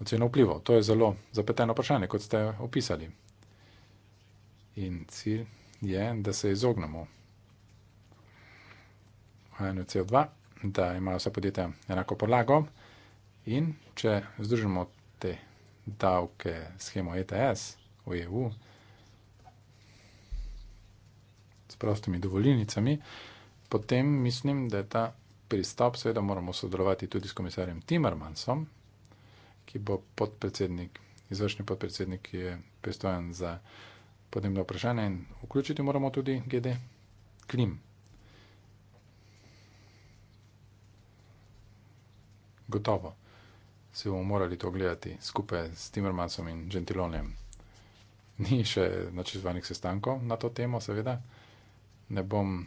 oceno vplivo. To je zelo zapeteno vprašanje, kot ste opisali. In cilj je, da se izognemo NOCO2, da imajo vsa podjetja enako podlago. In če združimo te davke schemo ETS v EU s prostimi dovolinicami, potem mislim, da je ta pristop, seveda moramo sodelovati tudi s komisarjem Timmermansom, ki bo podpredsednik, izvršni podpredsednik, ki je pristojen za podnebne vprašanja in vključiti moramo tudi GD Klim. gotovo se bomo morali to gledati skupaj s Timermansom in Gentilonem. Ni še načrtovanih sestankov na to temo, seveda. Ne bom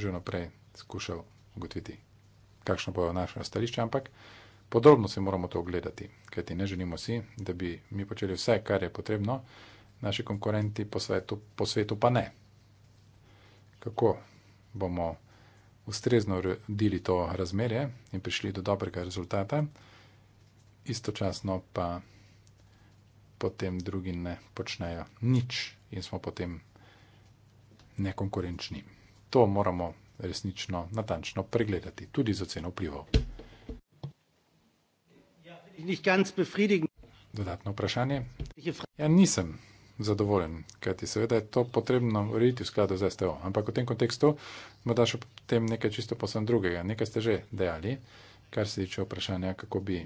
že naprej skušal ugotoviti, kakšno bo naše stališče, ampak podrobno se moramo to ogledati, kajti ne želimo si, da bi mi počeli vse, kar je potrebno, naši konkurenti po svetu, po svetu pa ne. Kako bomo ustrezno uredili to razmerje in prišli do dobrega rezultata, istočasno pa potem drugi ne počnejo nič in smo potem nekonkurenčni. To moramo resnično natančno pregledati, tudi za ceno vplivov. Dodatno vprašanje? Ja, nisem zadovoljen, kajti seveda je to potrebno urediti v skladu z STO. Ampak v tem kontekstu morda še potem nekaj čisto posem drugega. Nekaj ste že dejali, kar se tiče vprašanja, kako bi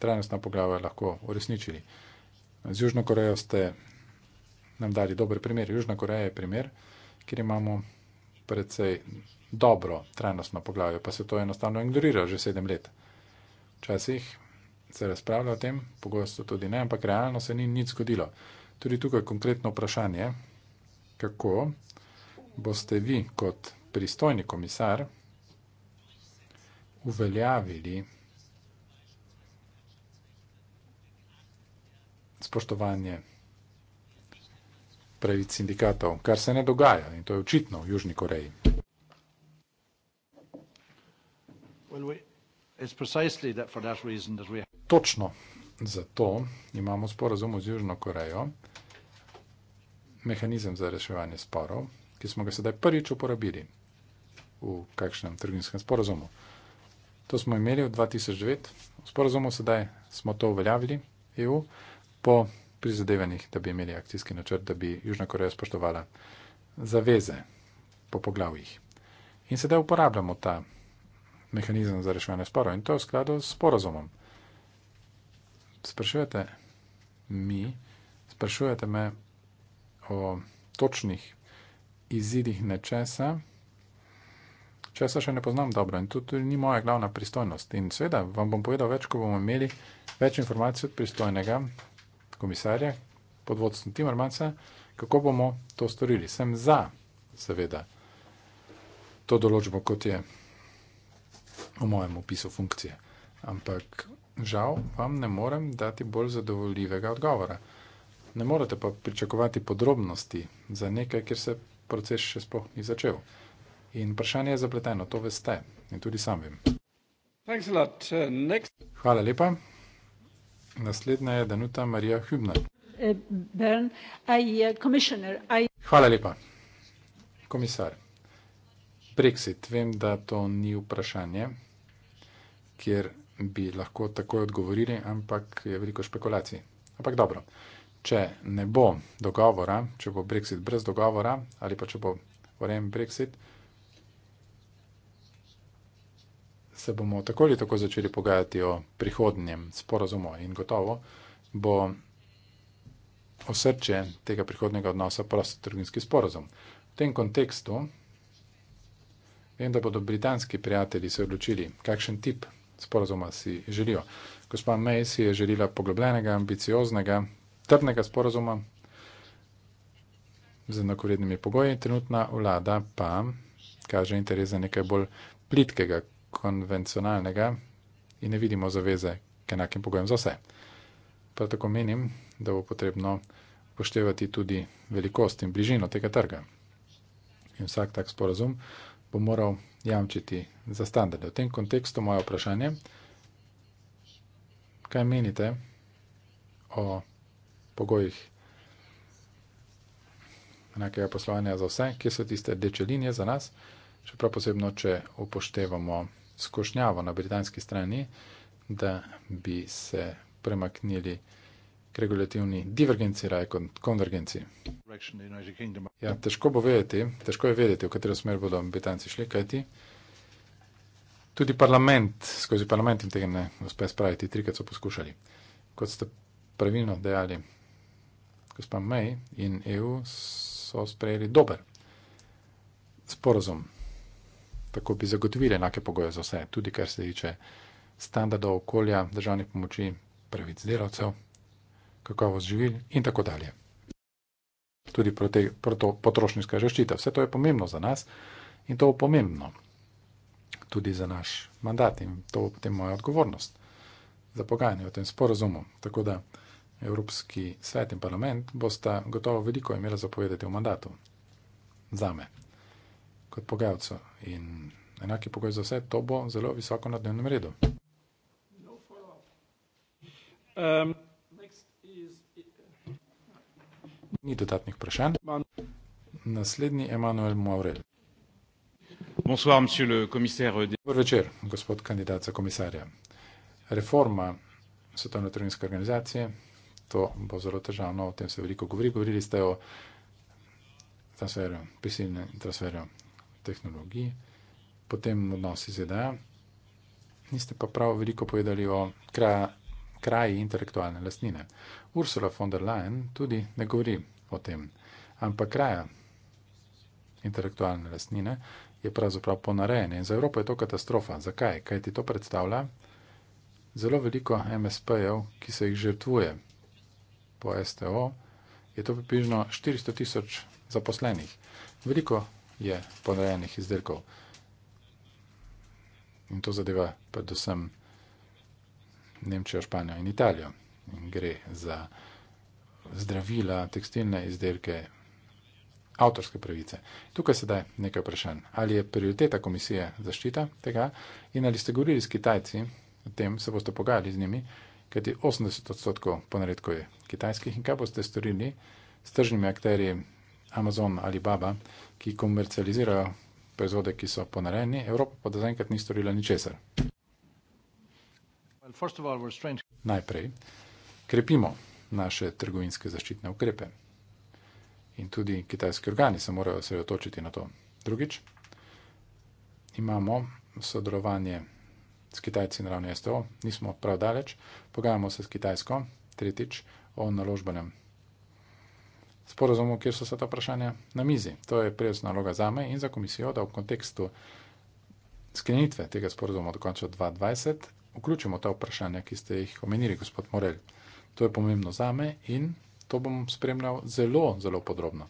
trajnostna poglava lahko uresničili. Z Južno Korejo ste nam dali dober primer. Južna Koreja je primer, kjer imamo predvsej dobro trajnostno poglavje, pa se to enostavno ignorira že sedem let. Včasih se razpravlja o tem, pogosto tudi ne, ampak realno se ni nič zgodilo. Tudi tukaj konkretno vprašanje, kako boste vi kot pristojni komisar uveljavili spoštovanje pravic sindikatov, kar se ne dogaja in to je očitno v Južni Koreji. Točno zato imamo sporazum z Južno Korejo, mehanizem za reševanje sporov, ki smo ga sedaj prvič uporabili v kakšnem trgovinskem sporazumu. To smo imeli v 2009, v sporazumu sedaj smo to uveljavili EU po prizadevanjih, da bi imeli akcijski načrt, da bi Južna Koreja spoštovala zaveze po poglavjih. In sedaj uporabljamo ta mehanizem za reševanje sporov in to je v skladu s sporazumom. Sprašujete mi, sprašujete me, o točnih izidih nečesa, česa še ne poznam dobro in tudi ni moja glavna pristojnost. In seveda vam bom povedal več, ko bomo imeli več informacij od pristojnega komisarja pod vodstvom Timrmansa, kako bomo to storili. Sem za, seveda, to določbo, kot je v mojem opisu funkcije. Ampak žal vam ne morem dati bolj zadovoljivega odgovora ne morete pa pričakovati podrobnosti za nekaj, kjer se proces še sploh ni začel. In vprašanje je zapleteno, to veste in tudi sam vem. Uh, Hvala lepa. Naslednja je Danuta Marija Hübner. Eh, uh, Hvala lepa. Komisar, Brexit, vem, da to ni vprašanje, kjer bi lahko takoj odgovorili, ampak je veliko špekulacij. Ampak dobro če ne bo dogovora, če bo Brexit brez dogovora ali pa če bo vrem Brexit, se bomo tako ali tako začeli pogajati o prihodnjem sporozumu in gotovo bo osrče tega prihodnjega odnosa prosto trgovinski sporozum. V tem kontekstu vem, da bodo britanski prijatelji se odločili, kakšen tip sporozuma si želijo. Gospa May si je želila poglobljenega, ambicioznega, trdnega sporazuma z enakovrednimi pogoji. Trenutna vlada pa kaže interes za nekaj bolj plitkega, konvencionalnega in ne vidimo zaveze k enakim pogojem za vse. Prav tako menim, da bo potrebno poštevati tudi velikost in bližino tega trga. In vsak tak sporazum bo moral jamčiti za standarde. V tem kontekstu moje vprašanje, kaj menite o pogojih. Enakega poslovanja za vse, ki so tiste rdeče linije za nas, še prav posebno, če upoštevamo skošnjavo na britanski strani, da bi se premaknili k regulativni divergenci raje kot konvergenci. Ja, težko bo vedeti, težko je vedeti, v katero smer bodo Britanci šli, kajti tudi parlament, skozi parlament jim tega ne uspe spraviti, trikrat so poskušali. Kot ste pravilno dejali, gospa May in EU so sprejeli dober sporozum. Tako bi zagotovili enake pogoje za vse, tudi kar se tiče standarda okolja, državnih pomoči, pravic delavcev, kakovost živil in tako dalje. Tudi proti, proti potrošniška zaščita. Vse to je pomembno za nas in to je pomembno tudi za naš mandat in to je potem moja odgovornost za pogajanje o tem sporozumu. Tako da Evropski svet in parlament bosta gotovo veliko imela zapovedati v mandatu. Zame, kot pogajalcu. In enaki pogoj za vse, to bo zelo visoko na dnevnem redu. No um, is... Ni dodatnih vprašanj. Naslednji je Emanuel Maurel. Bonsoir, le Dobro večer, gospod kandidat za komisarja. Reforma Svetovne trgovinske organizacije to bo zelo težavno, o tem se veliko govori. Govorili ste o transferju, prisilnem transferju tehnologiji, potem odnosi z EDA, niste pa prav veliko povedali o kraj, kraji intelektualne lastnine. Ursula von der Leyen tudi ne govori o tem, ampak kraja intelektualne lastnine je pravzaprav ponarejena in za Evropo je to katastrofa. Zakaj? Kaj ti to predstavlja? Zelo veliko MSP-jev, ki se jih žrtvuje po STO, je to približno 400 tisoč zaposlenih. Veliko je ponajenih izdelkov. In to zadeva predvsem Nemčijo, Španijo in Italijo. In gre za zdravila, tekstilne izdelke, avtorske pravice. Tukaj se daj nekaj vprašanj. Ali je prioriteta komisije zaščita tega in ali ste govorili s Kitajci, o tem se boste pogajali z njimi, kajti 80 odstotkov ponaredkov je kitajskih in kaj boste storili s tržnimi akterji Amazon ali Baba, ki komercializirajo proizvode, ki so ponarejeni, Evropa pa da zaenkrat ni storila ničesar. Well, Najprej krepimo naše trgovinske zaščitne ukrepe in tudi kitajski organi se morajo osredotočiti na to. Drugič, imamo sodelovanje s Kitajci na ravni STO, nismo prav daleč, pogajamo se s Kitajsko, tretjič o naložbenem sporozumu, kjer so se ta vprašanja na mizi. To je prednostna naloga za me in za komisijo, da v kontekstu sklenitve tega sporozuma do konca 2020 vključimo ta vprašanja, ki ste jih omenili, gospod Morel. To je pomembno za me in to bom spremljal zelo, zelo podrobno.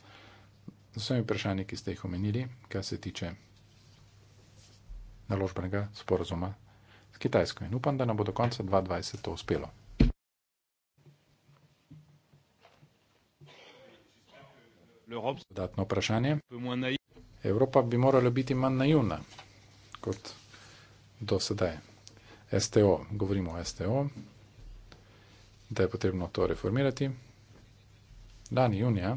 Z vsemi vprašanji, ki ste jih omenili, kar se tiče naložbenega sporozuma s Kitajsko. In upam, da nam bo do konca 2020 to uspelo. Dodatno vprašanje. Evropa bi morala biti manj naivna kot do sedaj. STO, govorimo o STO, da je potrebno to reformirati. Lani junija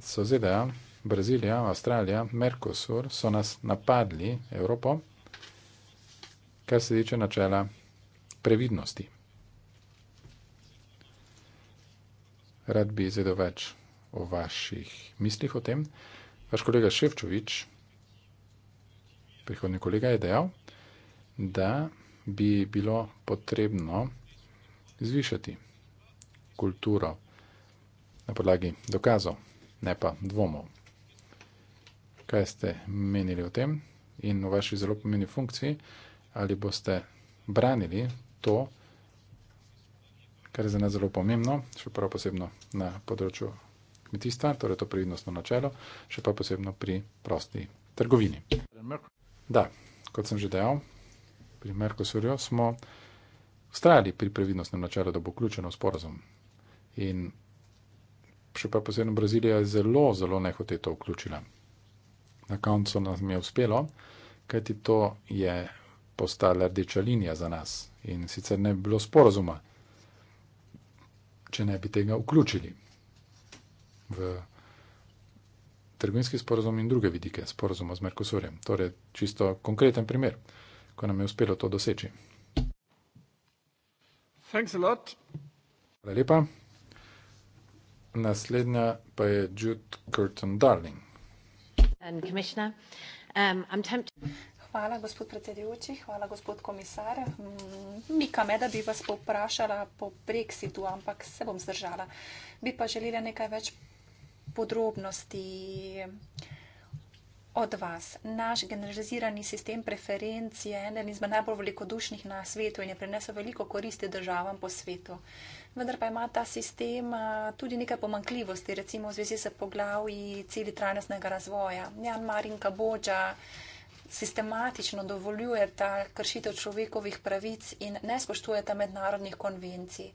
so ZDA, Brazilija, Avstralija, Mercosur so nas napadli Evropo kar se tiče načela previdnosti. Rad bi izvedel več o vaših mislih o tem. Vaš kolega Ševčovič, prihodni kolega, je dejal, da bi bilo potrebno zvišati kulturo na podlagi dokazov, ne pa dvomov. Kaj ste menili o tem in o vaši zelo pomeni funkciji? ali boste branili to, kar je za nas zelo pomembno, še prav posebno na področju kmetijstva, torej to prednostno načelo, še pa posebno pri prosti trgovini. Da, kot sem že dejal, pri Mercosurju smo vztrajali pri previdnostnem načelu, da bo vključeno v sporozum. In še pa posebno Brazilija je zelo, zelo nehote to vključila. Na koncu nam je uspelo, kajti to je postala rdeča linija za nas in sicer ne bi bilo sporozuma, če ne bi tega vključili v trgovinski sporozum in druge vidike sporozuma z Merkosurjem. Torej, čisto konkreten primer, ko nam je uspelo to doseči. Hvala lepa. Naslednja pa je Jude Curtin Darling. Hvala, gospod predsedujoči, hvala, gospod komisar. Mm, Mika me, da bi vas poprašala po Brexitu, ampak se bom zdržala. Bi pa želela nekaj več podrobnosti od vas. Naš generalizirani sistem preferenc je eden izmed najbolj velikodušnih na svetu in je prinesel veliko koristi državam po svetu. Vendar pa ima ta sistem tudi nekaj pomankljivosti, recimo v zvezi s poglavji cilji trajnostnega razvoja. Janmar in Kabodža sistematično dovoljujeta kršitev človekovih pravic in ne spoštujeta mednarodnih konvencij.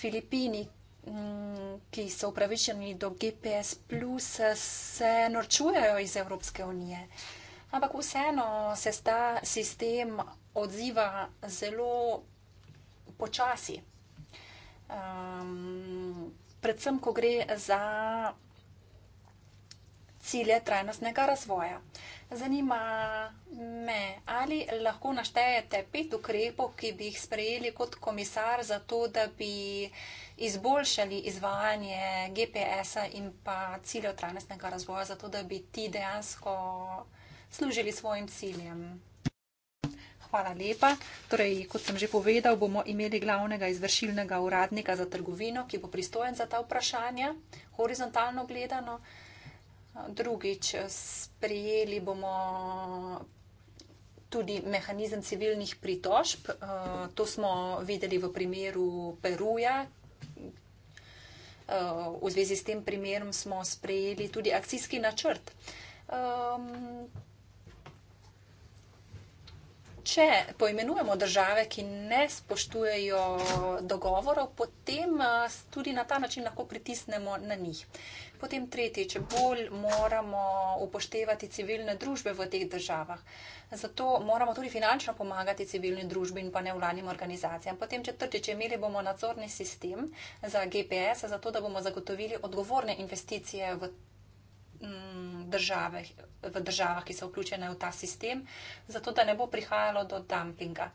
Filipini, mm, ki so upravičeni do GPS, se norčujejo iz Evropske unije. Ampak vseeno se ta sistem odziva zelo počasi. Um, predvsem, ko gre za cilje trajnostnega razvoja. Zanima me, ali lahko naštejete pet ukrepov, ki bi jih sprejeli kot komisar za to, da bi izboljšali izvajanje GPS-a in pa ciljev trajnostnega razvoja, zato da bi ti dejansko služili svojim ciljem. Hvala lepa. Torej, kot sem že povedal, bomo imeli glavnega izvršilnega uradnika za trgovino, ki bo pristojen za ta vprašanja, horizontalno gledano drugič sprijeli bomo tudi mehanizem civilnih pritožb. Eh, to smo videli v primeru Peruja. Eh, v zvezi s tem primerom smo sprejeli tudi akcijski načrt. Če poimenujemo države, ki ne spoštujejo dogovorov, potem eh, tudi na ta način lahko pritisnemo na njih. Potem tretjič, bolj moramo upoštevati civilne družbe v teh državah. Zato moramo tudi finančno pomagati civilni družbi in pa nevladnim organizacijam. Potem četrtič, imeli bomo nadzorni sistem za GPS, zato da bomo zagotovili odgovorne investicije v. Mm, države, v državah, ki so vključene v ta sistem, zato da ne bo prihajalo do dumpinga.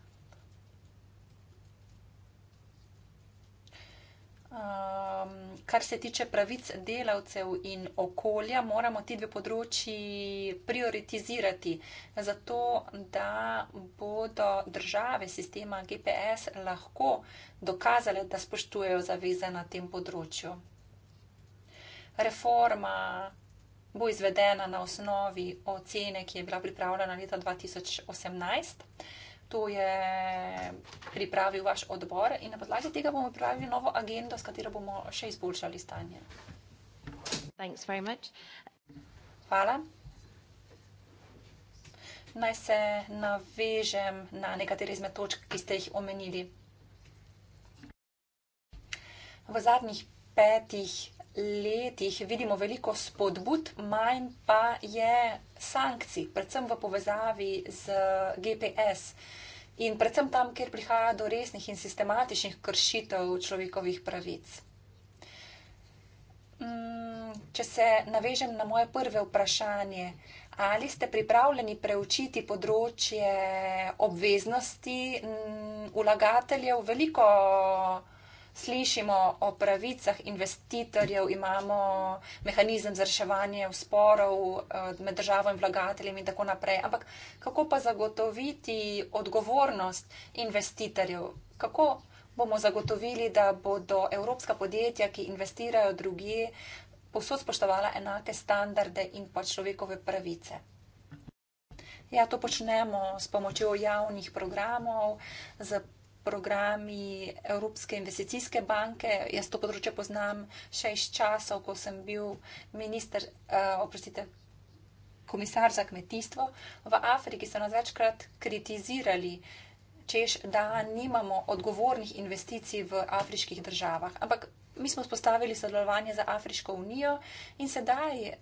Um, kar se tiče pravic delavcev in okolja, moramo ti dve področji prioritizirati, zato da bodo države sistema GPS lahko dokazale, da spoštujejo zaveze na tem področju. Reforma bo izvedena na osnovi ocene, ki je bila pripravljena leta 2018 to je pripravil vaš odbor in na podlagi tega bomo pripravili novo agendo, s katero bomo še izboljšali stanje. Hvala. Naj se navežem na nekatere izmed točk, ki ste jih omenili. V zadnjih petih letih vidimo veliko spodbud, manj pa je sankcij, predvsem v povezavi z GPS in predvsem tam, kjer prihaja do resnih in sistematičnih kršitev človekovih pravic. Mm, če se navežem na moje prve vprašanje, ali ste pripravljeni preučiti področje obveznosti mm, vlagateljev, veliko slišimo o pravicah investitorjev, imamo mehanizem za reševanje sporov eh, med državo in vlagateljem in tako naprej. Ampak kako pa zagotoviti odgovornost investitorjev? Kako bomo zagotovili, da bodo evropska podjetja, ki investirajo drugi, povsod spoštovala enake standarde in pa človekove pravice? Ja, to počnemo s pomočjo javnih programov, z programi Evropske investicijske banke. Jaz to področje poznam še iz časov, ko sem bil minister, uh, oprostite, komisar za kmetijstvo. V Afriki so nas večkrat kritizirali, češ, da nimamo odgovornih investicij v afriških državah. Ampak mi smo spostavili sodelovanje za Afriško unijo in sedaj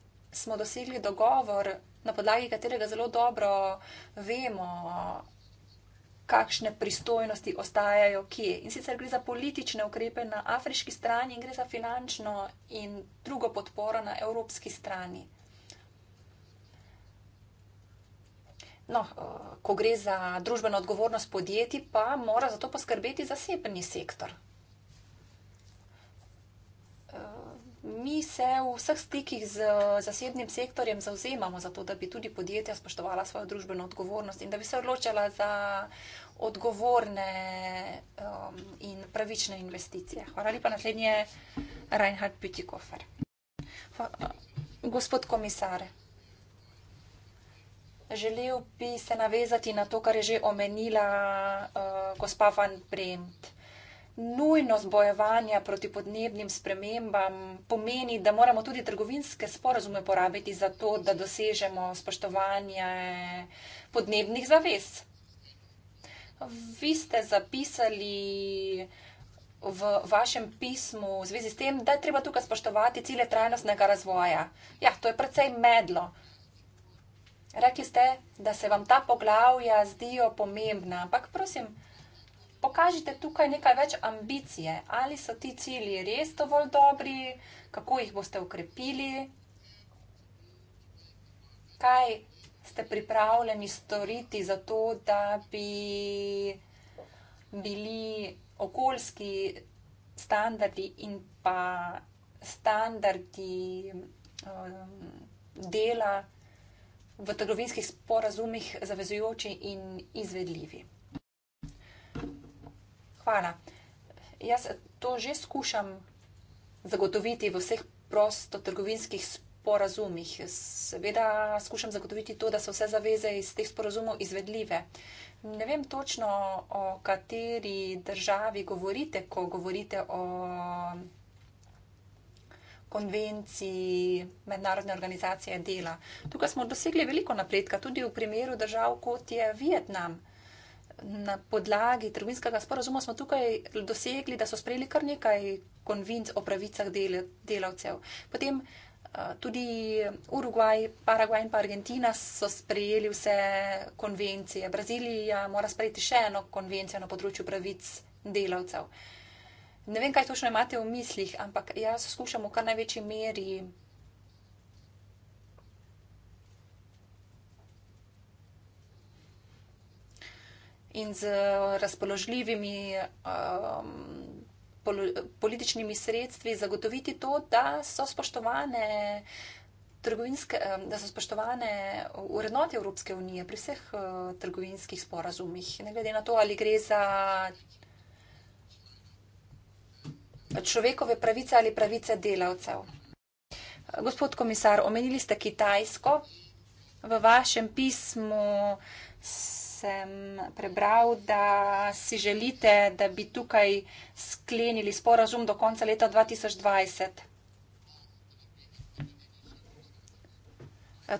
smo dosegli dogovor, na podlagi katerega zelo dobro vemo, kakšne pristojnosti ostajajo kje. In sicer gre za politične ukrepe na afriški strani in gre za finančno in drugo podporo na evropski strani. No, eh, ko gre za družbeno odgovornost podjetij, pa mora za to poskrbeti zasebni sektor. mi se v vseh stikih z zasebnim sektorjem zauzemamo za to, da bi tudi podjetja spoštovala svojo družbeno odgovornost in da bi se odločila za odgovorne um, in pravične investicije. Hvala lepa. Naslednji je Reinhard Pitikofer. Gospod komisar, želel bi se navezati na to, kar je že omenila uh, gospa Van Bremt. Uh, nujnost bojevanja proti podnebnim spremembam pomeni, da moramo tudi trgovinske sporozume porabiti za to, da dosežemo spoštovanje podnebnih zavez. Vi ste zapisali v vašem pismu v zvezi s tem, da je treba tukaj spoštovati cilje trajnostnega razvoja. Ja, to je precej medlo. Rekli ste, da se vam ta poglavja zdijo pomembna, ampak prosim, pokažite tukaj nekaj več ambicije, ali so ti cilji res dovolj dobri, kako jih boste ukrepili, kaj ste pripravljeni storiti za to, da bi bili okoljski standardi in pa standardi um, dela v trgovinskih sporazumih zavezujoči in izvedljivi. Hvala. Jaz to že skušam zagotoviti v vseh prostotrgovinskih sporazumih. Seveda skušam zagotoviti to, da so vse zaveze iz teh sporazumov izvedljive. Ne vem točno, o kateri državi govorite, ko govorite o konvenciji Mednarodne organizacije dela. Tukaj smo dosegli veliko napredka, tudi v primeru držav, kot je Vietnam na podlagi trgovinskega sporozuma smo tukaj dosegli, da so sprejeli kar nekaj konvinc o pravicah del, delavcev. Potem eh, tudi Urugvaj, Paragvaj in pa Argentina so sprejeli vse konvencije. Brazilija mora sprejeti še eno konvencijo na področju pravic delavcev. Ne vem, kaj točno imate v mislih, ampak jaz skušam v kar največji meri in z razpoložljivimi um, pol političnimi sredstvi zagotoviti to, da so spoštovane. Um, da so spoštovane urednote Evropske unije pri vseh uh, trgovinskih sporazumih, ne glede na to, ali gre za človekove pravice ali pravice delavcev. Gospod komisar, omenili ste Kitajsko. V vašem pismu sem prebral, da si želite, da bi tukaj sklenili sporazum do konca leta 2020.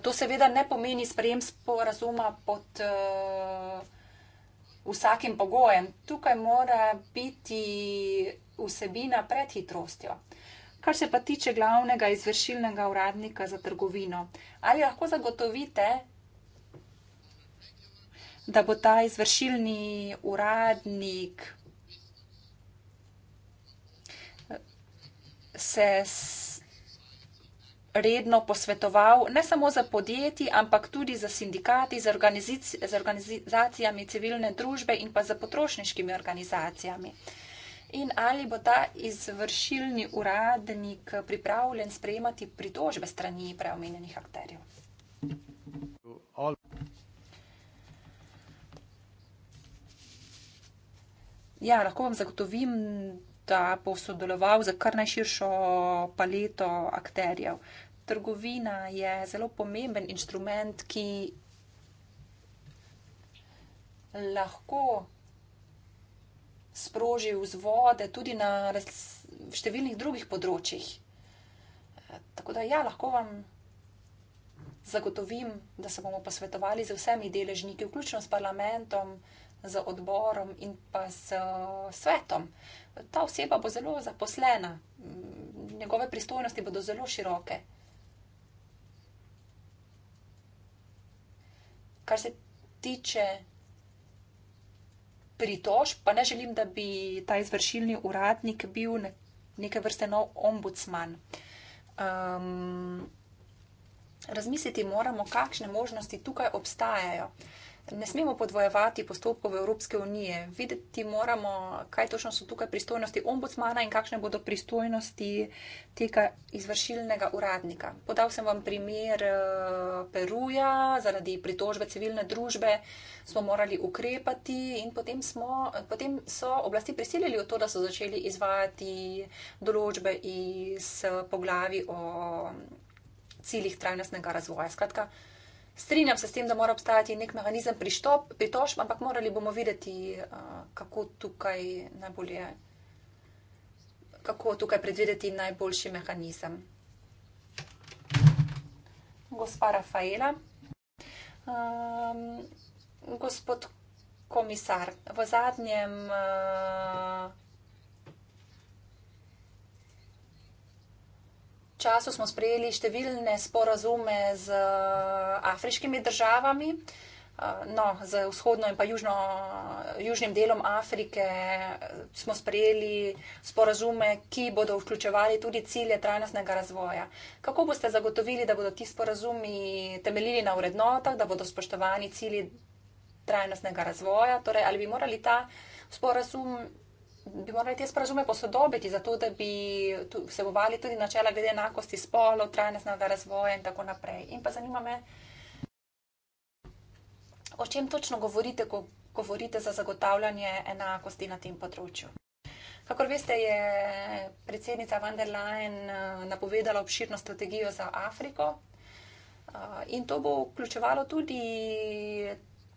To seveda ne pomeni sprejem sporazuma pod uh, vsakim pogojem. Tukaj mora biti vsebina pred hitrostjo. Kar se pa tiče glavnega izvršilnega uradnika za trgovino, ali lahko zagotovite, da bo ta izvršilni uradnik eh, se redno posvetoval ne samo za podjetji, ampak tudi za sindikati, za organizacij, z organizacijami civilne družbe in pa za potrošniškimi organizacijami. In ali bo ta izvršilni uradnik pripravljen sprejemati pritožbe strani preomenjenih akterjev? Ja, lahko vam zagotovim, da bo sodeloval za kar najširšo paleto akterjev. Trgovina je zelo pomemben inštrument, ki lahko sproži vzvode tudi na številnih drugih področjih. Tako da ja, lahko vam zagotovim, da se bomo posvetovali z vsemi deležniki, vključno s parlamentom z odborom in pa s eh, svetom. Ta oseba bo zelo zaposlena, mm, njegove pristojnosti bodo zelo široke. Kar se tiče pritožb, pa ne želim, da bi ta izvršilni uradnik bil neke vrste nov ombudsman. Um, razmisliti moramo, kakšne možnosti tukaj obstajajo. Uh, ne smemo podvojevati postopkov v Evropske unije. Videti moramo, kaj točno so tukaj pristojnosti ombudsmana in kakšne bodo pristojnosti tega izvršilnega uradnika. Podal sem vam primer eh, Peruja, zaradi pritožbe civilne družbe smo morali ukrepati in potem, smo, potem so oblasti prisilili v to, da so začeli izvajati določbe iz eh, poglavi o ciljih trajnostnega razvoja. Skratka, Strinjam se s tem, da mora obstajati nek mehanizem pritožb, ampak morali bomo videti, eh, kako tukaj najbolje, kako tukaj predvideti najboljši mehanizem. Gospa Rafaela, um, gospod komisar, v zadnjem. Uh, času smo sprejeli številne sporazume z eh, afriškimi državami, eh, no, z vzhodno in pa južno, južnim delom Afrike eh, smo sprejeli sporazume, ki bodo vključevali tudi cilje trajnostnega razvoja. Kako boste zagotovili, da bodo ti sporazumi temeljili na urednotah, da bodo spoštovani cilji trajnostnega razvoja? Torej, ali bi morali ta sporazum bi morali te sporazume posodobiti, zato da bi vsebovali tudi načela glede enakosti spolov, trajnostnega razvoja in tako naprej. In pa zanima me, o čem točno govorite, ko govorite za zagotavljanje enakosti na tem področju. Kakor veste, je predsednica van der Leyen eh, napovedala obširno strategijo za Afriko eh, in to bo vključevalo tudi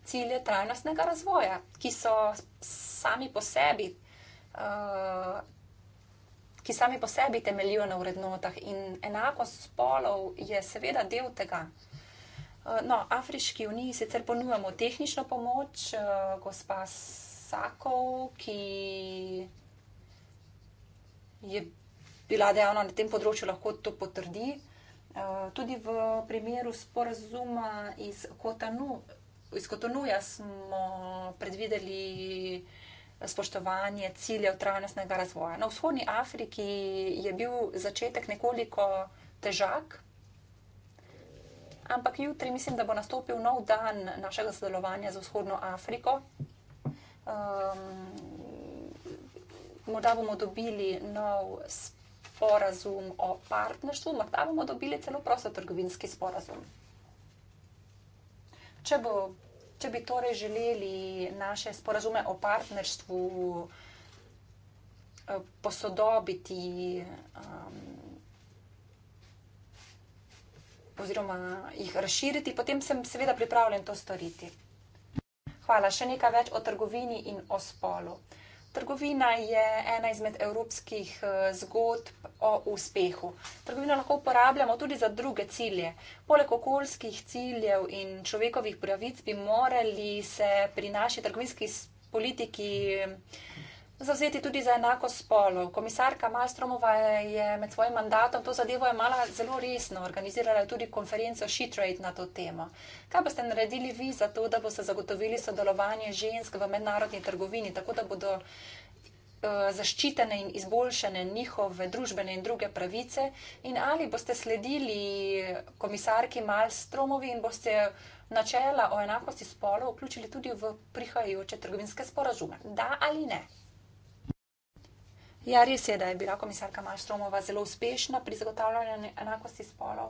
cilje trajnostnega razvoja, ki so sami po sebi Eh, ki sami po sebi temeljijo na vrednotah. In enakost spolov je seveda del tega. Eh, no, Afriški uniji sicer ponujamo tehnično pomoč, eh, gospa Sakov, ki je bila dejavna na tem področju, lahko to potrdi. Tudi v primeru sporazuma iz Kotonu, iz Kotonuja smo predvideli spoštovanje ciljev trajnostnega razvoja. Na vzhodni Afriki je bil začetek nekoliko težak, ampak jutri mislim, da bo nastopil nov dan našega sodelovanja z vzhodno Afriko. Um, morda bomo dobili nov sporazum o partnerstvu, morda bomo dobili celo prostotrgovinski sporazum. Če bo če bi torej želeli naše sporazume o partnerstvu eh, posodobiti um, oziroma jih razširiti, potem sem seveda pripravljen to storiti. Hvala. Še nekaj več o trgovini in o spolu. Trgovina je ena izmed evropskih eh, zgodb o uspehu. Trgovino lahko uporabljamo tudi za druge cilje. Poleg okoljskih ciljev in človekovih pravic bi morali se pri naši trgovinski politiki zavzeti tudi za enako spolo. Komisarka Malstromova je med svojim mandatom to zadevo imala zelo resno, organizirala je tudi konferenco SheTrade na to temo. Kaj pa ste naredili vi za to, da boste zagotovili sodelovanje žensk v mednarodni trgovini, tako da bodo eh, zaščitene in izboljšene njihove družbene in druge pravice? In ali boste sledili komisarki Malstromovi in boste načela o enakosti spolov vključili tudi v prihajajoče trgovinske sporazume? Da ali ne? Ja, res je, da je bila komisarka Maštromova zelo uspešna pri zagotavljanju enakosti spolov.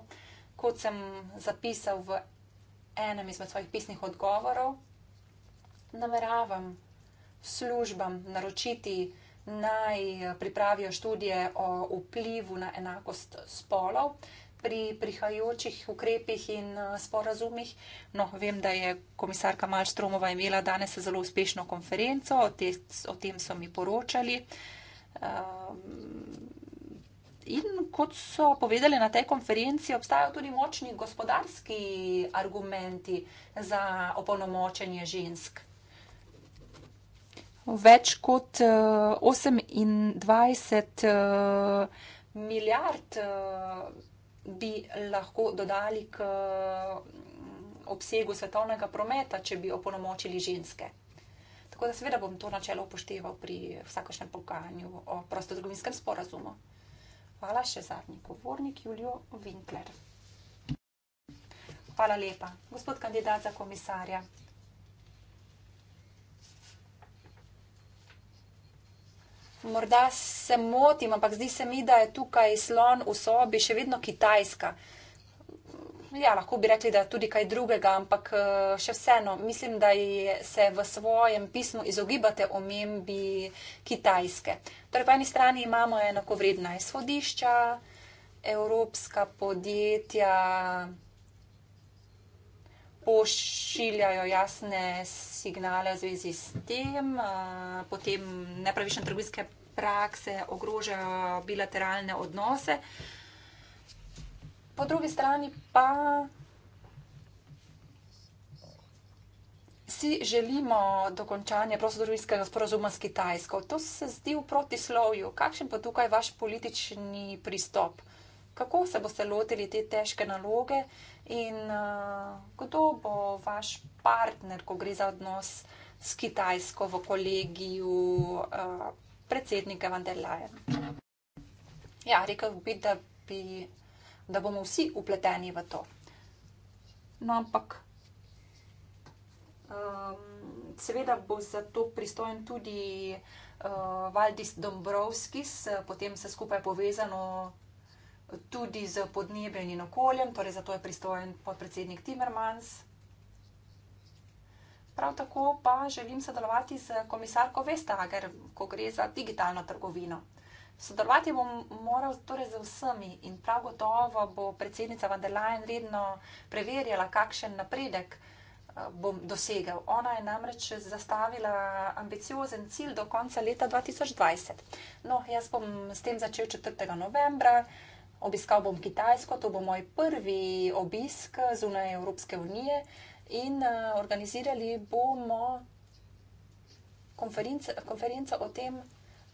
Kot sem zapisal v enem izmed svojih pisnih odgovorov, nameravam službam naročiti naj eh, pripravijo študije o vplivu na enakost spolov pri prihajajočih ukrepih in eh, sporazumih. No, vem, da je komisarka Malstromova imela danes zelo uspešno konferenco, o tem so mi poročali. Uh, Ehm, in kot so povedali na tej konferenci, obstajajo tudi močni gospodarski argumenti za opolnomočenje žensk. Več kot 28 eh, eh, milijard eh, bi lahko dodali k mm, obsegu svetovnega prometa, če bi opolnomočili ženske. Tako da seveda bom to načelo upošteval pri vsakošnjem pogajanju o prostotrgovinskem sporazumu. Hvala še zadnji govornik, Julio Winkler. Hvala lepa. Gospod kandidat za komisarja. Morda se motim, ampak zdi se mi, da je tukaj slon v sobi še vedno kitajska ja, lahko bi rekli, da tudi kaj drugega, ampak eh, še vseeno mislim, da je, se v svojem pismu izogibate omembi Kitajske. Torej, po eni strani imamo enakovredna izhodišča, evropska podjetja pošiljajo jasne signale v zvezi s tem, eh, potem nepravične trgovinske prakse ogrožajo bilateralne odnose po drugi strani pa si želimo dokončanje prostodružinskega sporozuma s Kitajsko. To se zdi v protislovju. Kakšen pa tukaj vaš politični pristop? Kako se boste lotili te težke naloge in uh, kdo bo vaš partner, ko gre za odnos s Kitajsko v kolegiju uh, predsednika Van der Leyen? Ja, rekel bi, da bi da bomo vsi upleteni v to. No, ampak um, seveda bo za to pristojen tudi uh, Valdis Dombrovskis, potem se skupaj povezano tudi z podnebjem in okoljem, torej za to je pristojen podpredsednik Timmermans. Prav tako pa želim sodelovati z komisarko Vestager, ko gre za digitalno trgovino. Sodelovati bom moral torej z vsemi in prav gotovo bo predsednica van der Leyen redno preverjala, kakšen napredek eh, bom dosegel. Ona je namreč zastavila ambiciozen cilj do konca leta 2020. No, jaz bom s tem začel 4. novembra, obiskal bom Kitajsko, to bo moj prvi obisk zunaj Evropske unije in eh, organizirali bomo konferenco o tem,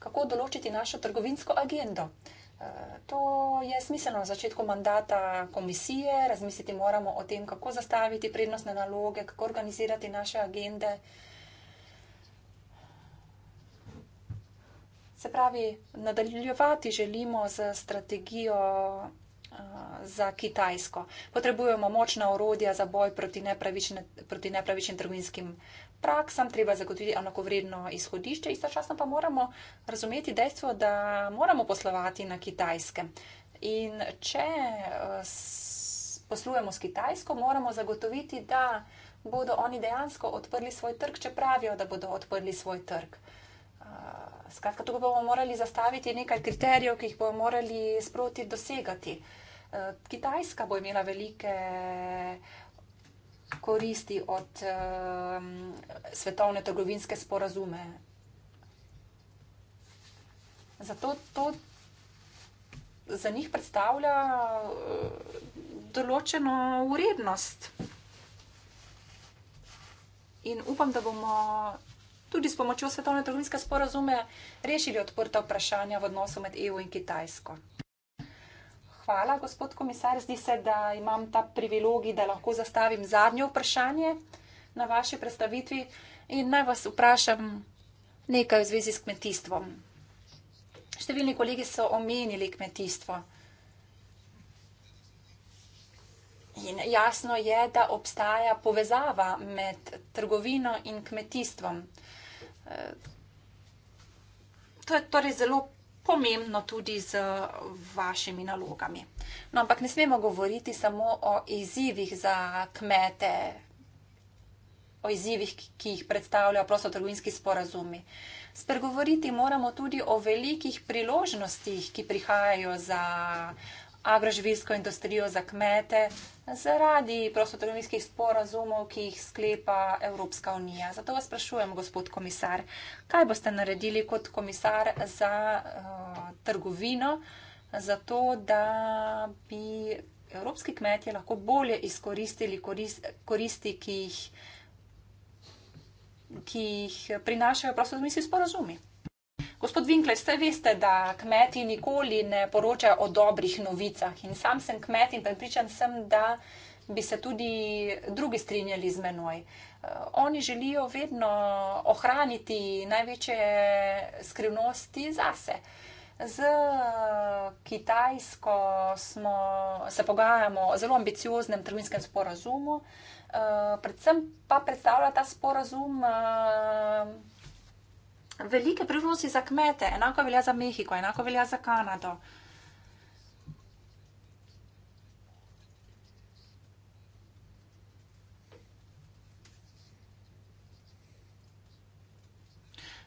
kako določiti našo trgovinsko agendo. Eh, to je smiselno na začetku mandata komisije, razmisliti moramo o tem, kako zastaviti prednostne naloge, kako organizirati naše agende. Se pravi, nadaljevati želimo z strategijo eh, za Kitajsko. Potrebujemo močna orodja za boj proti, proti nepravičnim trgovinskim praksam, treba zagotoviti enakovredno izhodišče, istočasno pa moramo razumeti dejstvo, da moramo poslovati na kitajskem. In če eh, poslujemo s Kitajsko, moramo zagotoviti, da bodo oni dejansko odprli svoj trg, če pravijo, da bodo odprli svoj trg. Eh, skratka, tukaj bomo morali zastaviti nekaj kriterijev, ki jih bomo morali sproti dosegati. Eh, Kitajska bo imela velike koristi od um, svetovne trgovinske sporazume. Zato to za njih predstavlja eh, določeno urednost. In upam, da bomo tudi s pomočjo svetovne trgovinske sporazume rešili odprta vprašanja v odnosu med EU in Kitajsko. Hvala, gospod komisar. Zdi se, da imam ta privilegij, da lahko zastavim zadnje vprašanje na vaši predstavitvi in naj vas vprašam nekaj v zvezi s kmetijstvom. Številni kolegi so omenili kmetijstvo. In jasno je, da obstaja povezava med trgovino in kmetijstvom. Eh, to je torej zelo pomembno tudi z vašimi nalogami. No, ampak ne smemo govoriti samo o izzivih za kmete, o izzivih, ki jih predstavljajo prostotrgovinski sporazumi. Spregovoriti moramo tudi o velikih priložnostih, ki prihajajo za kmete agroživilsko industrijo za kmete zaradi prostotrgovinskih sporazumov, ki jih sklepa Evropska unija. Zato vas sprašujem, gospod komisar, kaj boste naredili kot komisar za uh, trgovino, zato da bi evropski kmetje lahko bolje izkoristili korist, koristi, ki jih, ki jih prinašajo prostotrgovinski sporazumi. Gospod Vinklej, vse veste, da kmeti nikoli ne poročajo o dobrih novicah in sam sem kmet in pripričan sem, da bi se tudi drugi strinjali z menoj. Eh, oni želijo vedno ohraniti največje skrivnosti zase. Z eh, Kitajsko smo, se pogajamo o zelo ambicioznem trgovinskem sporazumu, eh, predvsem pa predstavlja ta sporazum velike priložnosti za kmete, enako velja za Mehiko, enako velja za Kanado.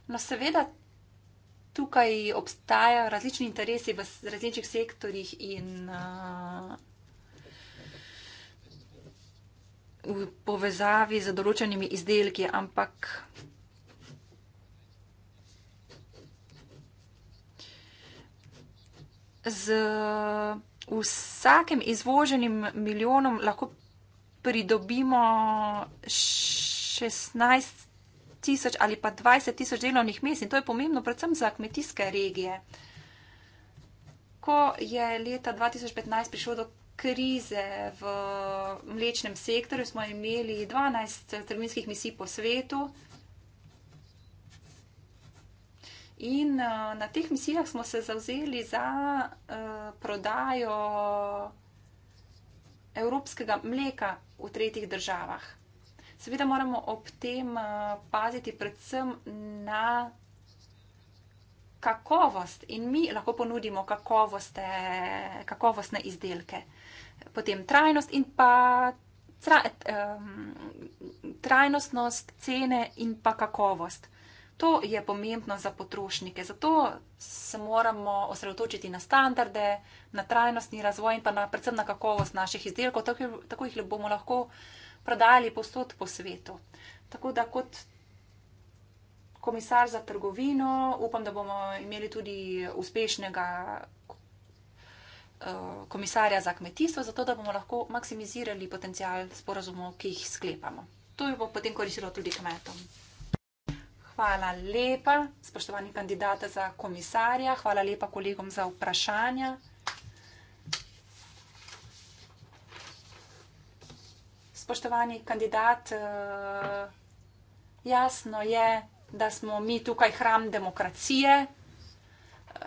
No, seveda, tukaj obstajajo različni interesi v različnih sektorjih in uh, v povezavi z določenimi izdelki, ampak. z eh, vsakim izvoženim milijonom lahko pridobimo 16 tisoč ali pa 20 tisoč delovnih mest in to je pomembno predvsem za kmetijske regije. Ko je leta 2015 prišlo do krize v eh, mlečnem sektorju, smo imeli 12 eh, trgovinskih misij po svetu, In uh, na teh misijah smo se zauzeli za uh, prodajo evropskega mleka v tretjih državah. Seveda moramo ob tem uh, paziti predvsem na kakovost in mi lahko ponudimo kakovoste, kakovostne izdelke. Potem trajnost in pa tra, um, trajnostnost cene in pa kakovost. To je pomembno za potrošnike, zato se moramo osredotočiti na standarde, na trajnostni razvoj in pa na, predvsem na kakovost naših izdelkov, tako, tako jih bomo lahko prodajali posod po svetu. Tako da kot komisar za trgovino upam, da bomo imeli tudi uspešnega eh, komisarja za kmetijstvo, zato da bomo lahko maksimizirali potencial sporazumov, ki jih sklepamo. To je bo potem koristilo tudi kmetom. Hvala lepa, spoštovani kandidat za komisarja, hvala lepa kolegom za vprašanja. Spoštovani kandidat, eh, jasno je, da smo mi tukaj hram demokracije. Eh,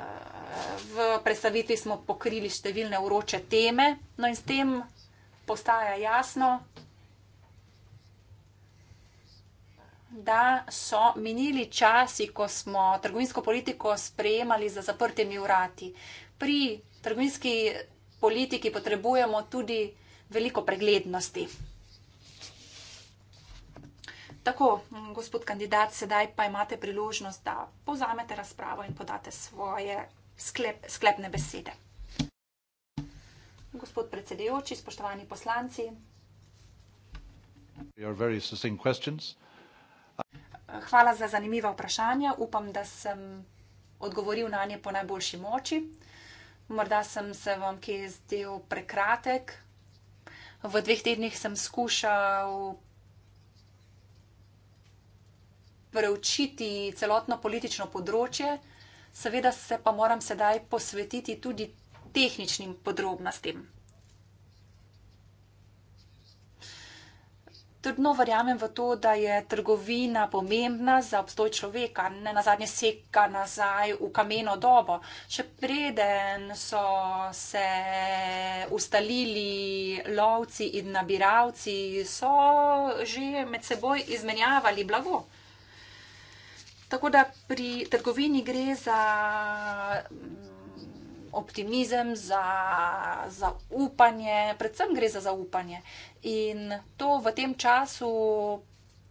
v predstavitvi smo pokrili številne vroče teme, no in s tem postaja jasno, da so minili časi, ko smo trgovinsko politiko sprejemali za zaprtimi urati. Pri trgovinski politiki potrebujemo tudi veliko preglednosti. Tako, gospod kandidat, sedaj pa imate priložnost, da povzamete razpravo in podate svoje sklep, sklepne besede. Gospod predsedujoči, spoštovani poslanci. Your very succinct questions. Uh, Hvala za zanimiva vprašanja. Upam, da sem odgovoril na nje po najboljši moči. Morda sem se vam kje zdel prekratek. V dveh tednih sem skušal preučiti celotno politično področje, seveda se pa moram sedaj posvetiti tudi tehničnim podrobnostim. trdno verjamem v to, da je trgovina pomembna za obstoj človeka, ne na zadnje seka nazaj v kameno dobo. Še preden so se ustalili lovci in nabiravci, so že med seboj izmenjavali blago. Tako da pri trgovini gre za mm, optimizem, za zaupanje, predvsem gre za zaupanje. In to v tem času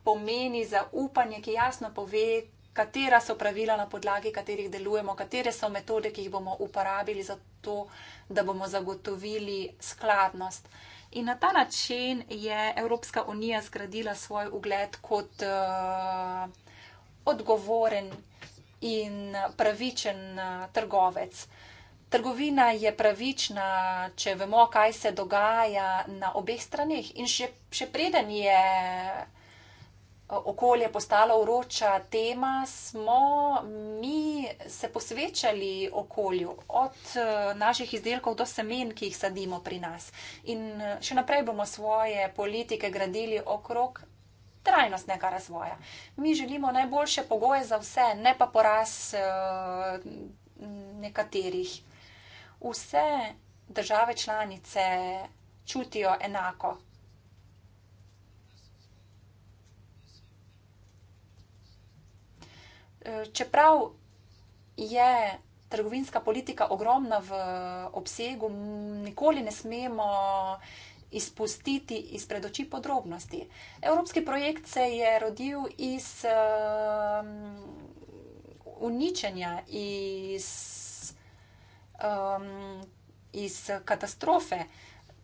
pomeni zaupanje, ki jasno pove, katera so pravila, na podlagi katerih delujemo, katere so metode, ki jih bomo uporabili za to, da bomo zagotovili skladnost. In na ta način je Evropska unija zgradila svoj ugled kot uh, odgovoren in pravičen uh, trgovec. Uh, Trgovina je pravična, če vemo, kaj se dogaja na obeh stranih. In še, še preden je okolje postalo vroča tema, smo mi se posvečali okolju, od naših izdelkov do semen, ki jih sadimo pri nas. In še naprej bomo svoje politike gradili okrog. Trajnostnega razvoja. Mi želimo najboljše pogoje za vse, ne pa poraz uh, nekaterih vse države članice čutijo enako. Čeprav je trgovinska politika ogromna v obsegu, nikoli ne smemo izpustiti izpred oči podrobnosti. Evropski projekt se je rodil iz uh, uničenja, iz um, iz katastrofe.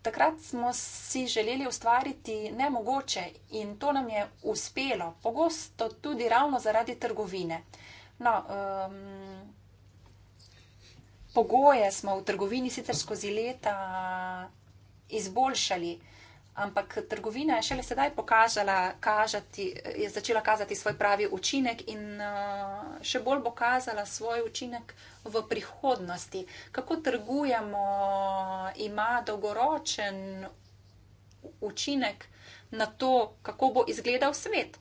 Takrat smo si želeli ustvariti nemogoče in to nam je uspelo, pogosto tudi ravno zaradi trgovine. No, um, pogoje smo v trgovini sicer skozi leta izboljšali. Ampak trgovina je šele sedaj pokazala, kažati, je začela kazati svoj pravi učinek in eh, še bolj bo kazala svoj učinek v prihodnosti. Kako trgujemo, ima dolgoročen učinek na to, kako bo izgledal svet.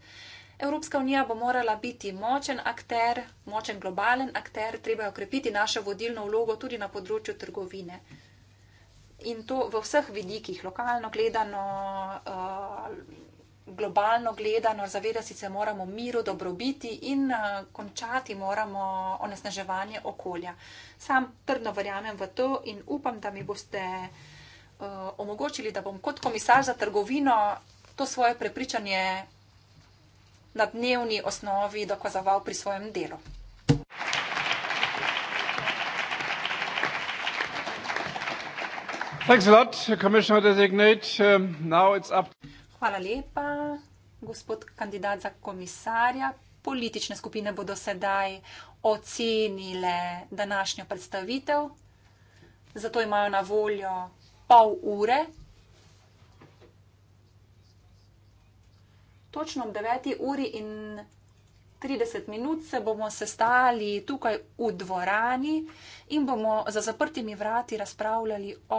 Evropska unija bo morala biti močen akter, močen globalen akter, treba je okrepiti našo vodilno vlogo tudi na področju trgovine in to v vseh vidikih, lokalno gledano, eh, globalno gledano, zavedati se moramo miru, dobrobiti in eh, končati moramo onesnaževanje okolja. Sam trdno verjamem v to in upam, da mi boste eh, omogočili, da bom kot komisar za trgovino to svoje prepričanje na dnevni osnovi dokazoval pri svojem delu. Thanks a lot, Commissioner Designate. Um, now it's up. Hvala lepa, gospod kandidat za komisarja. Politične skupine bodo sedaj ocenile današnjo predstavitev, zato imajo na voljo pol ure. Točno ob 9. uri in 30 minut se bomo sestali tukaj v dvorani in bomo za zaprtimi vrati razpravljali o.